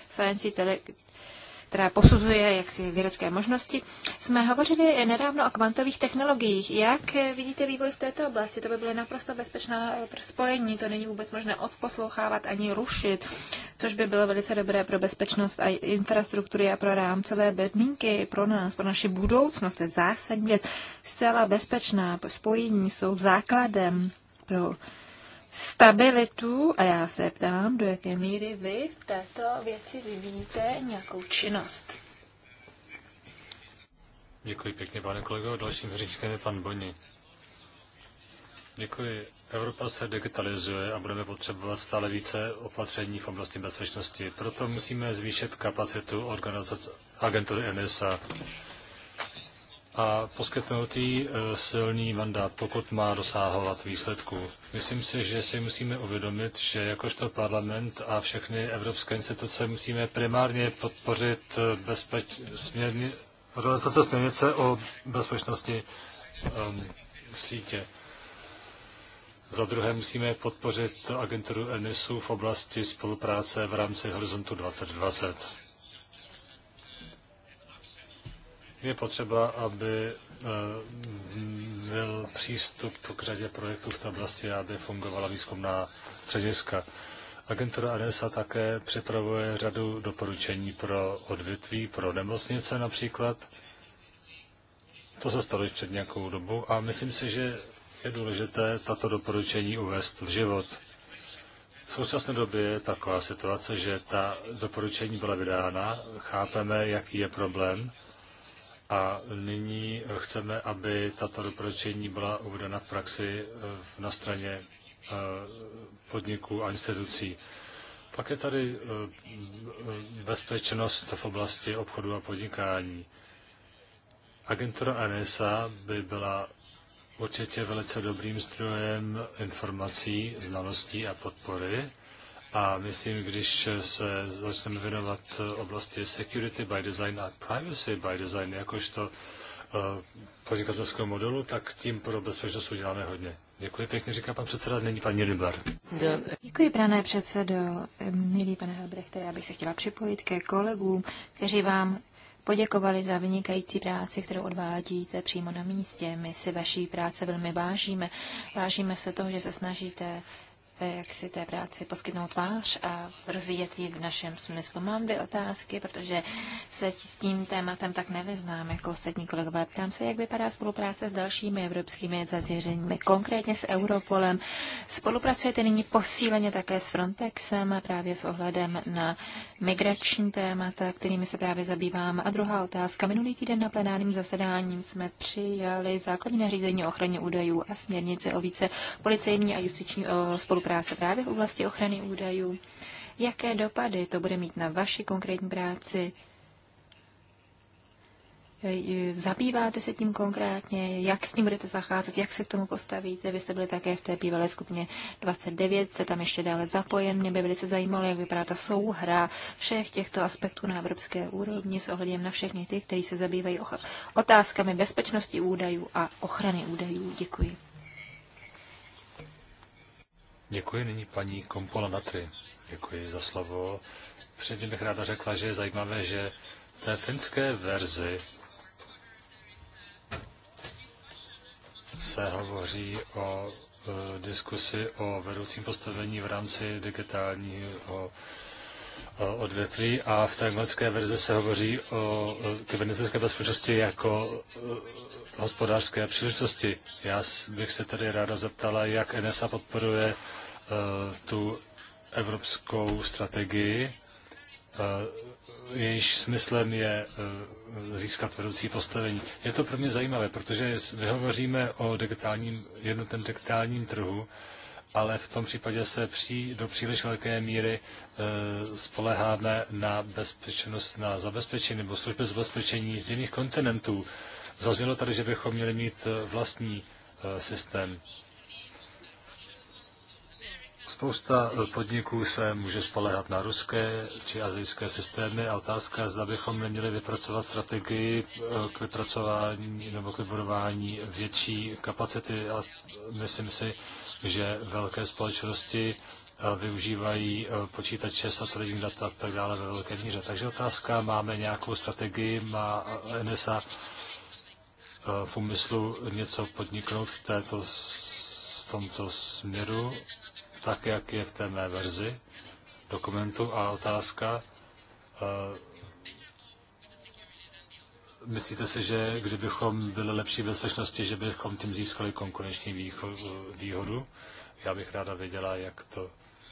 Science která posuzuje jaksi vědecké možnosti, jsme hovořili nedávno o kvantových technologiích. Jak vidíte vývoj v této oblasti? To by bylo naprosto bezpečné eh, spojení, to není vůbec možné odposlouchávat ani rušit, což by bylo velice dobré pro bezpečnost a infrastruktury a pro rámcové bedmínky, pro nás, pro naši budoucnost. To je zásadně Zcela bezpečná spojení jsou základem pro stabilitu a já se ptám, do jaké míry vy v této věci vyvíjíte nějakou činnost. Děkuji pěkně, pane kolego. Dalším řečníkem je pan Boni. Děkuji. Evropa se digitalizuje a budeme potřebovat stále více opatření v oblasti bezpečnosti. Proto musíme zvýšit kapacitu organizace agentury NSA a poskytnout e, silný mandát, pokud má dosáhovat výsledků. Myslím si, že si musíme uvědomit, že jakožto parlament a všechny evropské instituce musíme primárně podpořit e, bezpeč... směrni... realizace směrnice o bezpečnosti um, sítě. Za druhé musíme podpořit agenturu ENISu v oblasti spolupráce v rámci Horizontu 2020. je potřeba, aby byl eh, přístup k řadě projektů v té oblasti, aby fungovala výzkumná střediska. Agentura ADESA také připravuje řadu doporučení pro odvětví, pro nemocnice například. To se stalo před nějakou dobu a myslím si, že je důležité tato doporučení uvést v život. V současné době je taková situace, že ta doporučení byla vydána, chápeme, jaký je problém, a nyní chceme, aby tato doporučení byla uvedena v praxi eh, na straně eh, podniků a institucí. Pak je tady eh, bezpečnost v oblasti obchodu a podnikání. Agentura NSA by byla určitě velice dobrým zdrojem informací, znalostí a podpory a myslím, když se začneme věnovat oblasti security by design a privacy by design jakožto uh, podnikatelského modelu, tak tím pro bezpečnost uděláme hodně. Děkuji pěkně, říká pan předseda, není paní Libar. Děkuji, pane předsedo. Milý pane Helbrechte, já bych se chtěla připojit ke kolegům, kteří vám poděkovali za vynikající práci, kterou odvádíte přímo na místě. My si vaší práce velmi vážíme. Vážíme se toho, že se snažíte jak si té práci poskytnout tvář a rozvíjet ji v našem smyslu. Mám dvě otázky, protože se s tím tématem tak nevyznám jako ostatní kolegové. Ptám se, jak vypadá spolupráce s dalšími evropskými zazěřeními, konkrétně s Europolem. Spolupracujete nyní posíleně také s Frontexem a právě s ohledem na migrační témata, kterými se právě zabýváme A druhá otázka. Minulý týden na plenárním zasedáním jsme přijali základní nařízení o ochraně údajů a směrnice o více policejní a justiční spolupráci práce právě v oblasti ochrany údajů. Jaké dopady to bude mít na vaši konkrétní práci? Zabýváte se tím konkrétně? Jak s tím budete zacházet? Jak se k tomu postavíte? Vy jste byli také v té bývalé skupině 29, jste tam ještě dále zapojen. Mě by velice zajímalo, jak vypadá ta souhra všech těchto aspektů na evropské úrovni s ohledem na všechny ty, kteří se zabývají otázkami bezpečnosti údajů a ochrany údajů. Děkuji. Děkuji nyní paní Kompola Natry. Děkuji za slovo. Předtím bych ráda řekla, že je zajímavé, že v té finské verzi se hovoří o e, diskusi o vedoucím postavení v rámci digitálního e, odvětví a v té anglické verzi se hovoří o e, kybernetické bezpečnosti jako e, hospodářské příležitosti. Já bych se tedy ráda zeptala, jak NSA podporuje Eh, tu evropskou strategii, eh, jejíž smyslem je eh, získat vedoucí postavení. Je to pro mě zajímavé, protože my hovoříme o digitálním, jednotném digitálním trhu, ale v tom případě se pří, do příliš velké míry e, spoleháme na bezpečnost, na zabezpečení nebo služby zabezpečení z jiných kontinentů. Zaznělo tady, že bychom měli mít vlastní e, systém. Spousta podniků se může spolehat na ruské či azijské systémy a otázka, zda bychom neměli vypracovat strategii eh, k vypracování nebo k vybudování větší kapacity a myslím si, že velké společnosti eh, využívají eh, počítače, satelitní data a tak dále ve velké míře. Takže otázka, máme nějakou strategii, má NSA v úmyslu něco podniknout v, této, v tomto směru tak, jak je v té mé verzi dokumentu a otázka, eh, Myslíte si, že kdybychom byli lepší v bezpečnosti, že bychom tím získali konkurenční výhodu? Já bych ráda věděla, jak to...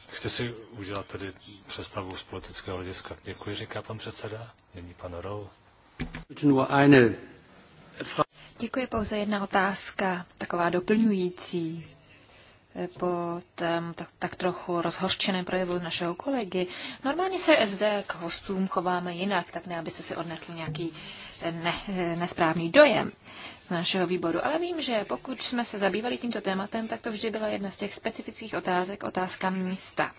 Chci si udělat tedy představu z politického hlediska. Děkuji, říká pan předseda. Není pan Rou. Děkuji, pouze jedna otázka, taková doplňující. Eh, po tom tak, tak trochu rozhorčeném projevu našeho kolegy. Normálně se SD k hostům chováme jinak, tak ne, abyste si odnesli nějaký eh, ne, eh, nesprávný dojem z našeho výboru. Ale vím, že pokud jsme se zabývali tímto tématem, tak to vždy byla jedna z těch specifických otázek, otázka místa.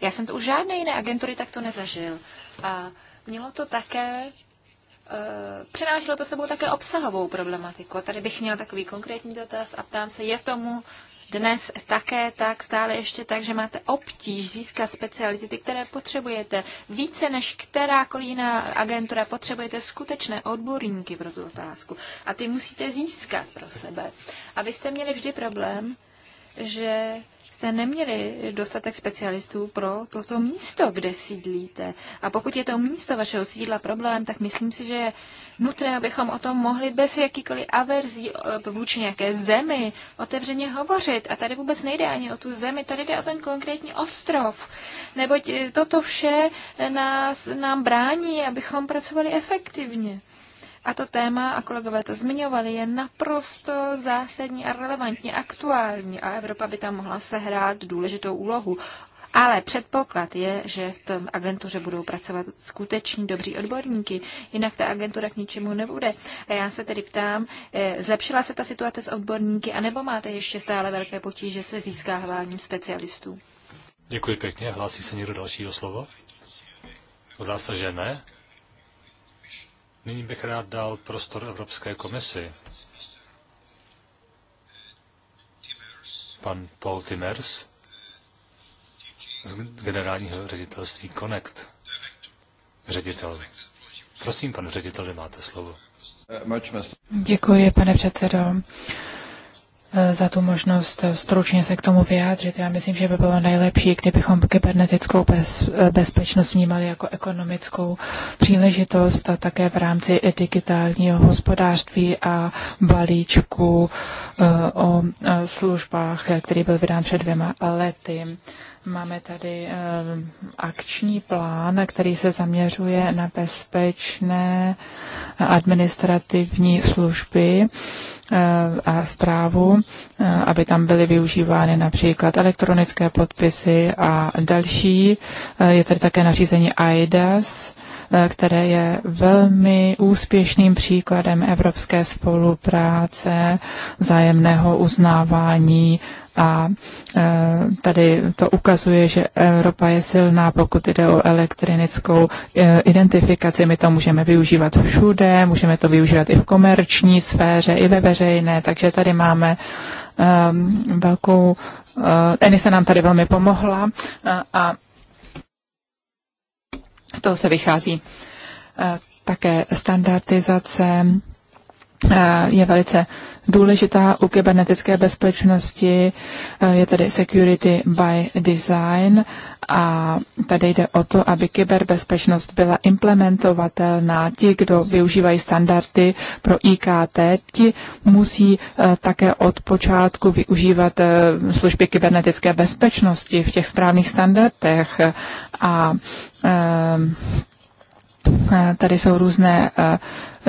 Já jsem to u žádné jiné agentury takto nezažil. A mělo to také přenášelo to sebou také obsahovou problematiku. A tady bych měl takový konkrétní dotaz a ptám se, je tomu dnes také tak, stále ještě tak, že máte obtíž získat specializity, které potřebujete. Více než kterákoliv jiná agentura potřebujete skutečné odborníky pro tu otázku. A ty musíte získat pro sebe. A vy jste měli vždy problém, že jste neměli dostatek specialistů pro toto místo, kde sídlíte. A pokud je to místo vašeho sídla problém, tak myslím si, že je nutné, abychom o tom mohli bez jakýkoliv averzí eh, vůči nějaké zemi otevřeně hovořit. A tady vůbec nejde ani o tu zemi, tady jde o ten konkrétní ostrov. Neboť eh, toto vše eh, nás, nám brání, abychom pracovali efektivně. A to téma, a kolegové to zmiňovali, je naprosto zásadní a relevantní, aktuální a Evropa by tam mohla sehrát důležitou úlohu. Ale předpoklad je, že v tom agentuře budou pracovat skuteční dobří odborníky, jinak ta agentura k ničemu nebude. A já se tedy ptám, eh, zlepšila se ta situace s odborníky, anebo máte ještě stále velké potíže se získáváním specialistů? Děkuji pěkně. Hlásí se někdo dalšího slova? Zdá se, že ne. Nyní bych rád dal prostor Evropské komisi. Pan Paul Timmers z generálního ředitelství Connect. Ředitel. Prosím, pane řediteli, máte slovo. Děkuji, pane předsedo. E, za tu možnost stručně se k tomu vyjádřit. Já myslím, že by bylo nejlepší, kdybychom kybernetickou bez, e, bezpečnost vnímali jako ekonomickou příležitost a také v rámci digitálního hospodářství a balíčku e, o službách, který byl vydán před dvěma lety. Máme tady eh, akční plán, který se zaměřuje na bezpečné administrativní služby eh, a zprávu, eh, aby tam byly využívány například elektronické podpisy a další. Je tady také nařízení IDAS, Eh, které je velmi úspěšným příkladem evropské spolupráce, vzájemného uznávání a eh, tady to ukazuje, že Evropa je silná, pokud jde o elektronickou eh, identifikaci. My to můžeme využívat všude, můžeme to využívat i v komerční sféře, i ve veřejné, takže tady máme velkou se nám tady velmi pomohla a z toho se vychází eh, také standardizace eh, je velice důležitá u kybernetické bezpečnosti, eh, je tedy security by design a tady jde o to, aby kyberbezpečnost byla implementovatelná. Ti, kdo využívají standardy pro IKT, ti musí e, také od počátku využívat e, služby kybernetické bezpečnosti v těch správných standardech. A e, Tady jsou různé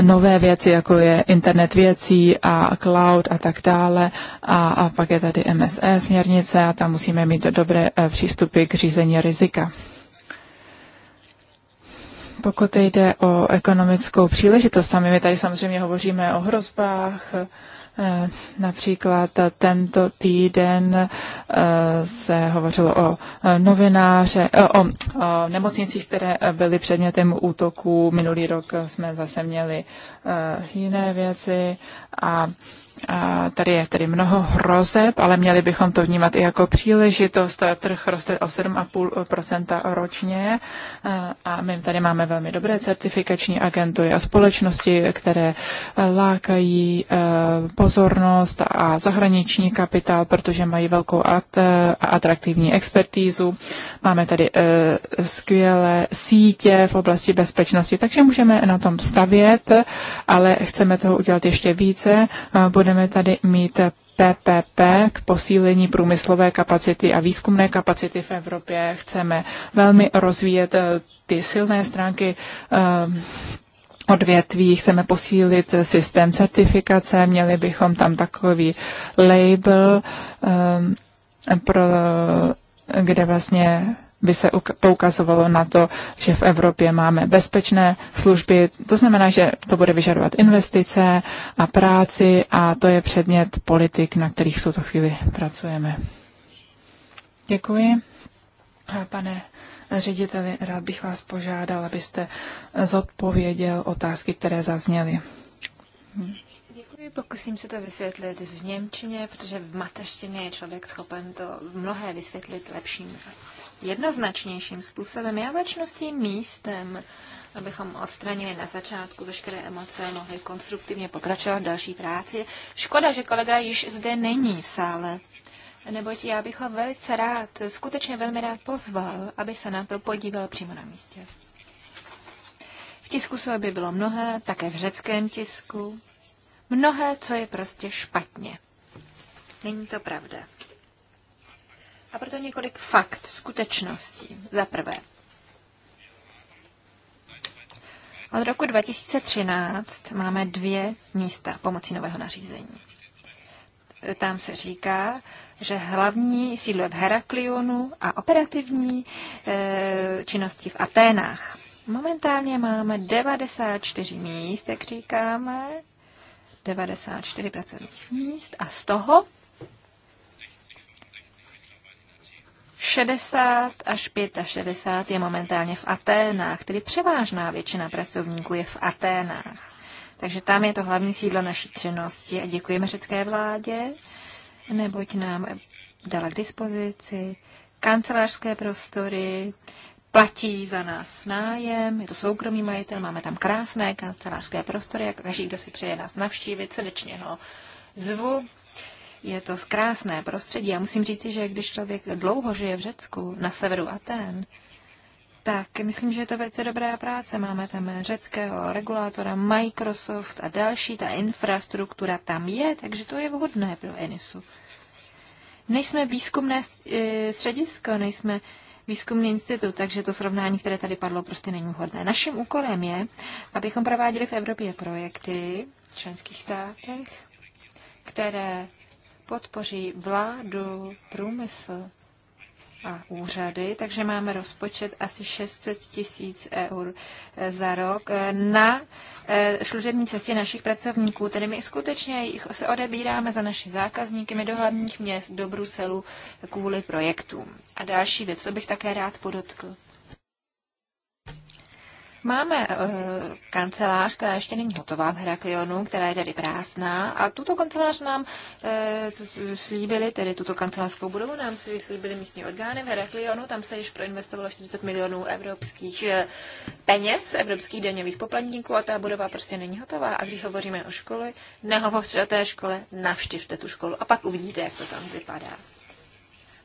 nové věci, jako je internet věcí a cloud a tak dále. A, a pak je tady MSE směrnice a tam musíme mít dobré e, přístupy k řízení rizika. Pokud jde o ekonomickou příležitost, a my tady samozřejmě hovoříme o hrozbách, Eh, například tento týden eh, se hovořilo o eh, novináře, o, o nemocnicích, které byly předmětem útoků. Minulý rok jsme zase měli jiné věci a Tady je tedy mnoho hrozeb, ale měli bychom to vnímat i jako příležitost. Trh roste o 7,5 ročně a my tady máme velmi dobré certifikační agentury a společnosti, které lákají eh, pozornost a zahraniční kapitál, protože mají velkou atraktivní expertízu. Máme tady eh, skvělé sítě v oblasti bezpečnosti, takže můžeme na tom stavět, ale chceme toho udělat ještě více. Eh, Bude budeme tady mít PPP k posílení průmyslové kapacity a výzkumné kapacity v Evropě. Chceme velmi rozvíjet eh, ty silné stránky eh, odvětví, chceme posílit systém certifikace, měli bychom tam takový label, eh, pro, kde vlastně by se poukazovalo na to, že v Evropě máme bezpečné služby. To znamená, že to bude vyžadovat investice a práci a to je předmět politik, na kterých v tuto chvíli pracujeme. Děkuji. Pane řediteli, rád bych vás požádal, abyste zodpověděl otázky, které zazněly. Děkuji, pokusím se to vysvětlit v Němčině, protože v mateřštině je člověk schopen to mnohé vysvětlit lepším jednoznačnějším způsobem. Já začnu s tím místem, abychom odstranili na začátku veškeré emoce, mohli konstruktivně pokračovat v další práci. Škoda, že kolega již zde není v sále, neboť já bych ho velice rád, skutečně velmi rád pozval, aby se na to podíval přímo na místě. V tisku se by bylo mnohé, také v řeckém tisku. Mnohé, co je prostě špatně. Není to pravda. A proto několik fakt, skutečností. Za prvé, od roku 2013 máme dvě místa pomocí nového nařízení. Tam se říká, že hlavní sídlo je v Heraklionu a operativní e, činnosti v Aténách. Momentálně máme 94 míst, jak říkáme, 94 pracovních míst a z toho 60 až 65 je momentálně v Aténách, tedy převážná většina pracovníků je v Aténách. Takže tam je to hlavní sídlo naší činnosti a děkujeme řecké vládě, neboť nám dala k dispozici kancelářské prostory, platí za nás nájem, je to soukromý majitel, máme tam krásné kancelářské prostory jak každý, kdo si přeje nás navštívit, srdečně ho zvu. Je to krásné prostředí. Já musím říci, že když člověk dlouho žije v Řecku, na severu Aten, tak myslím, že je to velice dobrá práce. Máme tam řeckého regulátora, Microsoft a další, ta infrastruktura tam je, takže to je vhodné pro Enisu. Nejsme výzkumné eh, středisko, nejsme výzkumný institut, takže to srovnání, které tady padlo, prostě není vhodné. Naším úkolem je, abychom prováděli v Evropě projekty v členských státech, které podpoří vládu, průmysl a úřady, takže máme rozpočet asi 600 tisíc eur eh, za rok eh, na eh, služební cestě našich pracovníků. Tedy my skutečně se odebíráme za naši zákazníky, my do hlavních měst, do Bruselu kvůli projektům. A další věc, co bych také rád podotkl. Máme uh, kancelář, která ještě není hotová v Heraklionu, která je tady prázdná a tuto kancelář nám uh, slíbili, tedy tuto kancelářskou budovu nám slíbili místní orgány v Heraklionu, tam se již proinvestovalo 40 milionů evropských uh, peněz, evropských daňových poplatníků a ta budova prostě není hotová. A když hovoříme o škole, nehovořte o té škole, navštivte tu školu a pak uvidíte, jak to tam vypadá.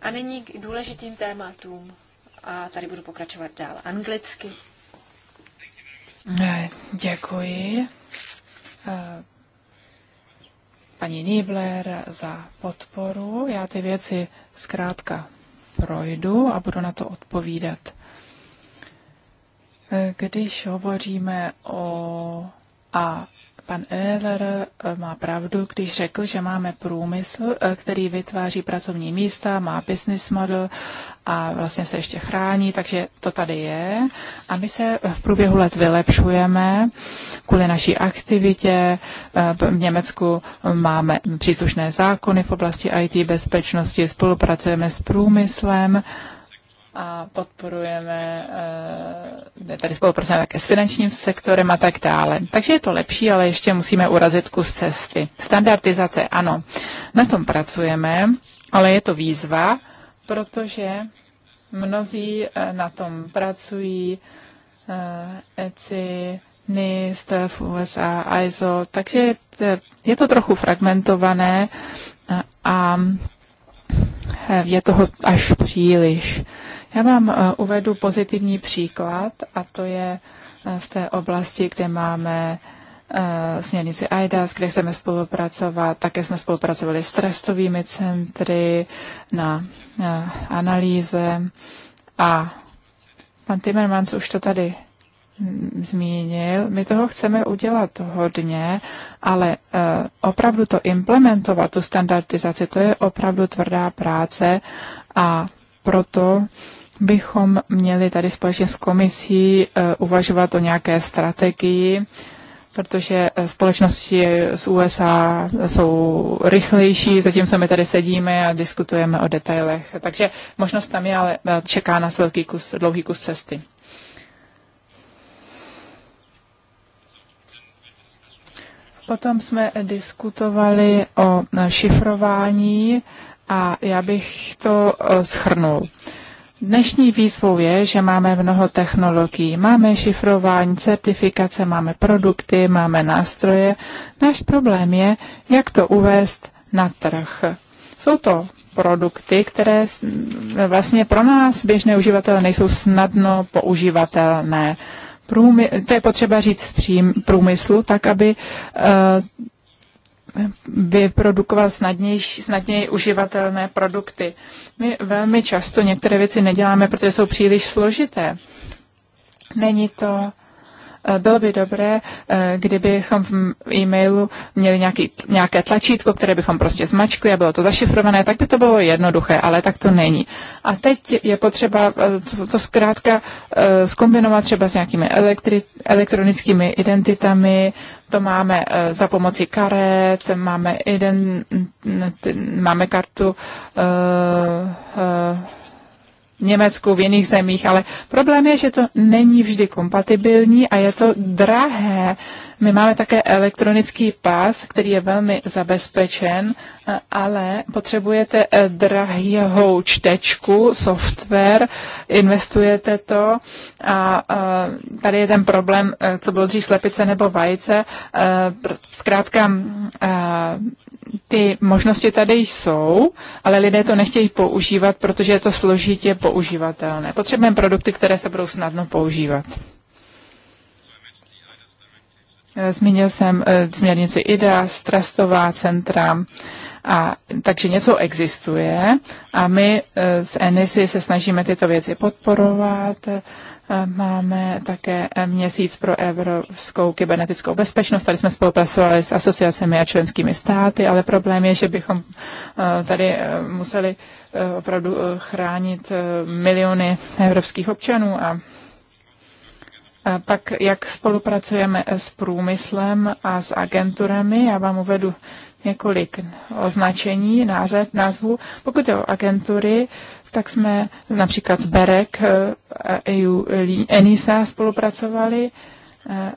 A nyní k důležitým tématům. A tady budu pokračovat dál anglicky. Děkuji eh, paní Niebler za podporu. Já ty věci zkrátka projdu a budu na to odpovídat. Eh, když hovoříme o a Pan Euler eh, má pravdu, když řekl, že máme průmysl, eh, který vytváří pracovní místa, má business model a vlastně se ještě chrání, takže to tady je. A my se v průběhu let vylepšujeme kvůli naší aktivitě. Eh, v Německu máme příslušné zákony v oblasti IT bezpečnosti, spolupracujeme s průmyslem a podporujeme, eh, tady spolupracujeme také s finančním sektorem a tak dále. Takže je to lepší, ale ještě musíme urazit kus cesty. Standardizace, ano, na tom pracujeme, ale je to výzva, protože mnozí eh, na tom pracují, ECI, eh, NIST USA, ISO, takže je to trochu fragmentované a je toho až příliš. Já vám eh, uvedu pozitivní příklad a to je eh, v té oblasti, kde máme eh, směrnici IDAS, kde chceme spolupracovat. Také jsme spolupracovali s trestovými centry na analýze a pan Timmermans už to tady zmínil. My toho chceme udělat hodně, ale opravdu to implementovat, tu standardizaci, to je opravdu tvrdá práce a proto bychom měli tady společně s komisí eh, uvažovat o nějaké strategii, protože eh, společnosti z USA jsou rychlejší, se my tady sedíme a diskutujeme o detailech. Takže možnost tam je, ale eh, čeká nás velký kus, dlouhý kus cesty. Potom jsme diskutovali o šifrování a já bych to schrnul. Dnešní výzvou je, že máme mnoho technologií. Máme šifrování, certifikace, máme produkty, máme nástroje. Náš problém je, jak to uvést na trh. Jsou to produkty, které vlastně pro nás běžné uživatele nejsou snadno používatelné. Průmy, to je potřeba říct z průmyslu, tak aby uh, vyprodukoval snadnější, snadněji uživatelné produkty. My velmi často některé věci neděláme, protože jsou příliš složité. Není to Eh, bylo by dobré, eh, kdybychom v e-mailu měli nějaký, nějaké tlačítko, které bychom prostě zmačkli a bylo to zašifrované, tak by to bylo jednoduché, ale tak to není. A teď je potřeba to eh, zkrátka zkombinovat třeba s nějakými elektri, elektronickými identitami, to máme za pomoci karet, máme, ident, máme kartu uh, uh, v Německu, v jiných zemích, ale problém je, že to není vždy kompatibilní a je to drahé. My máme také elektronický pás, který je velmi zabezpečen, ale potřebujete eh, drahou čtečku, software, investujete to a tady je ten problém, eh, co bylo dřív slepice nebo vajce. Eh, zkrátka mm, ty možnosti tady jsou, ale lidé to nechtějí používat, protože je to složitě používatelné. Potřebujeme produkty, které se budou snadno používat. Eh, zmínil jsem eh, směrnici IDA, strastová centra, a, takže něco existuje a my eh, z ENISY se snažíme tyto věci podporovat. Máme také měsíc pro evropskou kybernetickou bezpečnost. Tady jsme spolupracovali s asociacemi a členskými státy, ale problém je, že bychom tady museli opravdu chránit miliony evropských občanů a pak, jak spolupracujeme s průmyslem a s agenturami, já vám uvedu několik označení, název, názvu Pokud je o agentury, tak jsme například s BEREK, EU, eh, e eh, ENISA spolupracovali eh,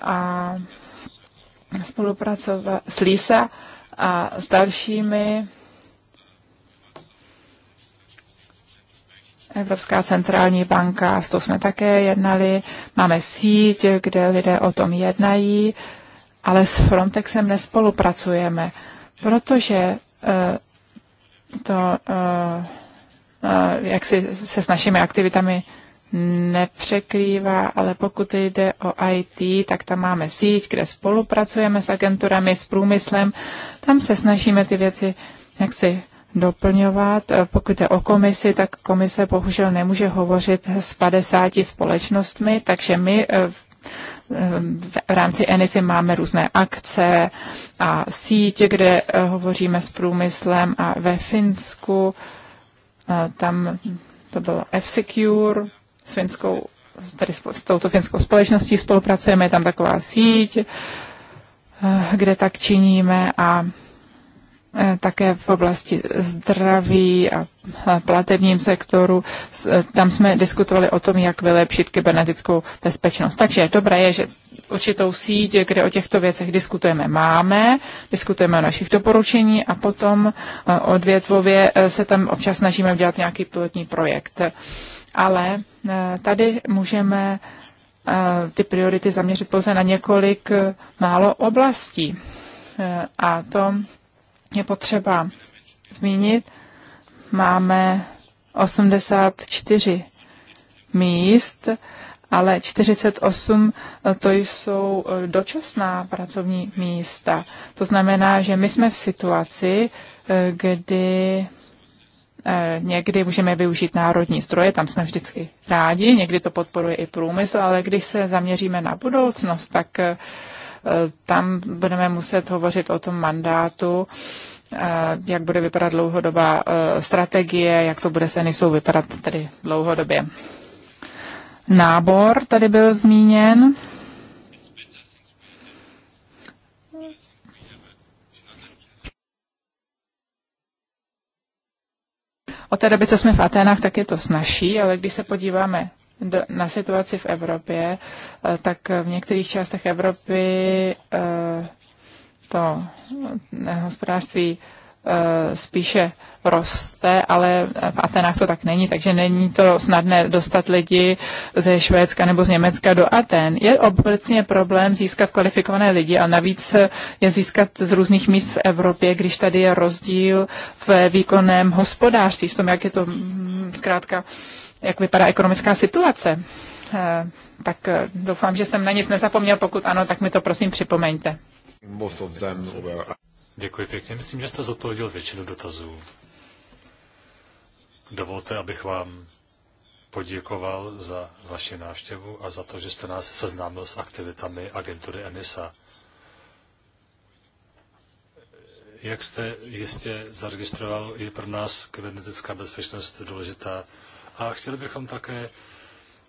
a spolupracovali s LISA a s dalšími Evropská centrální banka, s tou jsme také jednali. Máme síť, kde lidé o tom jednají, ale s Frontexem nespolupracujeme, protože eh, to eh, eh, jak si se s našimi aktivitami nepřekrývá, ale pokud jde o IT, tak tam máme síť, kde spolupracujeme s agenturami, s průmyslem. Tam se snažíme ty věci jak si doplňovat. E, pokud je o komisi, tak komise bohužel nemůže hovořit s 50 společnostmi, takže my e, e, v rámci Enisy máme různé akce a sítě, kde hovoříme s průmyslem a ve Finsku tam to bylo F-Secure s finskou, tady s touto finskou společností spolupracujeme, je tam taková síť, kde tak činíme a Eh, také v oblasti zdraví a platebním sektoru. Eh, tam jsme diskutovali o tom, jak vylepšit kybernetickou bezpečnost. Takže dobré je, že určitou síť, kde o těchto věcech diskutujeme, máme, diskutujeme o našich doporučení a potom eh, odvětvově se tam občas snažíme udělat nějaký pilotní projekt. Ale tady můžeme ty priority zaměřit pouze na několik málo oblastí. A to je potřeba zmínit, máme 84 míst, ale 48 eh, to jsou eh, dočasná pracovní místa. To znamená, že my jsme v situaci, eh, kdy Někdy můžeme využít národní zdroje, tam jsme vždycky rádi, někdy to podporuje i průmysl, ale když se zaměříme na budoucnost, tak tam budeme muset hovořit o tom mandátu, eh, jak bude vypadat dlouhodobá eh, strategie, jak to bude se Enisou vypadat tedy dlouhodobě. Nábor tady byl zmíněn. Od té doby, co jsme v Aténách, tak je to snažší, ale když se podíváme na situaci v Evropě, eh, tak v některých částech Evropy eh, to eh, hospodářství spíše roste, ale v Atenách to tak není, takže není to snadné dostat lidi ze Švédska nebo z Německa do Aten. Je obecně problém získat kvalifikované lidi a navíc je získat z různých míst v Evropě, když tady je rozdíl v výkonném hospodářství, v tom, jak je to hm, zkrátka jak vypadá ekonomická situace, eh, tak eh, doufám, že jsem na nic nezapomněl. Pokud ano, tak mi to prosím připomeňte. Děkuji pěkně. Myslím, že jste zodpověděl většinu dotazů. Dovolte, abych vám poděkoval za vaši návštěvu a za to, že jste nás seznámil s aktivitami agentury ENISA. Jak jste jistě zaregistroval, je pro nás kybernetická bezpečnost důležitá a chtěli bychom také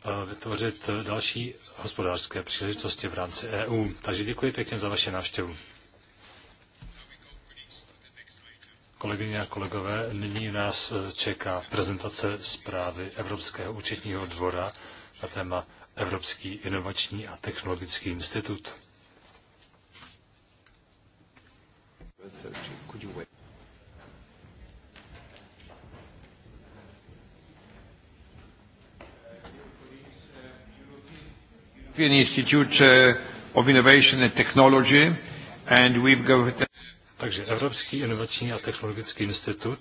eh, vytvořit eh, další hospodářské příležitosti v rámci EU. Takže děkuji pěkně za vaši návštěvu. Kolegyně a kolegové, nyní nás eh, čeká prezentace zprávy Evropského účetního dvora na téma Evropský inovační a technologický institut. you European Institute uh, of Innovation and Technology and we've got... Takže Evropský inovační a technologický institut.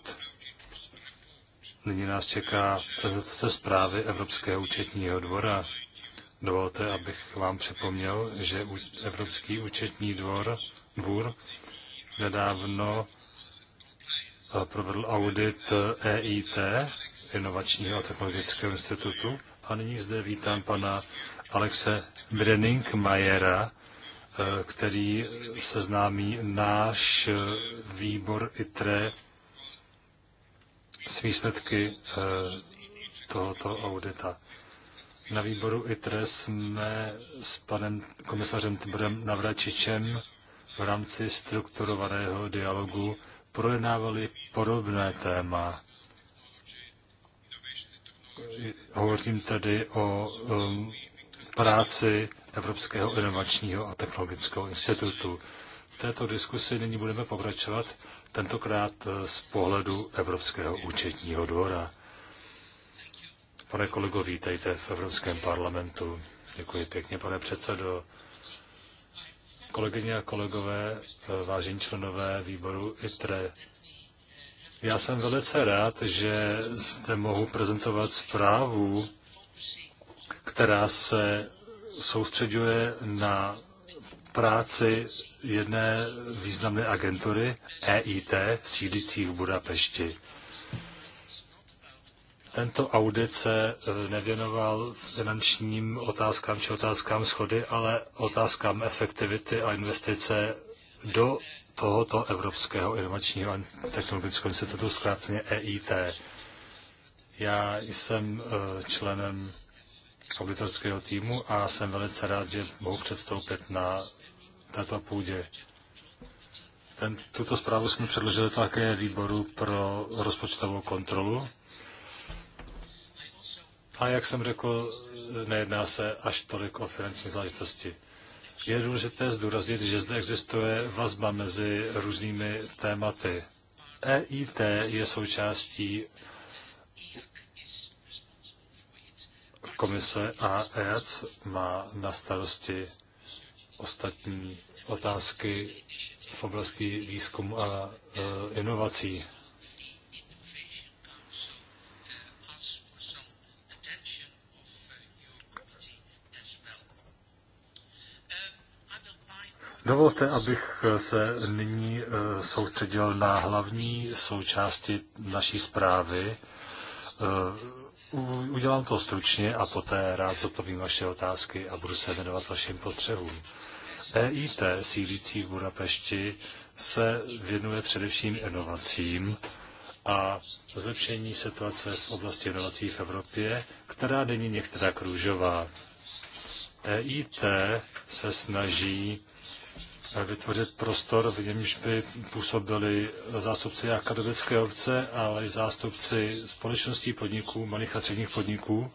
Nyní nás čeká prezentace zprávy Evropského účetního dvora. Dovolte, abych vám připomněl, že Evropský účetní dvor, dvůr nedávno eh, provedl audit EIT, eh, e Inovačního a technologického institutu. A nyní zde vítám pana Alexe Brenningmajera, eh, který seznámí náš eh, výbor ITRE s výsledky eh, tohoto audita. Na výboru ITRE jsme s panem komisařem Tiborem Navračičem v rámci strukturovaného dialogu projednávali podobné téma. Hovořím tedy o um, práci Evropského inovačního a technologického institutu. V této diskusi nyní budeme pokračovat, tentokrát eh, z pohledu Evropského účetního dvora. Pane kolego, vítejte v Evropském parlamentu. Děkuji pěkně, pane předsedo. Kolegyně a kolegové, eh, vážení členové výboru ITRE, já jsem velice rád, že zde mohu prezentovat zprávu která se soustředuje na práci jedné významné agentury EIT sídlící v Budapešti. Tento audit se eh, nevěnoval finančním otázkám či otázkám schody, ale otázkám efektivity a investice do tohoto Evropského inovačního a technologického institutu, zkráceně EIT. Já jsem eh, členem auditorského týmu a jsem velice rád, že mohu předstoupit na této půdě. Ten, tuto zprávu jsme předložili také výboru pro rozpočtovou kontrolu. A jak jsem řekl, nejedná se až tolik o finanční záležitosti. Je důležité zdůraznit, že zde existuje vazba mezi různými tématy. EIT je součástí komise a e má na starosti ostatní otázky v oblasti výzkumu a e, inovací. Dovolte, abych se nyní e, soustředil na hlavní součásti naší zprávy, udělám to stručně a poté rád zodpovím vaše otázky a budu se věnovat vašim potřebům. EIT sídlící v Budapešti se věnuje především inovacím a zlepšení situace v oblasti inovací v Evropě, která není některá kružová. EIT se snaží vytvořit prostor, v němž by působili zástupci akademické obce, ale i zástupci společností podniků, malých a středních podniků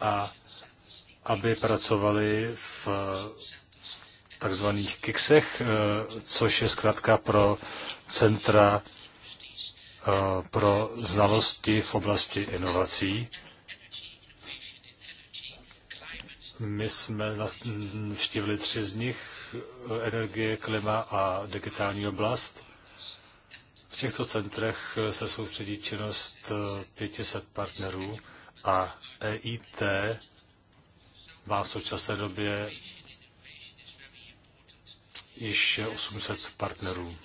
a aby pracovali v takzvaných KIXech, eh, což je zkrátka pro centra eh, pro znalosti v oblasti inovací. My jsme navštívili tři z nich energie, klima a digitální oblast. V těchto centrech se soustředí činnost 500 eh, partnerů a EIT má v současné době již 800 partnerů.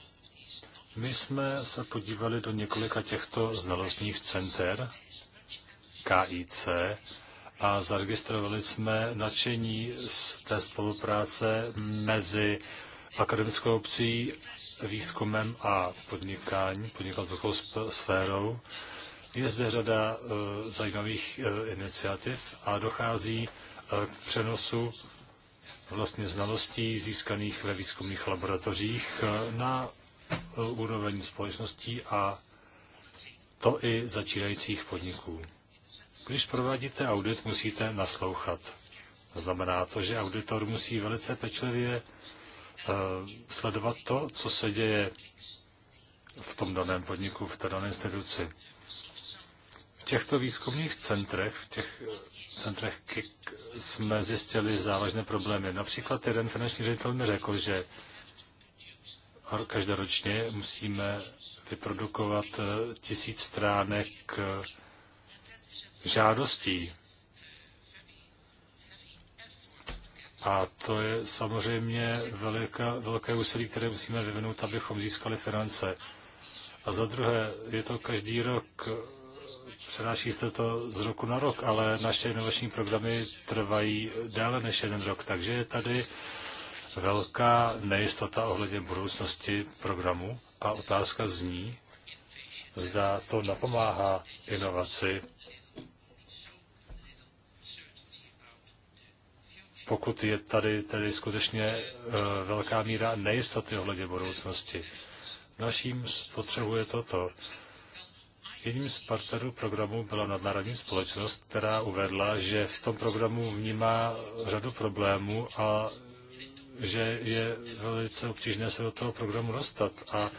My jsme se podívali do několika těchto znalostních center KIC a zaregistrovali jsme nadšení z té spolupráce mezi akademickou obcí, výzkumem a podnikání podnikatelskou sférou. Je zde řada uh, zajímavých uh, iniciativ a dochází uh, k přenosu vlastně znalostí získaných ve výzkumných laboratořích uh, na uh, úroveň společností a to i začínajících podniků. Když provádíte audit, musíte naslouchat. Znamená to, že auditor musí velice pečlivě eh, sledovat to, co se děje v tom daném podniku, v té dané instituci. V těchto výzkumných centrech, v těch eh, centrech KIK, jsme zjistili závažné problémy. Například jeden finanční ředitel mi řekl, že každoročně musíme vyprodukovat eh, tisíc stránek žádostí. A to je samozřejmě veliká, velké úsilí, které musíme vyvinout, abychom získali finance. A za druhé, je to každý rok, přenášíte to z roku na rok, ale naše inovační programy trvají déle než jeden rok, takže je tady velká nejistota ohledně budoucnosti programu a otázka zní, zda to napomáhá inovaci pokud je tady tedy skutečně e, velká míra nejistoty ohledně budoucnosti. Dalším spotřebuje toto. Jedním z partnerů programu byla nadnárodní společnost, která uvedla, že v tom programu vnímá řadu problémů a že je velice obtížné se do toho programu dostat. A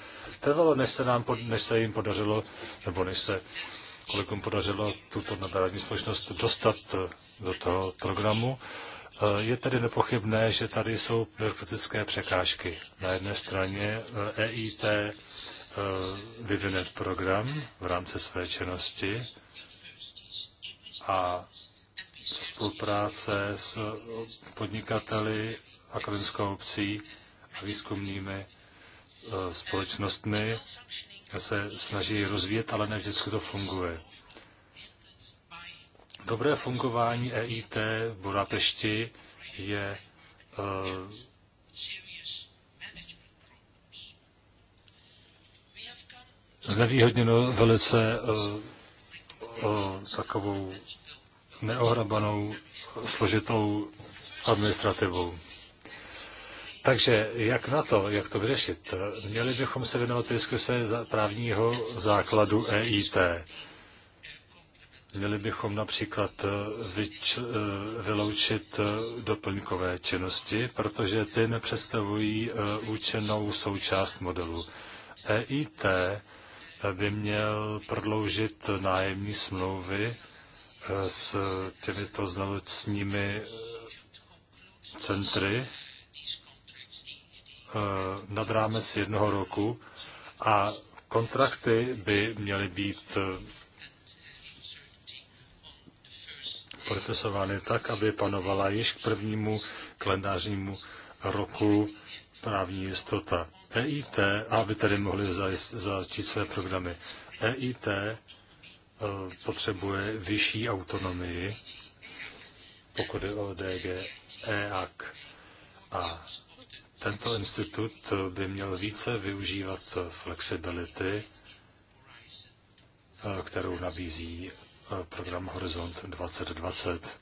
trvalo, než se, nám, než se jim podařilo, nebo než se kolegům podařilo tuto nadnárodní společnost dostat do toho programu. Eh, je tedy nepochybné, že tady jsou byrokratické překážky. Na jedné straně EIT eh, e eh, vyvine program v rámci své činnosti a spolupráce s podnikateli, akademickou obcí a výzkumnými společnostmi se snaží rozvíjet, ale ne vždycky to funguje. Dobré fungování EIT v Budapešti je eh, znevýhodněno velice eh, takovou neohrabanou, složitou administrativou. Takže jak na to, jak to vyřešit? Měli bychom se věnovat diskuse právního základu EIT. Měli bychom například eh, vyč, eh, vyloučit eh, doplňkové činnosti, protože ty nepředstavují účinnou součást modelu. EIT by měl prodloužit nájemní smlouvy s těmito znalostními centry nad rámec jednoho roku a kontrakty by měly být protestovány tak, aby panovala již k prvnímu kalendářnímu roku právní jistota. EIT, aby tedy mohli začít své programy. EIT e, potřebuje vyšší autonomii, pokud je o DG EAC. A tento institut by měl více využívat flexibility, e, kterou nabízí program Horizont 2020.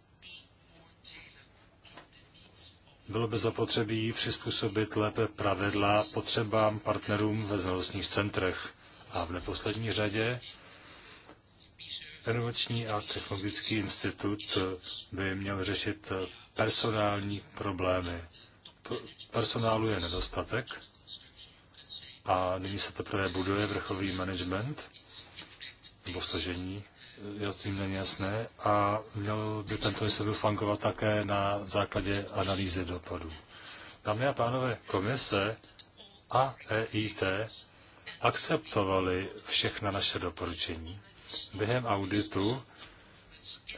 Bylo by zapotřebí přizpůsobit lépe pravidla potřebám partnerům ve znalostních centrech a v neposlední řadě Inovační a technologický institut by měl řešit personální problémy. Personálu je nedostatek a nyní se teprve buduje vrchový management nebo složení je tím není jasné a měl by tento výsledek fungovat také na základě analýzy dopadů. Dámy a pánové, komise a EIT akceptovali všechna naše doporučení. Během auditu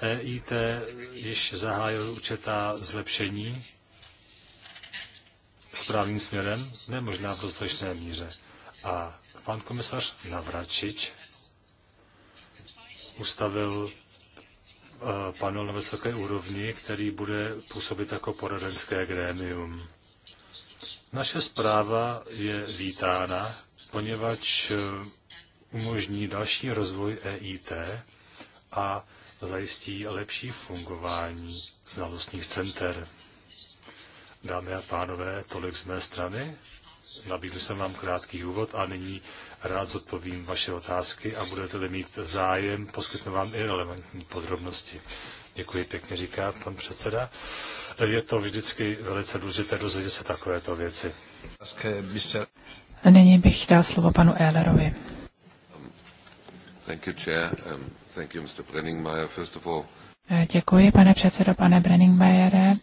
EIT již zahájil určitá zlepšení správným směrem, nemožná v dostatečné míře. A pan komisař Navračič ustavil eh, panel na vysoké úrovni, který bude působit jako poradenské grémium. Naše zpráva je vítána, poněvadž eh, umožní další rozvoj EIT a zajistí lepší fungování znalostních center. Dámy a pánové, tolik z mé strany. Nabídl jsem vám krátký úvod a nyní rád zodpovím vaše otázky a budete-li mít zájem, poskytnu vám i relevantní podrobnosti. Děkuji pěkně, říká pan předseda. Je to vždycky velice důležité dozvědět se takovéto věci. Nyní bych dal slovo panu Ehlerovi. Um, Děkuji, pane předsedo, pane Brenningmajere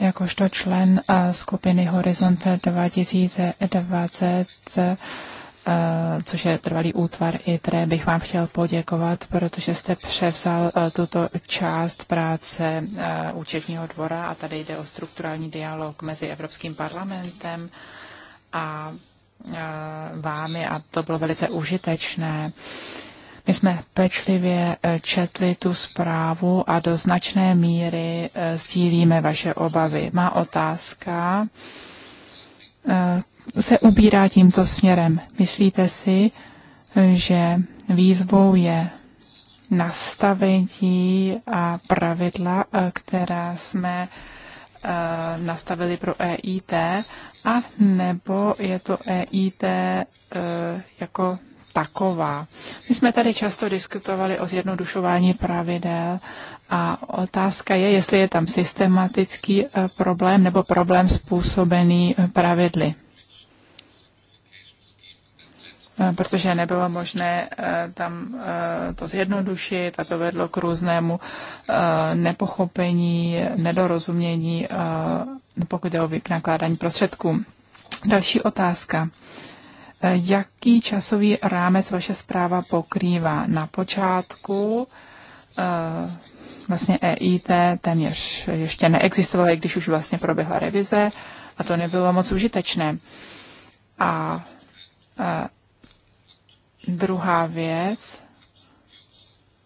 jakožto člen eh, skupiny Horizont 2020, eh, což je trvalý útvar ITRE, bych vám chtěl poděkovat, protože jste převzal eh, tuto část práce účetního dvora a tady jde o strukturální dialog mezi Evropským parlamentem a vámi a to bylo velice užitečné. My jsme pečlivě eh, četli tu zprávu a do značné míry eh, sdílíme vaše obavy. Má otázka eh, se ubírá tímto směrem. Myslíte si, že výzvou je nastavení a pravidla, která jsme nastavili pro EIT, a nebo je to EIT jako taková. My jsme tady často diskutovali o zjednodušování pravidel a otázka je, jestli je tam systematický eh, problém nebo problém způsobený eh, pravidly. Eh, protože nebylo možné tam to zjednodušit a to vedlo k různému nepochopení, nedorozumění, pokud je o nakládání prostředků. Další otázka jaký časový rámec vaše zpráva pokrývá. Na počátku eh, vlastně EIT téměř ještě neexistovala, i když už vlastně proběhla revize a to nebylo moc užitečné. A, a eh, druhá věc,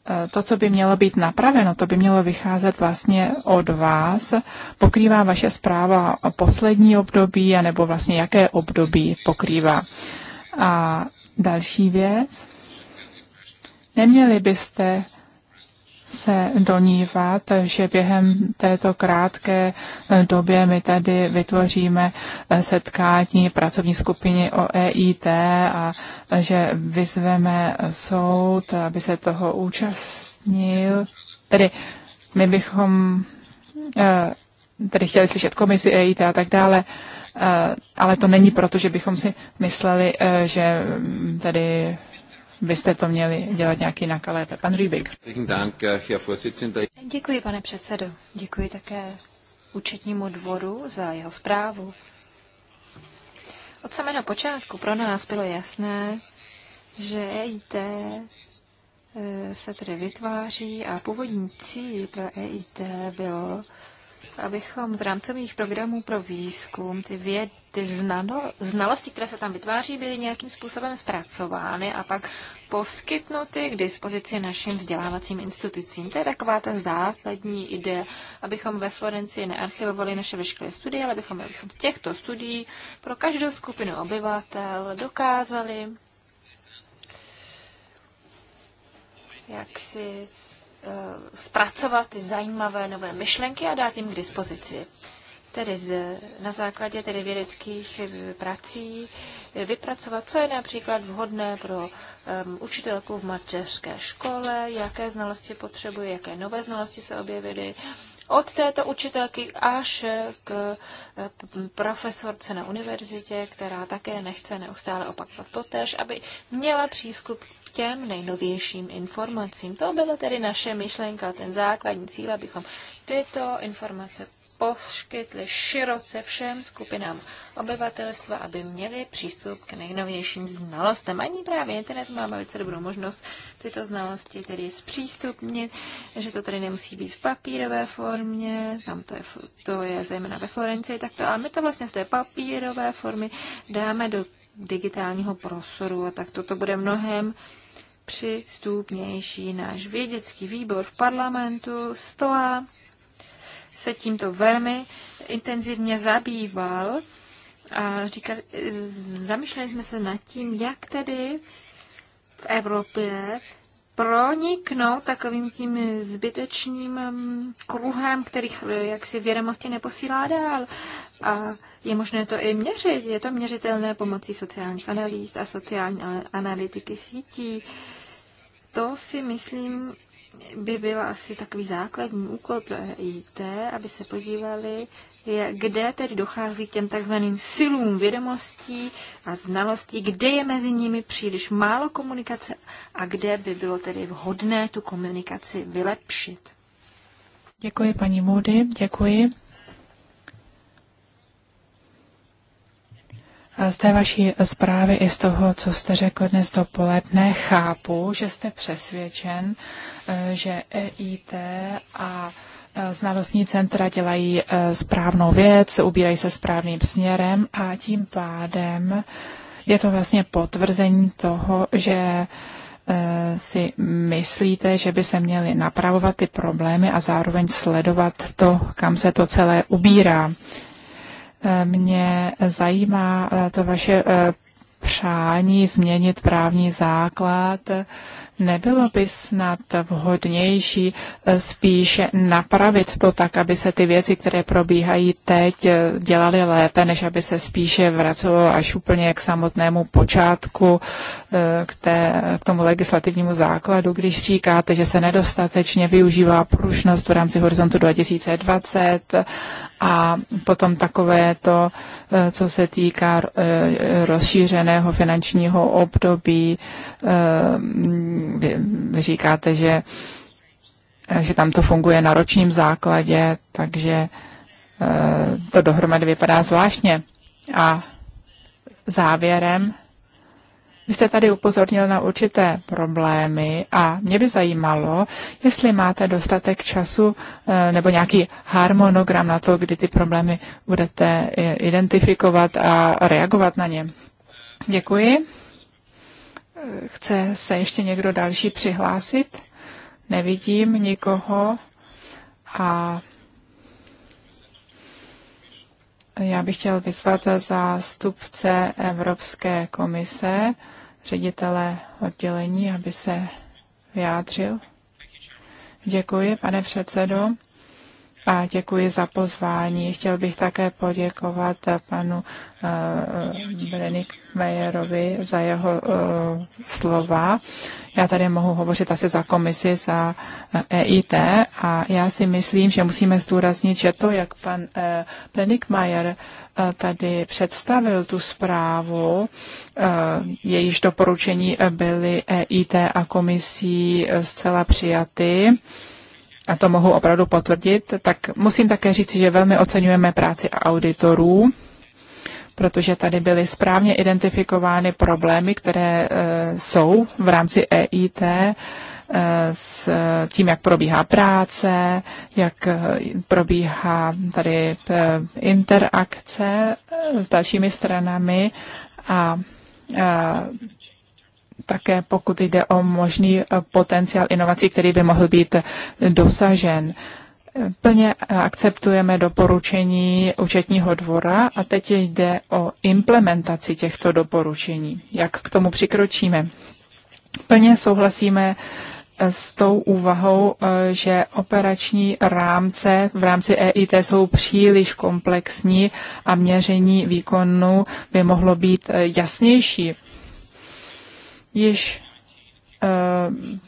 eh, to, co by mělo být napraveno, to by mělo vycházet vlastně od vás. Pokrývá vaše zpráva poslední období, anebo vlastně jaké období pokrývá. A další věc. Neměli byste se donívat, že během této krátké eh, době my tady vytvoříme eh, setkání pracovní skupiny o EIT a eh, že vyzveme soud, aby se toho účastnil. Tedy my bychom tedy chtěli slyšet komisi EIT a tak dále. Eh, ale to není proto, že bychom si mysleli, eh, že tady byste to měli dělat nějak jinak, ale pan Rýbik. Děkuji, pane předsedo. Děkuji také účetnímu dvoru za jeho zprávu. Od samého počátku pro nás bylo jasné, že EIT eh, se tedy vytváří a původní cíl pro EIT bylo abychom z rámcových programů pro výzkum ty vědy, ty znalosti, které se tam vytváří, byly nějakým způsobem zpracovány a pak poskytnuty k dispozici našim vzdělávacím institucím. To je taková ta základní idea, abychom ve Florencii nearchivovali naše veškeré studie, ale abychom, abychom z těchto studií pro každou skupinu obyvatel dokázali jak si Eh, zpracovat ty zajímavé nové myšlenky a dát jim k dispozici. Tedy z, na základě tedy vědeckých eh, prací eh, vypracovat, co je například vhodné pro um, učitelku v mateřské škole, jaké znalosti potřebuje, jaké nové znalosti se objevily, od této učitelky až k profesorce na univerzitě, která také nechce neustále opakovat totež, aby měla přístup, těm nejnovějším informacím. To byla tedy naše myšlenka, ten základní cíl, abychom tyto informace poskytli široce všem skupinám obyvatelstva, aby měli přístup k nejnovějším znalostem. Ani právě internet má velice dobrou možnost tyto znalosti tedy zpřístupnit, že to tady nemusí být v papírové formě, tam to je, to je zejména ve Florencii to, ale my to vlastně z té papírové formy dáme do digitálního prostoru a tak toto bude mnohem přistupnější. Náš vědecký výbor v parlamentu STOA se tímto velmi intenzivně zabýval a říkali, zamýšleli jsme se nad tím, jak tedy v Evropě proniknout takovým tím zbytečným mm, kruhem, kterých jak si vědomosti neposílá dál. A je možné to i měřit. Je to měřitelné pomocí sociálních analýz a sociální analytiky sítí. Uh, to si myslím, by byl asi takový základní úkol pro e IT, aby se podívali, kde tedy dochází k těm takzvaným silům vědomostí a znalostí, kde je mezi nimi příliš málo komunikace a kde by bylo tedy vhodné tu komunikaci vylepšit. Děkuji paní Moody, děkuji. Z té vaší zprávy i z toho, co jste řekl dnes dopoledne, chápu, že jste přesvědčen, eh, že EIT a eh, znalostní centra dělají eh, správnou věc, ubírají se správným směrem a tím pádem je to vlastně potvrzení toho, že si myslíte, že by se měly napravovat ty problémy a zároveň sledovat to, kam se to celé ubírá. Mě zajímá eh, to vaše eh, přání změnit právní základ Nebylo by snad vhodnější eh, spíše napravit to tak, aby se ty věci, které probíhají teď, eh, dělaly lépe, než aby se spíše vracelo až úplně k samotnému počátku, eh, k, té, k tomu legislativnímu základu, když říkáte, že se nedostatečně využívá pružnost v rámci horizontu 2020 a potom takové to, co se týká rozšířeného finančního období, vy, vy říkáte, že, že tam to funguje na ročním základě, takže eh, to dohromady vypadá zvláštně. A závěrem, vy jste tady upozornil na určité problémy a mě by zajímalo, jestli máte dostatek času eh, nebo nějaký harmonogram na to, kdy ty problémy budete identifikovat a reagovat na ně. Děkuji. Chce se ještě někdo další přihlásit? Nevidím nikoho a já bych chtěl vyzvat zástupce Evropské komise, ředitele oddělení, aby se vyjádřil. Děkuji, pane předsedo a děkuji za pozvání. Chtěl bych také poděkovat panu eh, Berenik Mejerovi za jeho eh, slova. Já tady mohu hovořit asi za komisi, za EIT eh, e a já si myslím, že musíme zdůraznit, že to, jak pan Brenik Mayer tady představil tu zprávu, jejíž doporučení byly EIT a komisí zcela přijaty, a to mohu opravdu potvrdit, tak musím také říct, že velmi oceňujeme práci auditorů, protože tady byly správně identifikovány problémy, které e, jsou v rámci EIT e, s tím, jak probíhá práce, jak e, probíhá tady interakce s dalšími stranami a také pokud jde o možný eh, potenciál inovací, který by mohl být eh, dosažen. Eh, plně akceptujeme doporučení účetního dvora a teď jde o implementaci těchto doporučení. Jak k tomu přikročíme? Plně souhlasíme s tou úvahou, že operační rámce v rámci EIT jsou příliš komplexní a měření výkonu by mohlo být jasnější již eh,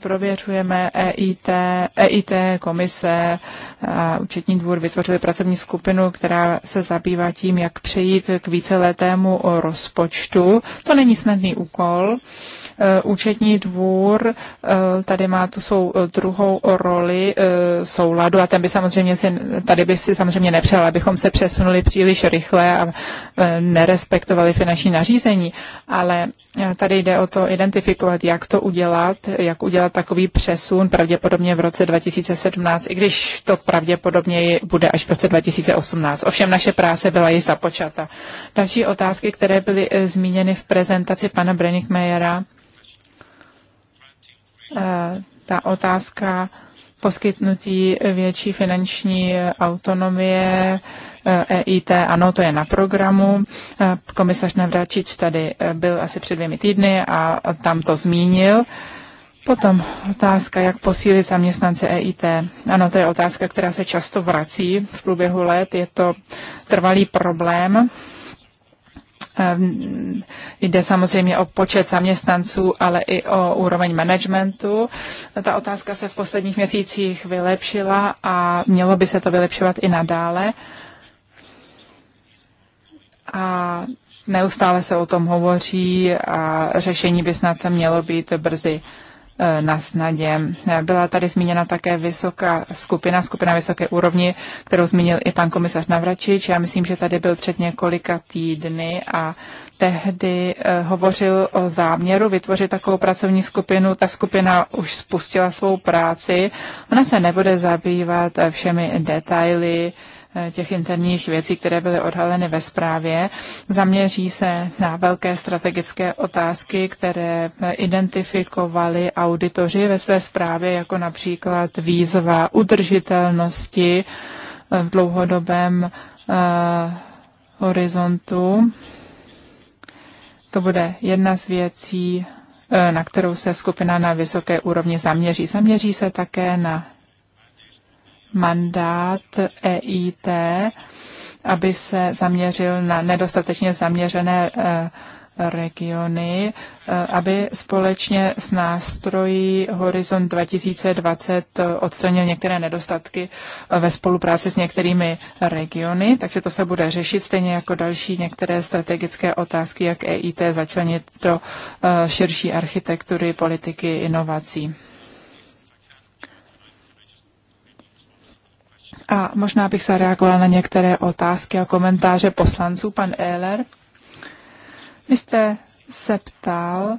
prověřujeme EIT, EIT komise a účetní dvůr vytvořili pracovní skupinu, která se zabývá tím, jak přejít k víceletému rozpočtu. To není snadný úkol Eh, účetní dvůr eh, tady má tu svou eh, druhou roli souladu a ten by samozřejmě si, tady by si samozřejmě nepřál, abychom se přesunuli příliš rychle a nerespektovali finanční nařízení, ale tady jde o to identifikovat, jak to udělat, jak udělat takový přesun pravděpodobně v roce 2017, i když to pravděpodobně bude až v roce 2018. Ovšem naše práce byla již započata. Další otázky, které byly zmíněny v prezentaci pana Brenikmejera, Eh, ta otázka poskytnutí větší finanční autonomie EIT, eh, e ano, to je na programu. Eh, komisař Navračič tady byl asi před dvěmi týdny a tam to zmínil. Potom otázka, jak posílit zaměstnance EIT. Ano, to je otázka, která se často vrací v průběhu let. Je to trvalý problém Ehm, jde samozřejmě o počet zaměstnanců, ale i o úroveň managementu. Ta otázka se v posledních měsících vylepšila a mělo by se to vylepšovat i nadále. A neustále se o tom hovoří a řešení by snad mělo být brzy Eh, na snadě. Byla tady zmíněna také vysoká skupina, skupina vysoké úrovni, kterou zmínil i pan komisař Navračič. Já myslím, že tady byl před několika týdny a tehdy eh, hovořil o záměru vytvořit takovou pracovní skupinu. Ta skupina už spustila svou práci. Ona se nebude zabývat eh, všemi detaily, Eh, těch interních věcí, které byly odhaleny ve zprávě. Zaměří se na velké strategické otázky, které identifikovali auditoři ve své zprávě, jako například výzva udržitelnosti eh, v dlouhodobém eh, horizontu. To bude jedna z věcí, na kterou se skupina na vysoké úrovni zaměří. Zaměří se také na mandát EIT, aby se zaměřil na nedostatečně zaměřené eh, regiony, eh, aby společně s nástroji Horizon 2020 eh, odstranil některé nedostatky ve spolupráci s některými regiony, takže to se bude řešit stejně jako další některé strategické otázky, jak EIT začlenit do širší architektury politiky inovací. A možná bych zareagoval na některé otázky a komentáře poslanců. Pan Ehler, vy jste se ptal,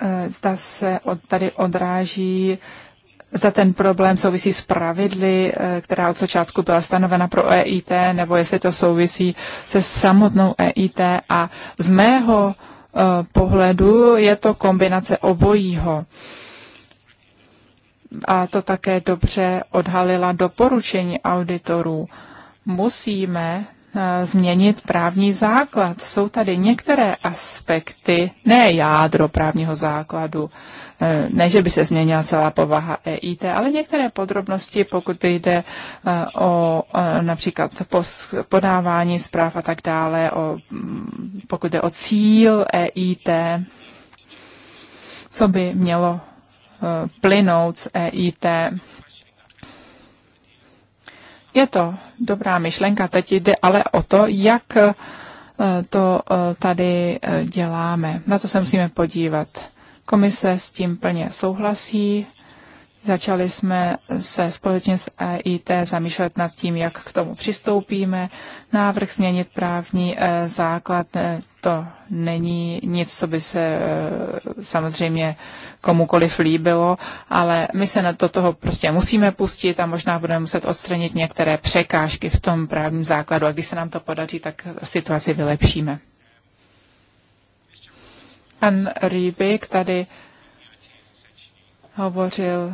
eh, zda se od, tady odráží, zda ten problém souvisí s pravidly, eh, která od začátku byla stanovena pro EIT, nebo jestli to souvisí se samotnou EIT. A z mého eh, pohledu je to kombinace obojího a to také dobře odhalila doporučení auditorů. Musíme eh, změnit právní základ. Jsou tady některé aspekty, ne jádro právního základu, eh, ne, že by se změnila celá povaha EIT, ale některé podrobnosti, pokud jde eh, o například podávání zpráv a tak dále, o, mm, pokud jde o cíl EIT, co by mělo Eh, plynout z EIT. Je to dobrá myšlenka, teď jde ale o to, jak eh, to eh, tady děláme. Na to se musíme podívat. Komise s tím plně souhlasí. Začali jsme se společně s EIT zamýšlet nad tím, jak k tomu přistoupíme. Návrh změnit právní eh, základ eh, to není nic, co by se eh, samozřejmě komukoliv líbilo, ale my se na to toho prostě musíme pustit a možná budeme muset odstranit některé překážky v tom právním základu a když se nám to podaří, tak situaci vylepšíme. Pan Rýbik tady hovořil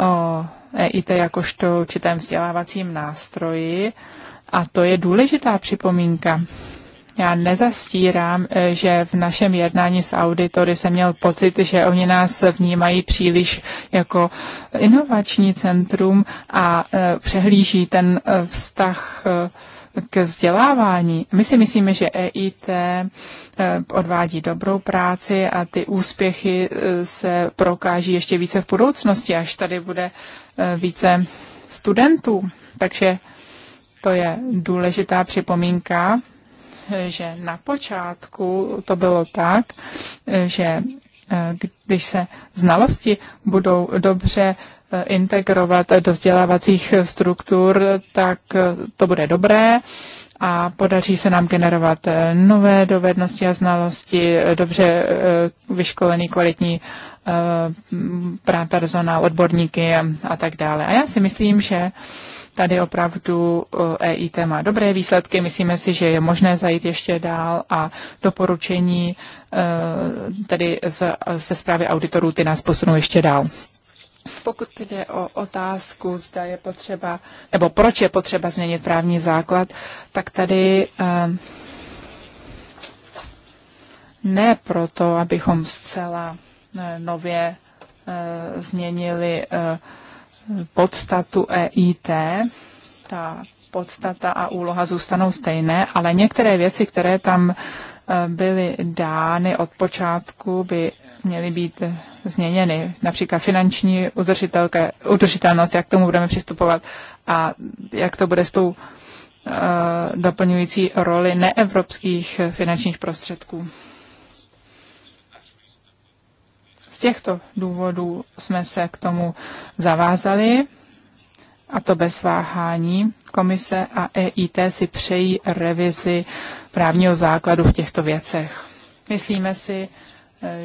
o EIT jakožto určitém vzdělávacím nástroji a to je důležitá připomínka. Já nezastírám, eh, že v našem jednání s auditory jsem měl pocit, že oni nás vnímají příliš jako inovační centrum a eh, přehlíží ten eh, vztah k vzdělávání. My si myslíme, že EIT eh, odvádí dobrou práci a ty úspěchy eh, se prokáží ještě více v budoucnosti, až tady bude eh, více studentů. Takže to je důležitá připomínka, že na počátku to bylo tak, že když se znalosti budou dobře Eh, integrovat do vzdělávacích struktur, tak eh, to bude dobré a podaří se nám generovat eh, nové dovednosti a znalosti, dobře vyškolený, kvalitní personál, odborníky a tak dále. A já si myslím, že tady opravdu EIT e má dobré výsledky. Myslíme si, že je možné zajít ještě dál a doporučení tedy ze zprávy auditorů ty nás posunou ještě dál. Pokud jde o otázku, zda je potřeba, nebo proč je potřeba změnit právní základ, tak tady ehm, ne proto, abychom zcela eh, nově eh, změnili eh, podstatu EIT, ta podstata a úloha zůstanou stejné, ale některé věci, které tam byly dány od počátku, by měly být změněny, například finanční udržitelnost, jak k tomu budeme přistupovat a jak to bude s tou uh, doplňující roli neevropských finančních prostředků. Z těchto důvodů jsme se k tomu zavázali a to bez váhání. Komise a EIT si přejí revizi právního základu v těchto věcech. Myslíme si,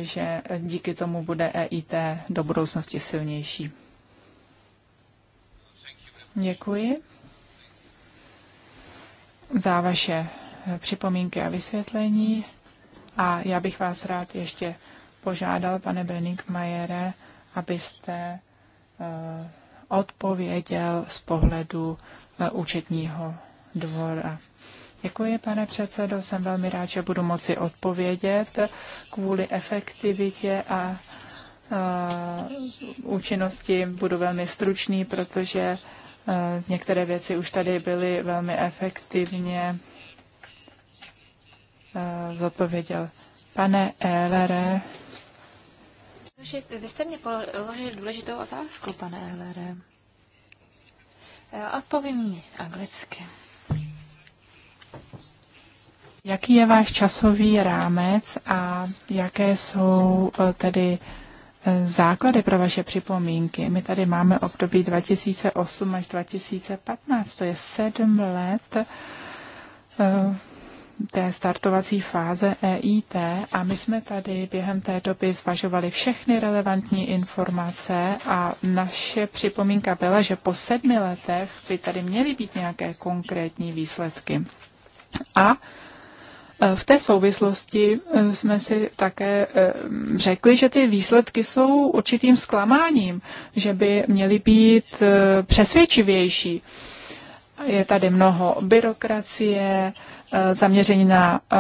že díky tomu bude EIT do budoucnosti silnější. Děkuji za vaše připomínky a vysvětlení a já bych vás rád ještě požádal, pane Majere, abyste eh, odpověděl z pohledu eh, účetního dvora. Děkuji, pane předsedo. Jsem velmi rád, že budu moci odpovědět kvůli efektivitě a uh, účinnosti. Budu velmi stručný, protože uh, některé věci už tady byly velmi efektivně uh, zodpověděl. Pane Ehlere. Vy jste mě položili důležitou otázku, pane Ehlere. E, odpovím mi anglicky. Jaký je váš časový rámec a jaké jsou e, tedy e, základy pro vaše připomínky? My tady máme období 2008 až 2015, to je sedm let e, té startovací fáze EIT a my jsme tady během té doby zvažovali všechny relevantní informace a naše připomínka byla, že po sedmi letech by tady měly být nějaké konkrétní výsledky. A e, v té souvislosti e, jsme si také e, řekli, že ty výsledky jsou určitým zklamáním, že by měly být přesvědčivější je tady mnoho byrokracie, eh, zaměření na, eh,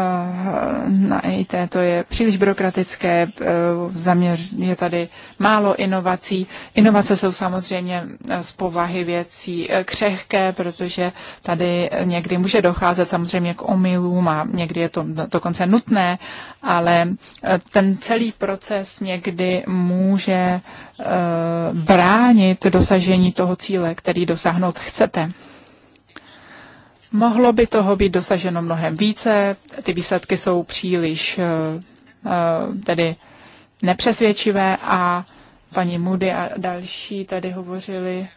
na IT, to je příliš byrokratické, eh, zaměř, je tady málo inovací. Inovace jsou samozřejmě z povahy věcí křehké, protože tady někdy může docházet samozřejmě k omylům a někdy je to dokonce nutné, ale ten celý proces někdy může bránit dosažení toho cíle, který dosáhnout chcete. Mohlo by toho být dosaženo mnohem více, ty výsledky jsou příliš eh, eh, tedy nepřesvědčivé a paní Moody a další tady hovořili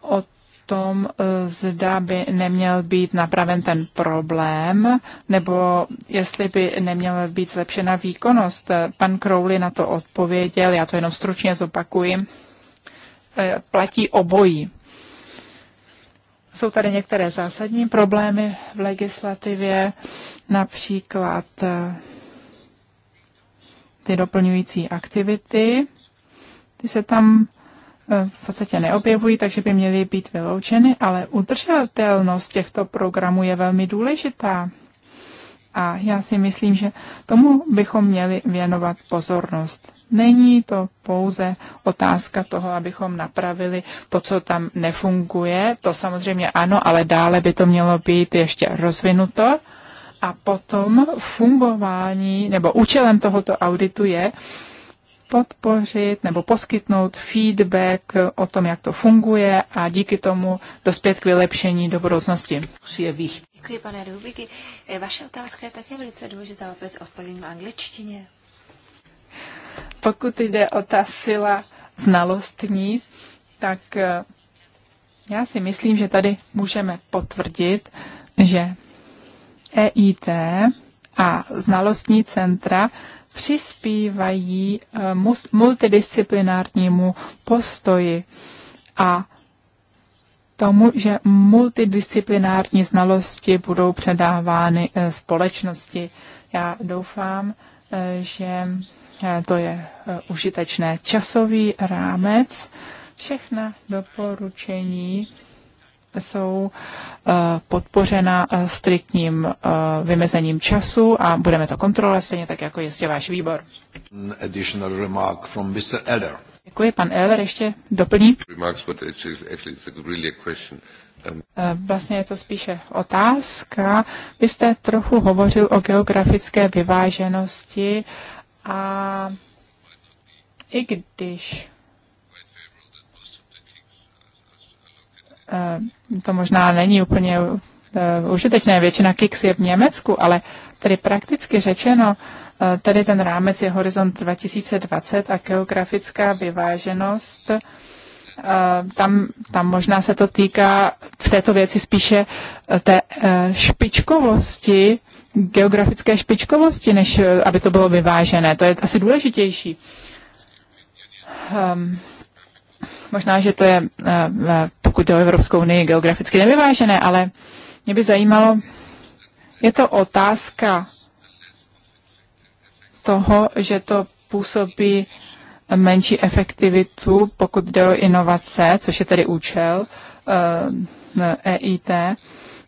o tom, eh, zda by neměl být napraven ten problém, nebo jestli by neměla být zlepšena výkonnost. Pan Crowley na to odpověděl, já to jenom stručně zopakuji. Platí obojí. Jsou tady některé zásadní problémy v legislativě, například eh, ty doplňující aktivity. Ty se tam eh, v podstatě neobjevují, takže by měly být vyloučeny, ale udržitelnost těchto programů je velmi důležitá. A já si myslím, že tomu bychom měli věnovat pozornost. Není to pouze otázka toho, abychom napravili to, co tam nefunguje. To samozřejmě ano, ale dále by to mělo být ještě rozvinuto. A potom fungování nebo účelem tohoto auditu je podpořit nebo poskytnout feedback o tom, jak to funguje a díky tomu dospět k vylepšení do budoucnosti. Děkuji, pane Rubiky. E, vaše otázka je také velice důležitá, opět odpovím v angličtině. Pokud jde o ta sila znalostní, tak eh, já si myslím, že tady můžeme potvrdit, že EIT a znalostní centra přispívají eh, multidisciplinárnímu postoji a tomu, že multidisciplinární znalosti budou předávány eh, společnosti. Já doufám, že Eh, to je eh, užitečné. Časový rámec, všechna doporučení jsou eh, podpořena striktním vymezením času a budeme to kontrolovat, stejně tak jako jistě váš výbor. Děkuji, pan Eller ještě doplní. Um, vlastně je to spíše otázka. Vy jste trochu hovořil o geografické vyváženosti a i když eh, to možná není úplně eh, užitečné, většina KIX je v Německu, ale tedy prakticky řečeno, eh, tady ten rámec je horizont 2020 a geografická vyváženost. Tam, tam možná se to týká v této věci spíše té špičkovosti geografické špičkovosti, než eh, aby to bylo vyvážené. To je asi důležitější. Um, možná, že to je, eh, eh, pokud je o Evropskou unii, geograficky nevyvážené, ale mě by zajímalo, je to otázka toho, že to působí menší efektivitu, pokud jde o inovace, což je tedy účel EIT, e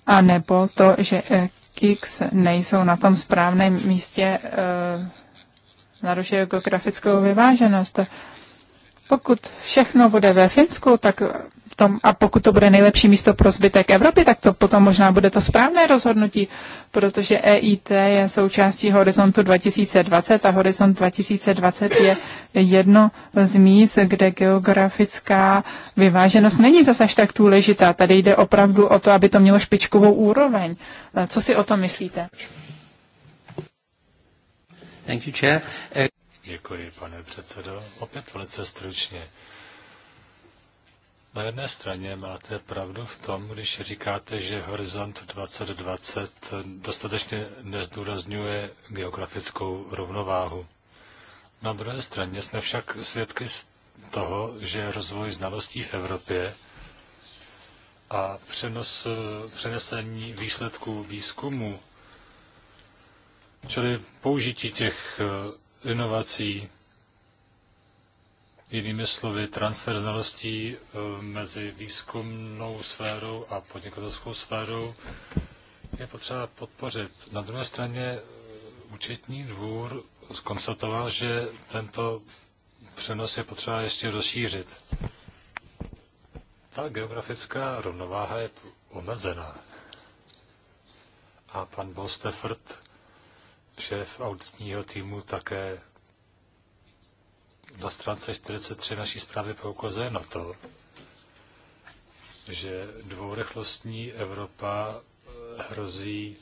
a nebo to, že Geeks nejsou na tom správném místě, eh, narušuje geografickou vyváženost. Pokud všechno bude ve Finsku, tak v tom, a pokud to bude nejlepší místo pro zbytek Evropy, tak to potom možná bude to správné rozhodnutí, protože EIT je součástí Horizontu 2020 a Horizont 2020 je jedno z míst, kde geografická vyváženost není zase až tak důležitá. Tady jde opravdu o to, aby to mělo špičkovou úroveň. Eh, co si o tom myslíte? Thank you, chair. Eh, Děkuji, pane předsedo. Opět velice stručně. Na jedné straně máte pravdu v tom, když říkáte, že Horizont 2020 dostatečně nezdůrazňuje geografickou rovnováhu. Na druhé straně jsme však svědky toho, že rozvoj znalostí v Evropě a přenos, přenesení výsledků výzkumu, čili použití těch eh, inovací Jinými slovy, transfer znalostí eh, mezi výzkumnou sférou a podnikatelskou sférou je potřeba podpořit. Na druhé straně eh, účetní dvůr skonstatoval, že tento přenos je potřeba ještě rozšířit. Ta geografická rovnováha je omezená. A pan Bostefert, šéf auditního týmu, také na stránce 43 naší zprávy poukazuje na to, že dvourychlostní Evropa eh, hrozí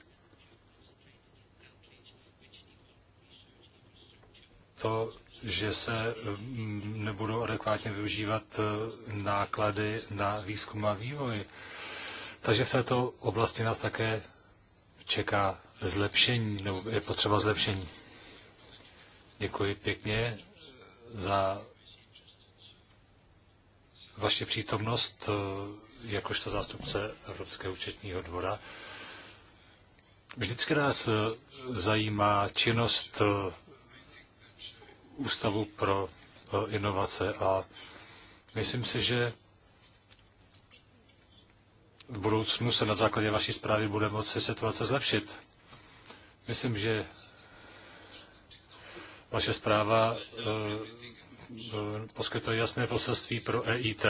to, že se mm, nebudou adekvátně využívat eh, náklady na výzkum a vývoj. Takže v této oblasti nás také čeká zlepšení, nebo je potřeba zlepšení. Děkuji pěkně za vaši přítomnost eh, jakožto zástupce Evropského účetního dvora. Vždycky nás eh, zajímá činnost eh, Ústavu pro inovace a myslím si, že v budoucnu se na základě vaší zprávy bude moci situace zlepšit. Myslím, že vaše zpráva poskytuje jasné poselství pro EIT.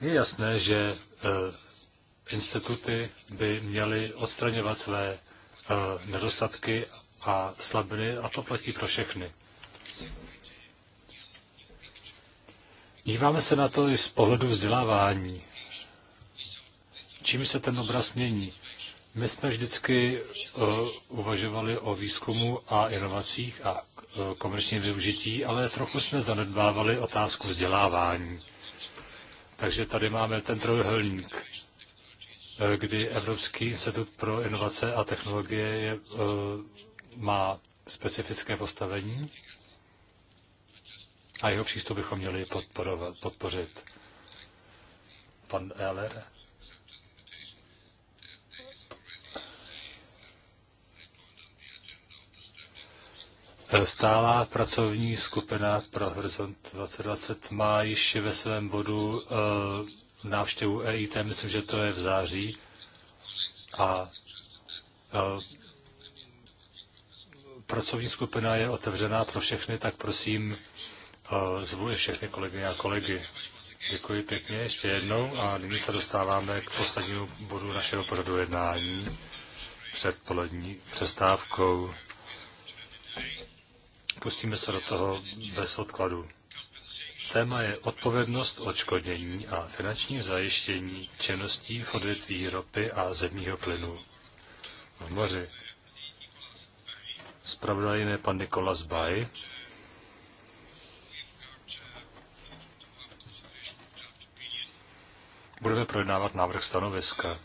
Je jasné, že e, instituty by měly odstraňovat své e, nedostatky a slabiny a to platí pro všechny. Díváme se na to i z pohledu vzdělávání. Čím se ten obraz mění? My jsme vždycky eh, uvažovali o výzkumu a inovacích a eh, komerčním využití, ale trochu jsme zanedbávali otázku vzdělávání. Takže tady máme ten trojuhelník, eh, kdy Evropský institut pro inovace a technologie je, má specifické postavení a jeho přístup bychom měli podporovat, podpořit. Pan Eller. Stálá pracovní skupina pro Horizont 2020 má již ve svém bodu eh, návštěvu EIT, myslím, že to je v září. A eh, pracovní skupina je otevřená pro všechny, tak prosím, eh, zvu všechny kolegy a kolegy. Děkuji pěkně ještě jednou a nyní se dostáváme k poslednímu bodu našeho pořadu jednání před polední přestávkou. Pustíme se do toho bez odkladu. Téma je odpovědnost, odškodnění a finanční zajištění činností v odvětví ropy a zemního plynu v moři. Spravodajem je pan Nikolas Baj. Budeme projednávat návrh stanoviska.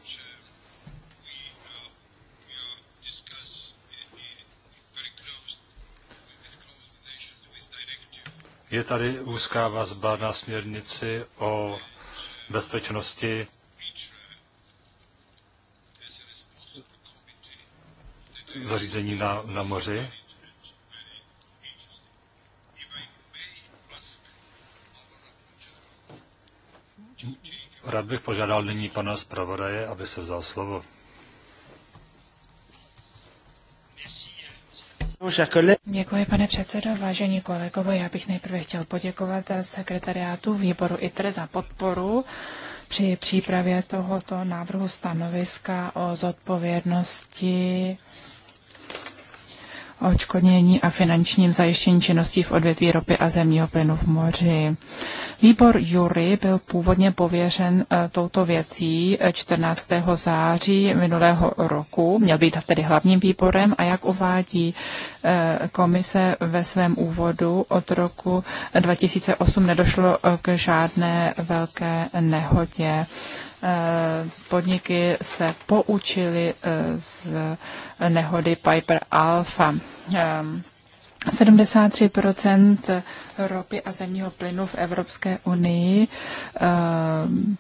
Je tady úzká vazba na směrnici o bezpečnosti zařízení na, na moři. Rád bych požádal nyní pana zpravodaje, aby se vzal slovo. Děkuji, pane předsedo. Vážení kolegové, já bych nejprve chtěl poděkovat sekretariátu výboru ITRE za podporu při přípravě tohoto návrhu stanoviska o zodpovědnosti očkodnění a finančním zajištění činností v odvětví ropy a zemního plynu v moři. Výbor Jury byl původně pověřen eh, touto věcí eh, 14. září minulého roku. Měl být tedy hlavním výborem a jak uvádí eh, komise ve svém úvodu od roku 2008 nedošlo k žádné velké nehodě Eh, podniky se poučily eh, z nehody Piper Alpha. 73% ehm, ropy a zemního plynu v Evropské unii eh,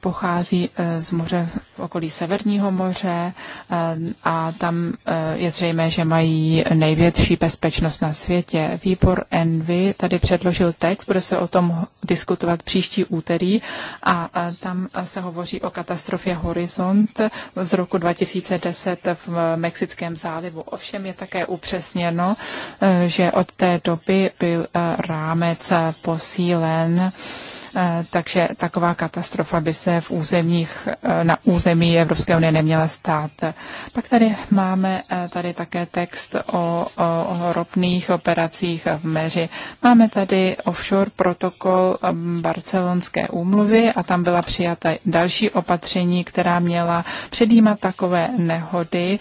pochází eh, z moře v okolí Severního moře eh, a tam je zřejmé, že mají největší bezpečnost na světě. Výbor Envy tady předložil text, bude se o tom diskutovat příští úterý a tam se hovoří o katastrofě Horizont z roku 2010 v Mexickém zálivu. Ovšem je také upřesněno, že od té doby byl rámec víc posílen Eh, takže taková katastrofa by se v územích, eh, na území Evropské unie neměla stát. Pak tady máme eh, tady také text o, o, o ropných operacích v Meři. Máme tady offshore protokol barcelonské úmluvy a tam byla přijata další opatření, která měla předjímat takové nehody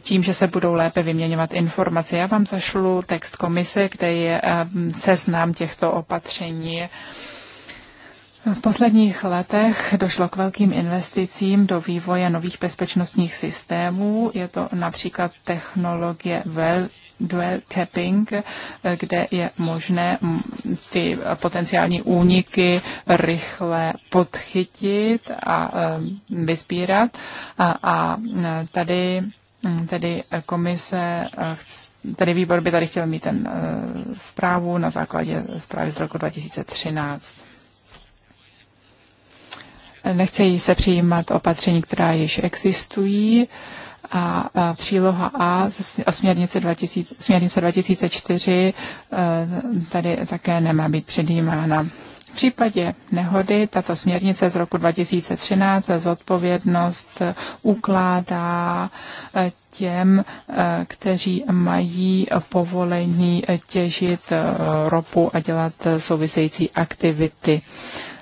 tím, že se budou lépe vyměňovat informace. Já vám zašlu text komise, kde je seznam těchto opatření. V posledních letech došlo k velkým investicím do vývoje nových bezpečnostních systémů. Je to například technologie well dual capping, kde je možné ty potenciální úniky rychle podchytit a e, vyspírat. A, a tady Tedy komise, e, tedy výbor by tady chtěl mít ten e, zprávu na základě zprávy z roku 2013 nechcejí se přijímat opatření, která již existují a, a příloha A a směrnice, 2000, směrnice 2004 e, tady také nemá být předjímána. V případě nehody tato směrnice z roku 2013 zodpovědnost ukládá e, těm, e, kteří mají povolení těžit ropu a dělat související aktivity.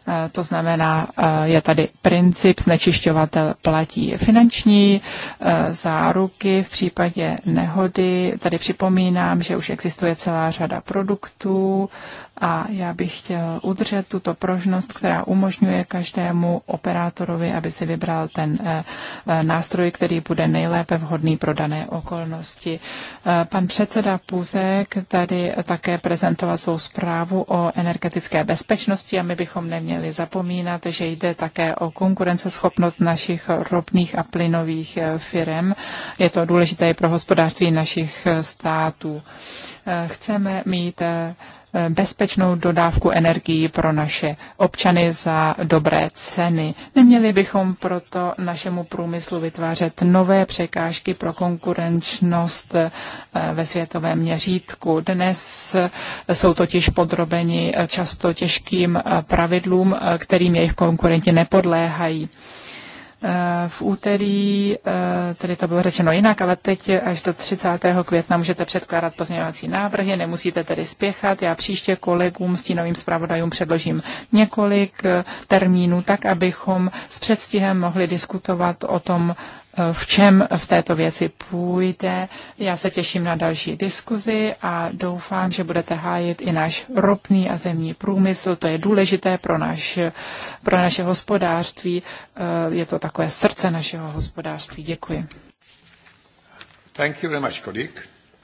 Eh, to znamená, eh, je tady princip znečišťovatel platí finanční eh, záruky v případě nehody. Tady připomínám, že už existuje celá řada produktů a já bych chtěl udržet tuto prožnost, která umožňuje každému operátorovi, aby si vybral ten nástroj, který bude nejlépe vhodný pro dané okolnosti. Pan předseda Puzek tady také prezentoval svou zprávu o energetické bezpečnosti a my bychom neměli měli zapomínat, že jde také o konkurenceschopnost našich ropných a plynových eh, firm. Je to důležité i pro hospodářství našich eh, států. Eh, chceme mít bezpečnou dodávku energií pro naše občany za dobré ceny. Neměli bychom proto našemu průmyslu vytvářet nové překážky pro konkurenčnost eh, ve světovém měřítku. Dnes eh, jsou totiž podrobeni eh, často těžkým pravidlům, kterým jejich konkurenti nepodléhají. Eh, v úterý, eh, tedy to bylo řečeno jinak, ale teď až do 30. května můžete předkládat pozměňovací návrhy, nemusíte tedy spěchat. Já příště kolegům, s stínovým zpravodajům předložím několik eh, termínů, tak abychom s předstihem mohli diskutovat o tom, v čem v této věci půjde. Já se těším na další diskuzi a doufám, že budete hájit i náš ropný a zemní průmysl. To je důležité pro, naš, pro naše hospodářství. Eh, je to takové srdce našeho hospodářství. Děkuji. Thank you very much,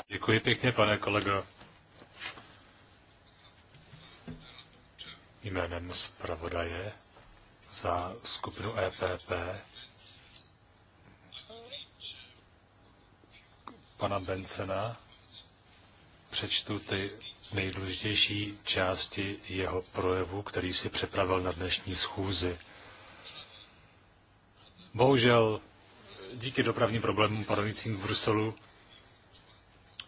Děkuji pěkně, pane kolego. Jménem zpravodaje za skupinu EPP pana Bencena, přečtu ty nejdůležitější části jeho projevu, který si připravil na dnešní schůzi. Bohužel díky dopravním problémům panujícím v Bruselu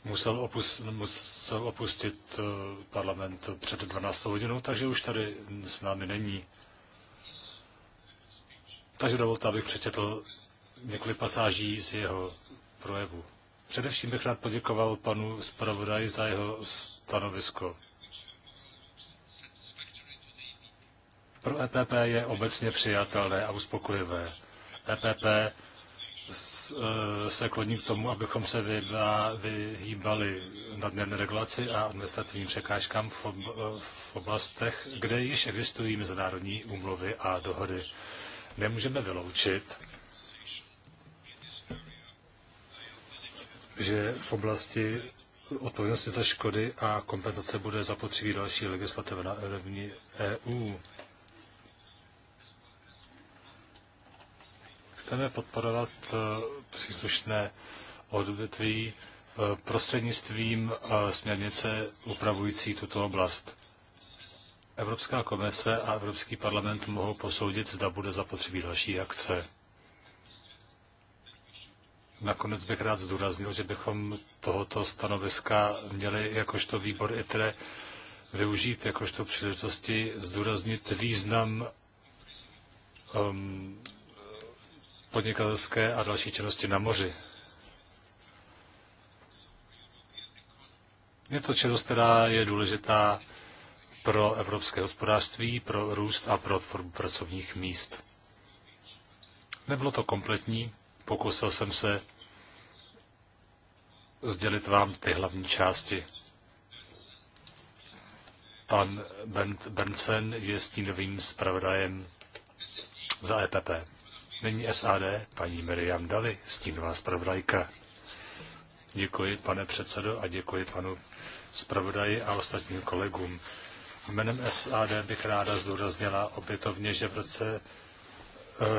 musel, opus, musel opustit eh, parlament před 12 hodinou, takže už tady s námi není. Takže dovolte, abych přečetl několik pasáží z jeho projevu. Především bych rád poděkoval panu zpravodaji za jeho stanovisko. Pro EPP je obecně přijatelné a uspokojivé. EPP e, se kloní k tomu, abychom se vyhýbali nadměrné regulaci a administrativním překážkám v oblastech, kde již existují mezinárodní úmluvy a dohody. Nemůžeme vyloučit, že v oblasti odpovědnosti za škody a kompenzace bude zapotřebí další legislativa na úrovni EU. Chceme podporovat eh, příslušné odvětví eh, prostřednictvím eh, směrnice upravující tuto oblast. Evropská komise a Evropský parlament mohou posoudit, zda bude zapotřebí další akce. Nakonec bych rád zdůraznil, že bychom tohoto stanoviska měli jakožto výbor ITRE využít jakožto příležitosti zdůraznit význam um, podnikatelské a další činnosti na moři. Je to činnost, která je důležitá pro evropské hospodářství, pro růst a pro tvorbu pracovních míst. Nebylo to kompletní, pokusil jsem se sdělit vám ty hlavní části. Pan Bernsen je stínovým zpravodajem za EPP. Není SAD, paní Miriam Dali, stínová zpravodajka. Děkuji, pane předsedo, a děkuji panu zpravodaji a ostatním kolegům. Jménem SAD bych ráda zdůraznila opětovně, že v roce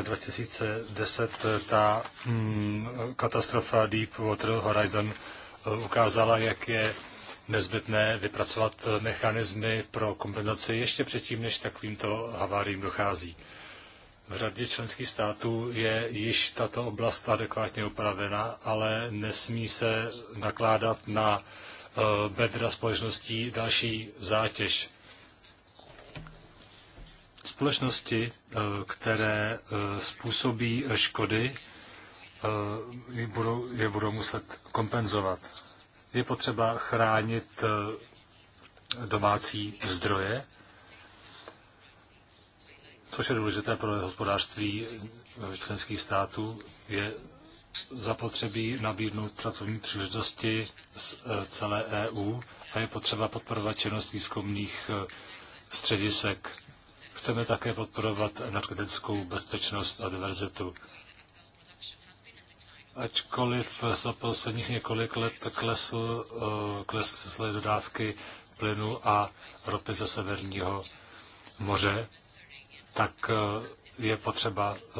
2010 ta mm, katastrofa Deepwater Horizon eh, ukázala, jak je nezbytné vypracovat eh, mechanismy pro kompenzaci ještě předtím, než takovýmto haváriím dochází. V řadě členských států je již tato oblast adekvátně upravena, ale nesmí se nakládat na eh, bedra společností další zátěž. Společnosti, eh, které eh, způsobí škody, eh, je budou, je budou muset kompenzovat. Je potřeba chránit domácí zdroje, což je důležité pro hospodářství členských států, je zapotřebí nabídnout pracovní příležitosti z celé EU a je potřeba podporovat činnost výzkumných středisek. Chceme také podporovat energetickou bezpečnost a diverzitu. Ačkoliv za posledních několik let klesl, eh, klesly dodávky plynu a ropy ze Severního moře, tak eh, je potřeba eh,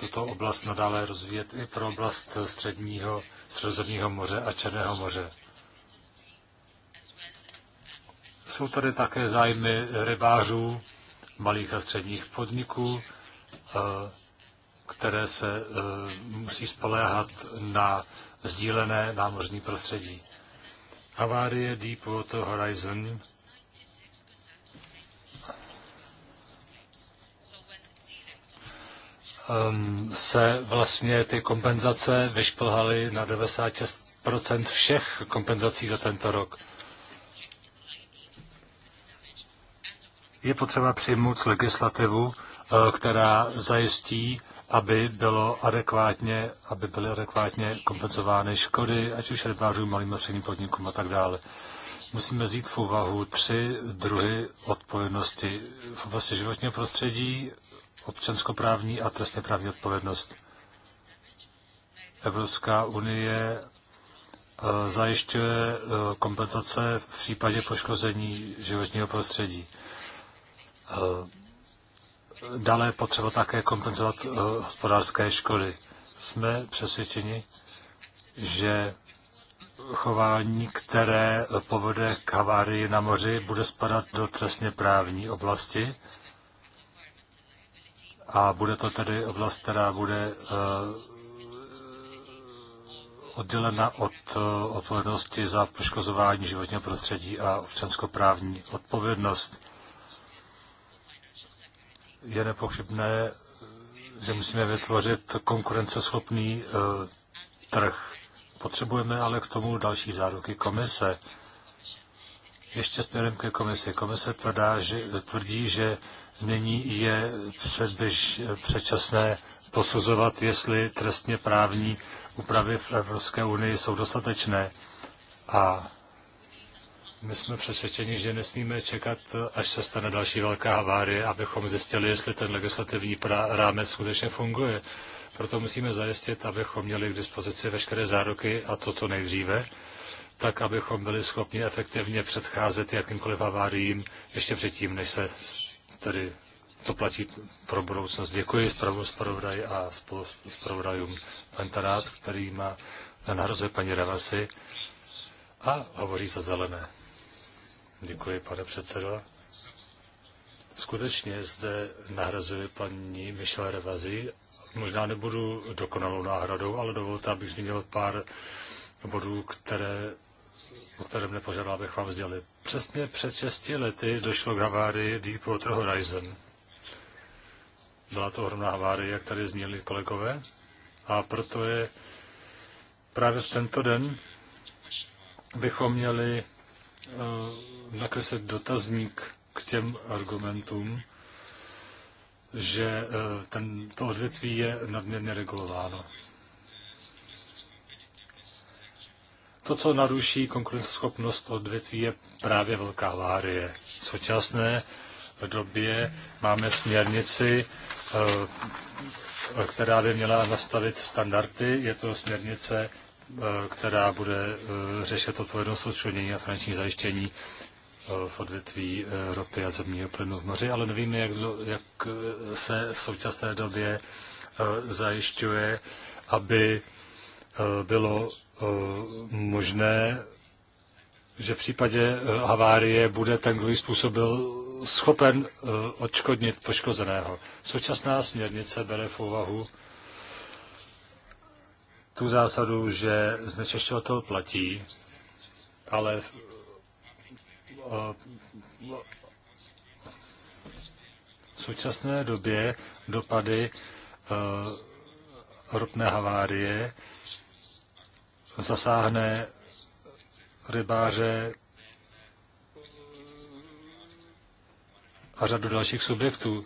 tuto oblast nadále rozvíjet i pro oblast středního, středozemního moře a Černého moře. Jsou tady také zájmy rybářů, malých a středních podniků, eh, které se eh, musí spoléhat na sdílené námořní prostředí. Havárie Deepwater Horizon ehm, se vlastně ty kompenzace vyšplhaly na 96 všech kompenzací za tento rok. je potřeba přijmout legislativu, eh, která zajistí, aby, bylo adekvátně, aby byly adekvátně kompenzovány škody, ať už rybářům, malým a středním podnikům a tak dále. Musíme zít v úvahu tři druhy odpovědnosti v oblasti životního prostředí, občanskoprávní a právní odpovědnost. Evropská unie eh, zajišťuje eh, kompenzace v případě poškození životního prostředí. Eh, dále je potřeba také kompenzovat eh, hospodářské škody. Jsme přesvědčeni, že chování, které eh, povede k havárii na moři, bude spadat do trestně právní oblasti a bude to tedy oblast, která bude oddělena od odpovědnosti za poškozování životního prostředí a občanskoprávní odpovědnost je nepochybné, že musíme vytvořit konkurenceschopný eh, trh. Potřebujeme ale k tomu další záruky komise. Ještě směrem ke komisi. Komise tvrdá, že, tvrdí, že nyní je předběž, eh, předčasné posuzovat, jestli trestně právní úpravy v Evropské unii jsou dostatečné. A my jsme přesvědčeni, že nesmíme čekat, až se stane další velká havárie, abychom zjistili, jestli ten legislativní rámec skutečně funguje. Proto musíme zajistit, abychom měli k dispozici veškeré záruky a to co nejdříve, tak abychom byli schopni efektivně předcházet jakýmkoliv haváriím ještě předtím, než se tedy to platí pro budoucnost. Děkuji zpravodaj a zpravodajům pan Tarát, který má na nahrazuje paní Ravasi a hovoří za zelené. Děkuji, pane předsedo. Skutečně zde nahrazuje paní Michelle Revazi. Možná nebudu dokonalou náhradou, ale dovolte, abych zmínil pár bodů, které, o kterém nepožádal, abych vám sdělil. Přesně před 6 lety došlo k havárii Deepwater Horizon. Byla to ohromná havárie, jak tady zmínili kolegové, a proto je právě v tento den bychom měli eh, nakreslit dotazník k těm argumentům, že eh, ten, to odvětví je nadměrně regulováno. To, co naruší konkurenceschopnost odvětví, je právě velká várie. V současné době máme směrnici, eh, která by měla nastavit standardy. Je to směrnice, eh, která bude řešit odpovědnost odčlenění a finanční zajištění v odvětví eh, ropy a zemního plynu v moři, ale nevíme, jak, jak eh, se v současné době eh, zajišťuje, aby bylo možné, že v případě havárie bude ten, kdo způsobil, schopen odškodnit poškozeného. Současná směrnice bere v úvahu tu zásadu, že znečišťovatel platí, ale Eh, v současné době dopady eh, ropné havárie zasáhne rybáře a řadu dalších subjektů.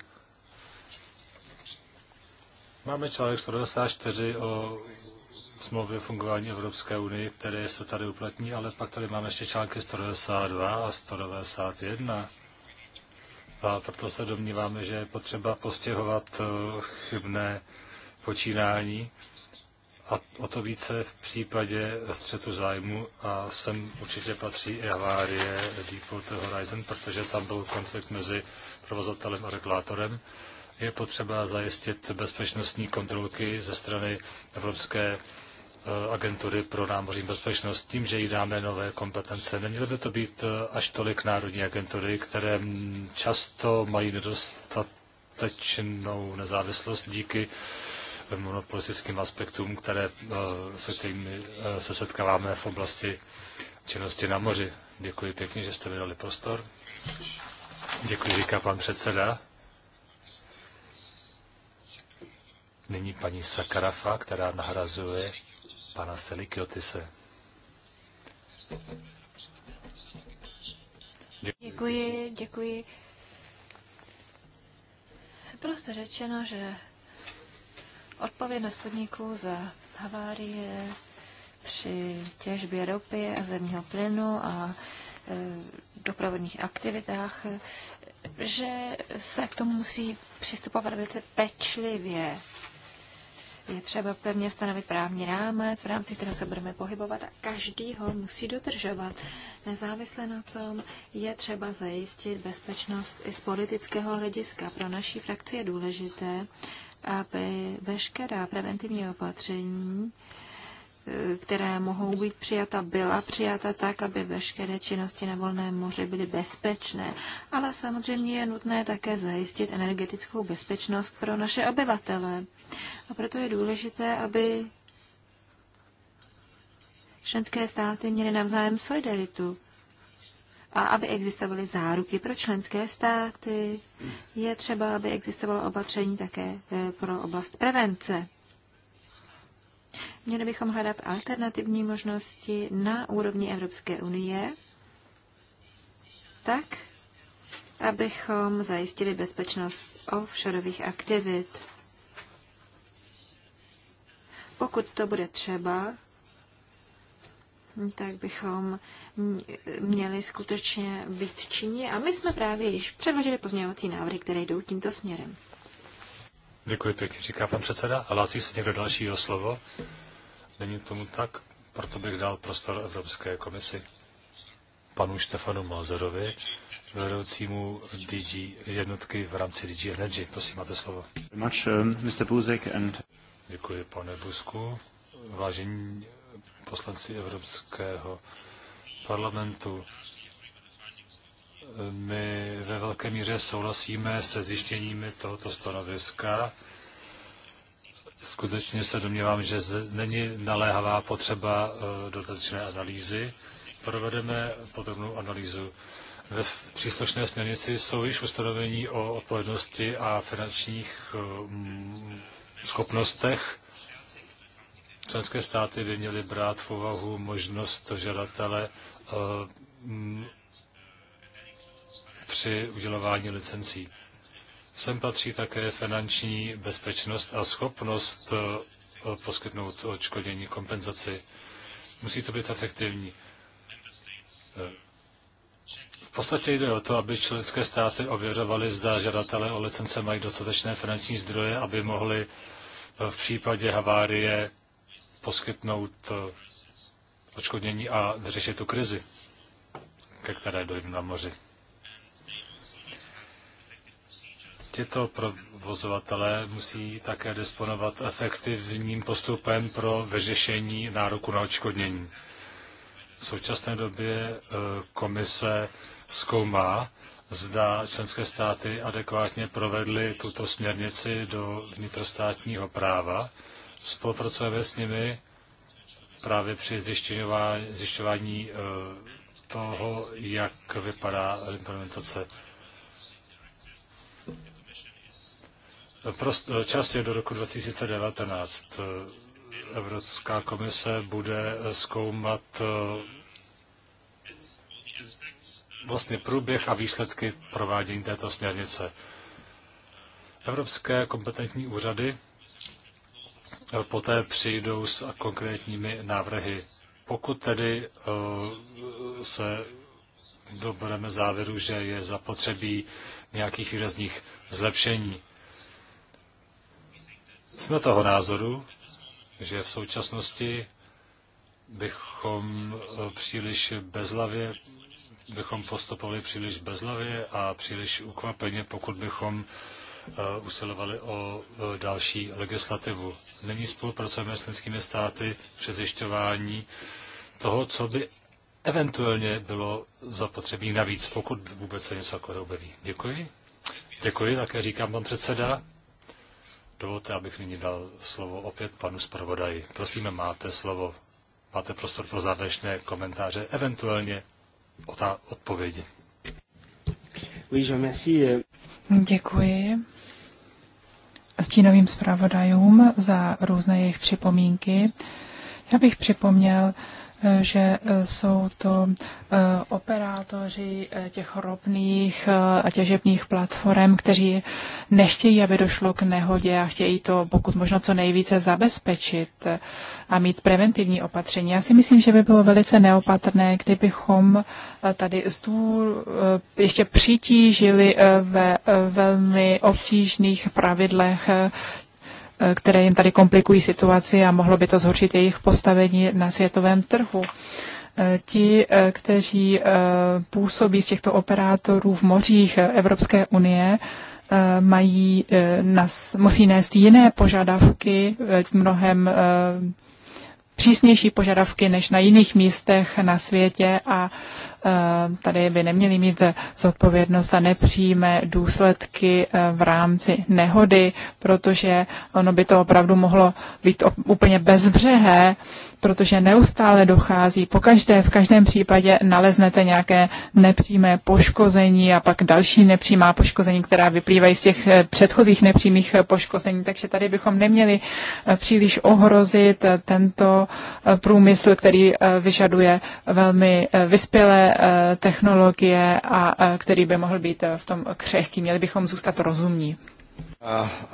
Máme článek 194 o smlouvy o fungování Evropské unie, které se tady uplatní, ale pak tady máme ještě články 192 a 191. A proto se domníváme, že je potřeba postěhovat eh, chybné počínání a o to více v případě střetu zájmu a sem určitě patří i havárie Deepwater Horizon, protože tam byl konflikt mezi provozatelem a regulátorem. Je potřeba zajistit bezpečnostní kontrolky ze strany Evropské Eh, agentury pro námořní bezpečnost tím, že jí dáme nové kompetence. Neměly by to být eh, až tolik národní agentury, které mm, často mají nedostatečnou nezávislost díky eh, monopolistickým aspektům, které, se kterými se setkáváme v oblasti činnosti na moři. Děkuji pěkně, že jste mi dali prostor. Děkuji, říká pan předseda. Nyní paní Sakarafa, která nahrazuje pana Selikiotise. Děkuji, děkuji. Prostě řečeno, že odpovědnost podniků za havárie při těžbě ropy a zemního plynu a e, doprovodných aktivitách, e, že se k tomu musí přistupovat velice pečlivě. Je třeba pevně stanovit právní rámec, v rámci kterého se budeme pohybovat a každý ho musí dodržovat. Nezávisle na tom je třeba zajistit bezpečnost i z politického hlediska. Pro naší frakci je důležité, aby veškerá preventivní opatření eh, které mohou být přijata, byla přijata tak, aby veškeré činnosti na volném moři byly bezpečné. Ale samozřejmě je nutné také zajistit energetickou bezpečnost pro naše obyvatele. A proto je důležité, aby členské státy měly navzájem solidaritu a aby existovaly záruky pro členské státy. Je třeba, aby existovalo opatření také eh, pro oblast prevence. Měli bychom hledat alternativní možnosti na úrovni Evropské unie, tak, abychom zajistili bezpečnost offshoreových aktivit. Pokud to bude třeba, tak bychom měli skutečně být činí. A my jsme právě již předložili pozměňovací návrhy, které jdou tímto směrem. Děkuji pěkně, říká pan předseda. A hlásí se někdo dalšího slovo? Není tomu tak, proto bych dal prostor Evropské komisi panu Štefanu Malzerovi, vedoucímu DG jednotky v rámci DG Energy. Prosím, máte slovo. Uh, Buzek and... Děkuji, pane Busku. Vážení poslanci Evropského parlamentu, my ve velké míře souhlasíme se zjištěními tohoto stanoviska. Skutečně se domnívám, že není naléhavá potřeba eh, dodatečné analýzy. Provedeme podrobnou analýzu. Ve příslušné směrnici jsou již ustanovení o odpovědnosti a finančních eh, schopnostech. Členské státy by měly brát v úvahu možnost žadatele eh, při udělování licencí. Sem patří také finanční bezpečnost a schopnost eh, poskytnout odškodnění kompenzaci. Musí to být efektivní. Eh, podstatě jde o to, aby členské státy ověřovaly, zda žadatelé o licence mají dostatečné finanční zdroje, aby mohli eh, v případě havárie poskytnout eh, odškodnění a řešit tu krizi, ke které dojde na moři. Tito provozovatelé musí také disponovat efektivním postupem pro vyřešení nároku na odškodnění. V současné době e, komise zkoumá, zda členské státy adekvátně provedly tuto směrnici do vnitrostátního práva. Spolupracujeme s nimi právě při zjišťování, zjišťování e, toho, jak vypadá implementace. Prost, e, čas je do roku 2019. Evropská komise bude zkoumat eh, vlastně průběh a výsledky provádění této směrnice. Evropské kompetentní úřady eh, poté přijdou s konkrétními návrhy. Pokud tedy eh, se dobereme závěru, že je zapotřebí nějakých výrazných zlepšení. Jsme toho názoru, že v současnosti bychom eh, příliš bezlavě bychom postupovali příliš bezlavě a příliš ukvapeně, pokud bychom eh, usilovali o eh, další legislativu. Nyní spolupracujeme s lidskými státy při zjišťování toho, co by eventuálně bylo zapotřebí navíc, pokud vůbec se něco takového objeví. Děkuji. Děkuji, také říkám pan předseda. Dovolte, abych nyní dal slovo opět panu zpravodaji. Prosíme, máte slovo. Máte prostor pro závěrečné komentáře, o ta odpovědi. Euh. Děkuji stínovým zpravodajům za různé jejich připomínky. Já bych připomněl, že eh, jsou to eh, operátoři eh, těch ropných a těžebních platform, kteří nechtějí, aby došlo k nehodě a chtějí to pokud možno co nejvíce zabezpečit a mít preventivní opatření. Já si myslím, že by bylo velice neopatrné, kdybychom tady stůl ještě přitížili ve velmi obtížných pravidlech Eh, které jim tady komplikují situaci a mohlo by to zhoršit jejich postavení na světovém trhu. Eh, ti, eh, kteří působí z těchto operátorů v mořích Evropské unie, mají, musí nést jiné požadavky, mnohem přísnější požadavky než na jiných místech na světě a e, tady by neměli mít zodpovědnost a nepřijíme důsledky e, v rámci nehody, protože ono by to opravdu mohlo být úplně bezbřehé protože neustále dochází, po každé, v každém případě naleznete nějaké nepřímé poškození a pak další nepřímá poškození, která vyplývají z těch eh, předchozích nepřímých eh, poškození. Takže tady bychom neměli eh, příliš ohrozit tento průmysl, který vyžaduje velmi vyspělé technologie a který by mohl být v tom křehký. Měli bychom zůstat rozumní. Uh,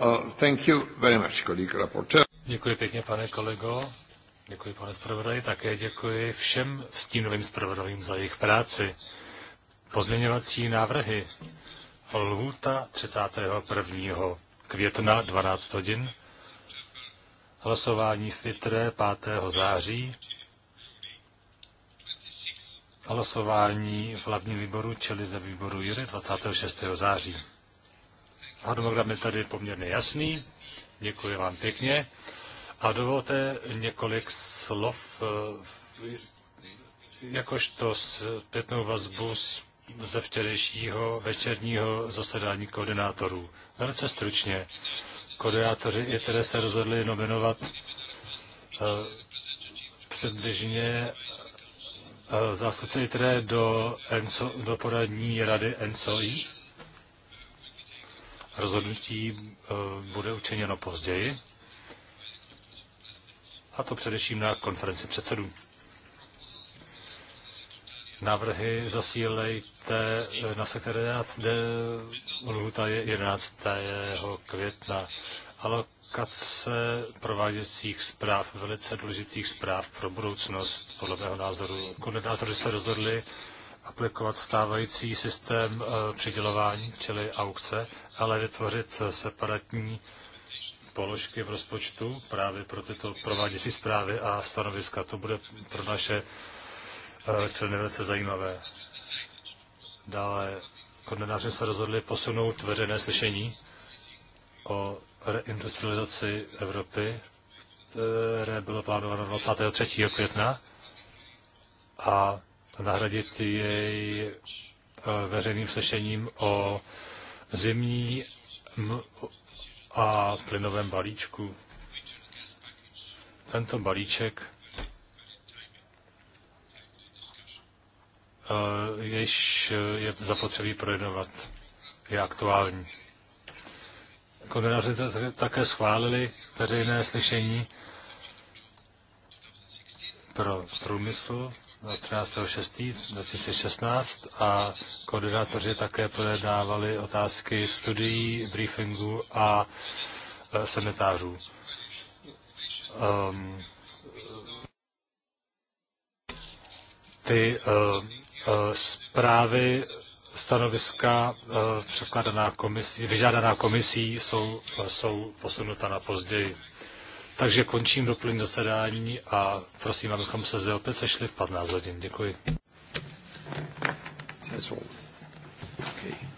uh, thank you very much, Děkuji pěkně, pane kolego. Děkuji, pane zpravodaji, také děkuji všem stínovým zpravodajům za jejich práci. Pozměňovací návrhy. Lhůta 31. května 12 hodin. Hlasování v ITRE 5. září. Hlasování v hlavním výboru, čili ve výboru JURY 26. září. Harmonogram je tady poměrně jasný. Děkuji vám pěkně. A dovolte několik slov eh, jakožto zpětnou vazbu ze včerejšího večerního zasedání koordinátorů. Velice stručně. Koordinátoři i tedy se rozhodli nominovat eh, předběžně eh, zástupce ITRE do, ENCO, do poradní rady ENCOI. Rozhodnutí bude učiněno později a to především na konferenci předsedů. Návrhy zasílejte eh, na sekretariat, kde lhuta je 11. května. Alokace prováděcích zpráv, velice důležitých zpráv pro budoucnost, podle mého názoru. Koordinátoři se rozhodli aplikovat stávající systém eh, přidělování, čili aukce, ale vytvořit separatní položky v rozpočtu právě pro tyto prováděcí zprávy a stanoviska. To bude pro naše eh, členy velice zajímavé. Dále koordináři se rozhodli posunout veřejné slyšení o reindustrializaci Evropy, které bylo plánováno 23. května a nahradit jej eh, veřejným slyšením o zimní a plynovém balíčku. Tento balíček eh, jež je zapotřebí projednovat, je aktuální. Konvenáři také schválili veřejné slyšení pro průmysl 13.6.2016 a koordinátoři také projednávali otázky studií, briefingu a e, sanitářů. Um, ehm, ty uh, uh, zprávy, stanoviska uh, předkladaná komisí, vyžádaná komisí jsou, uh, jsou posunuta na později. Takže končím doplň zasedání a prosím, abychom se zde opět sešli v 15 hodin. Děkuji. That's all. Okay.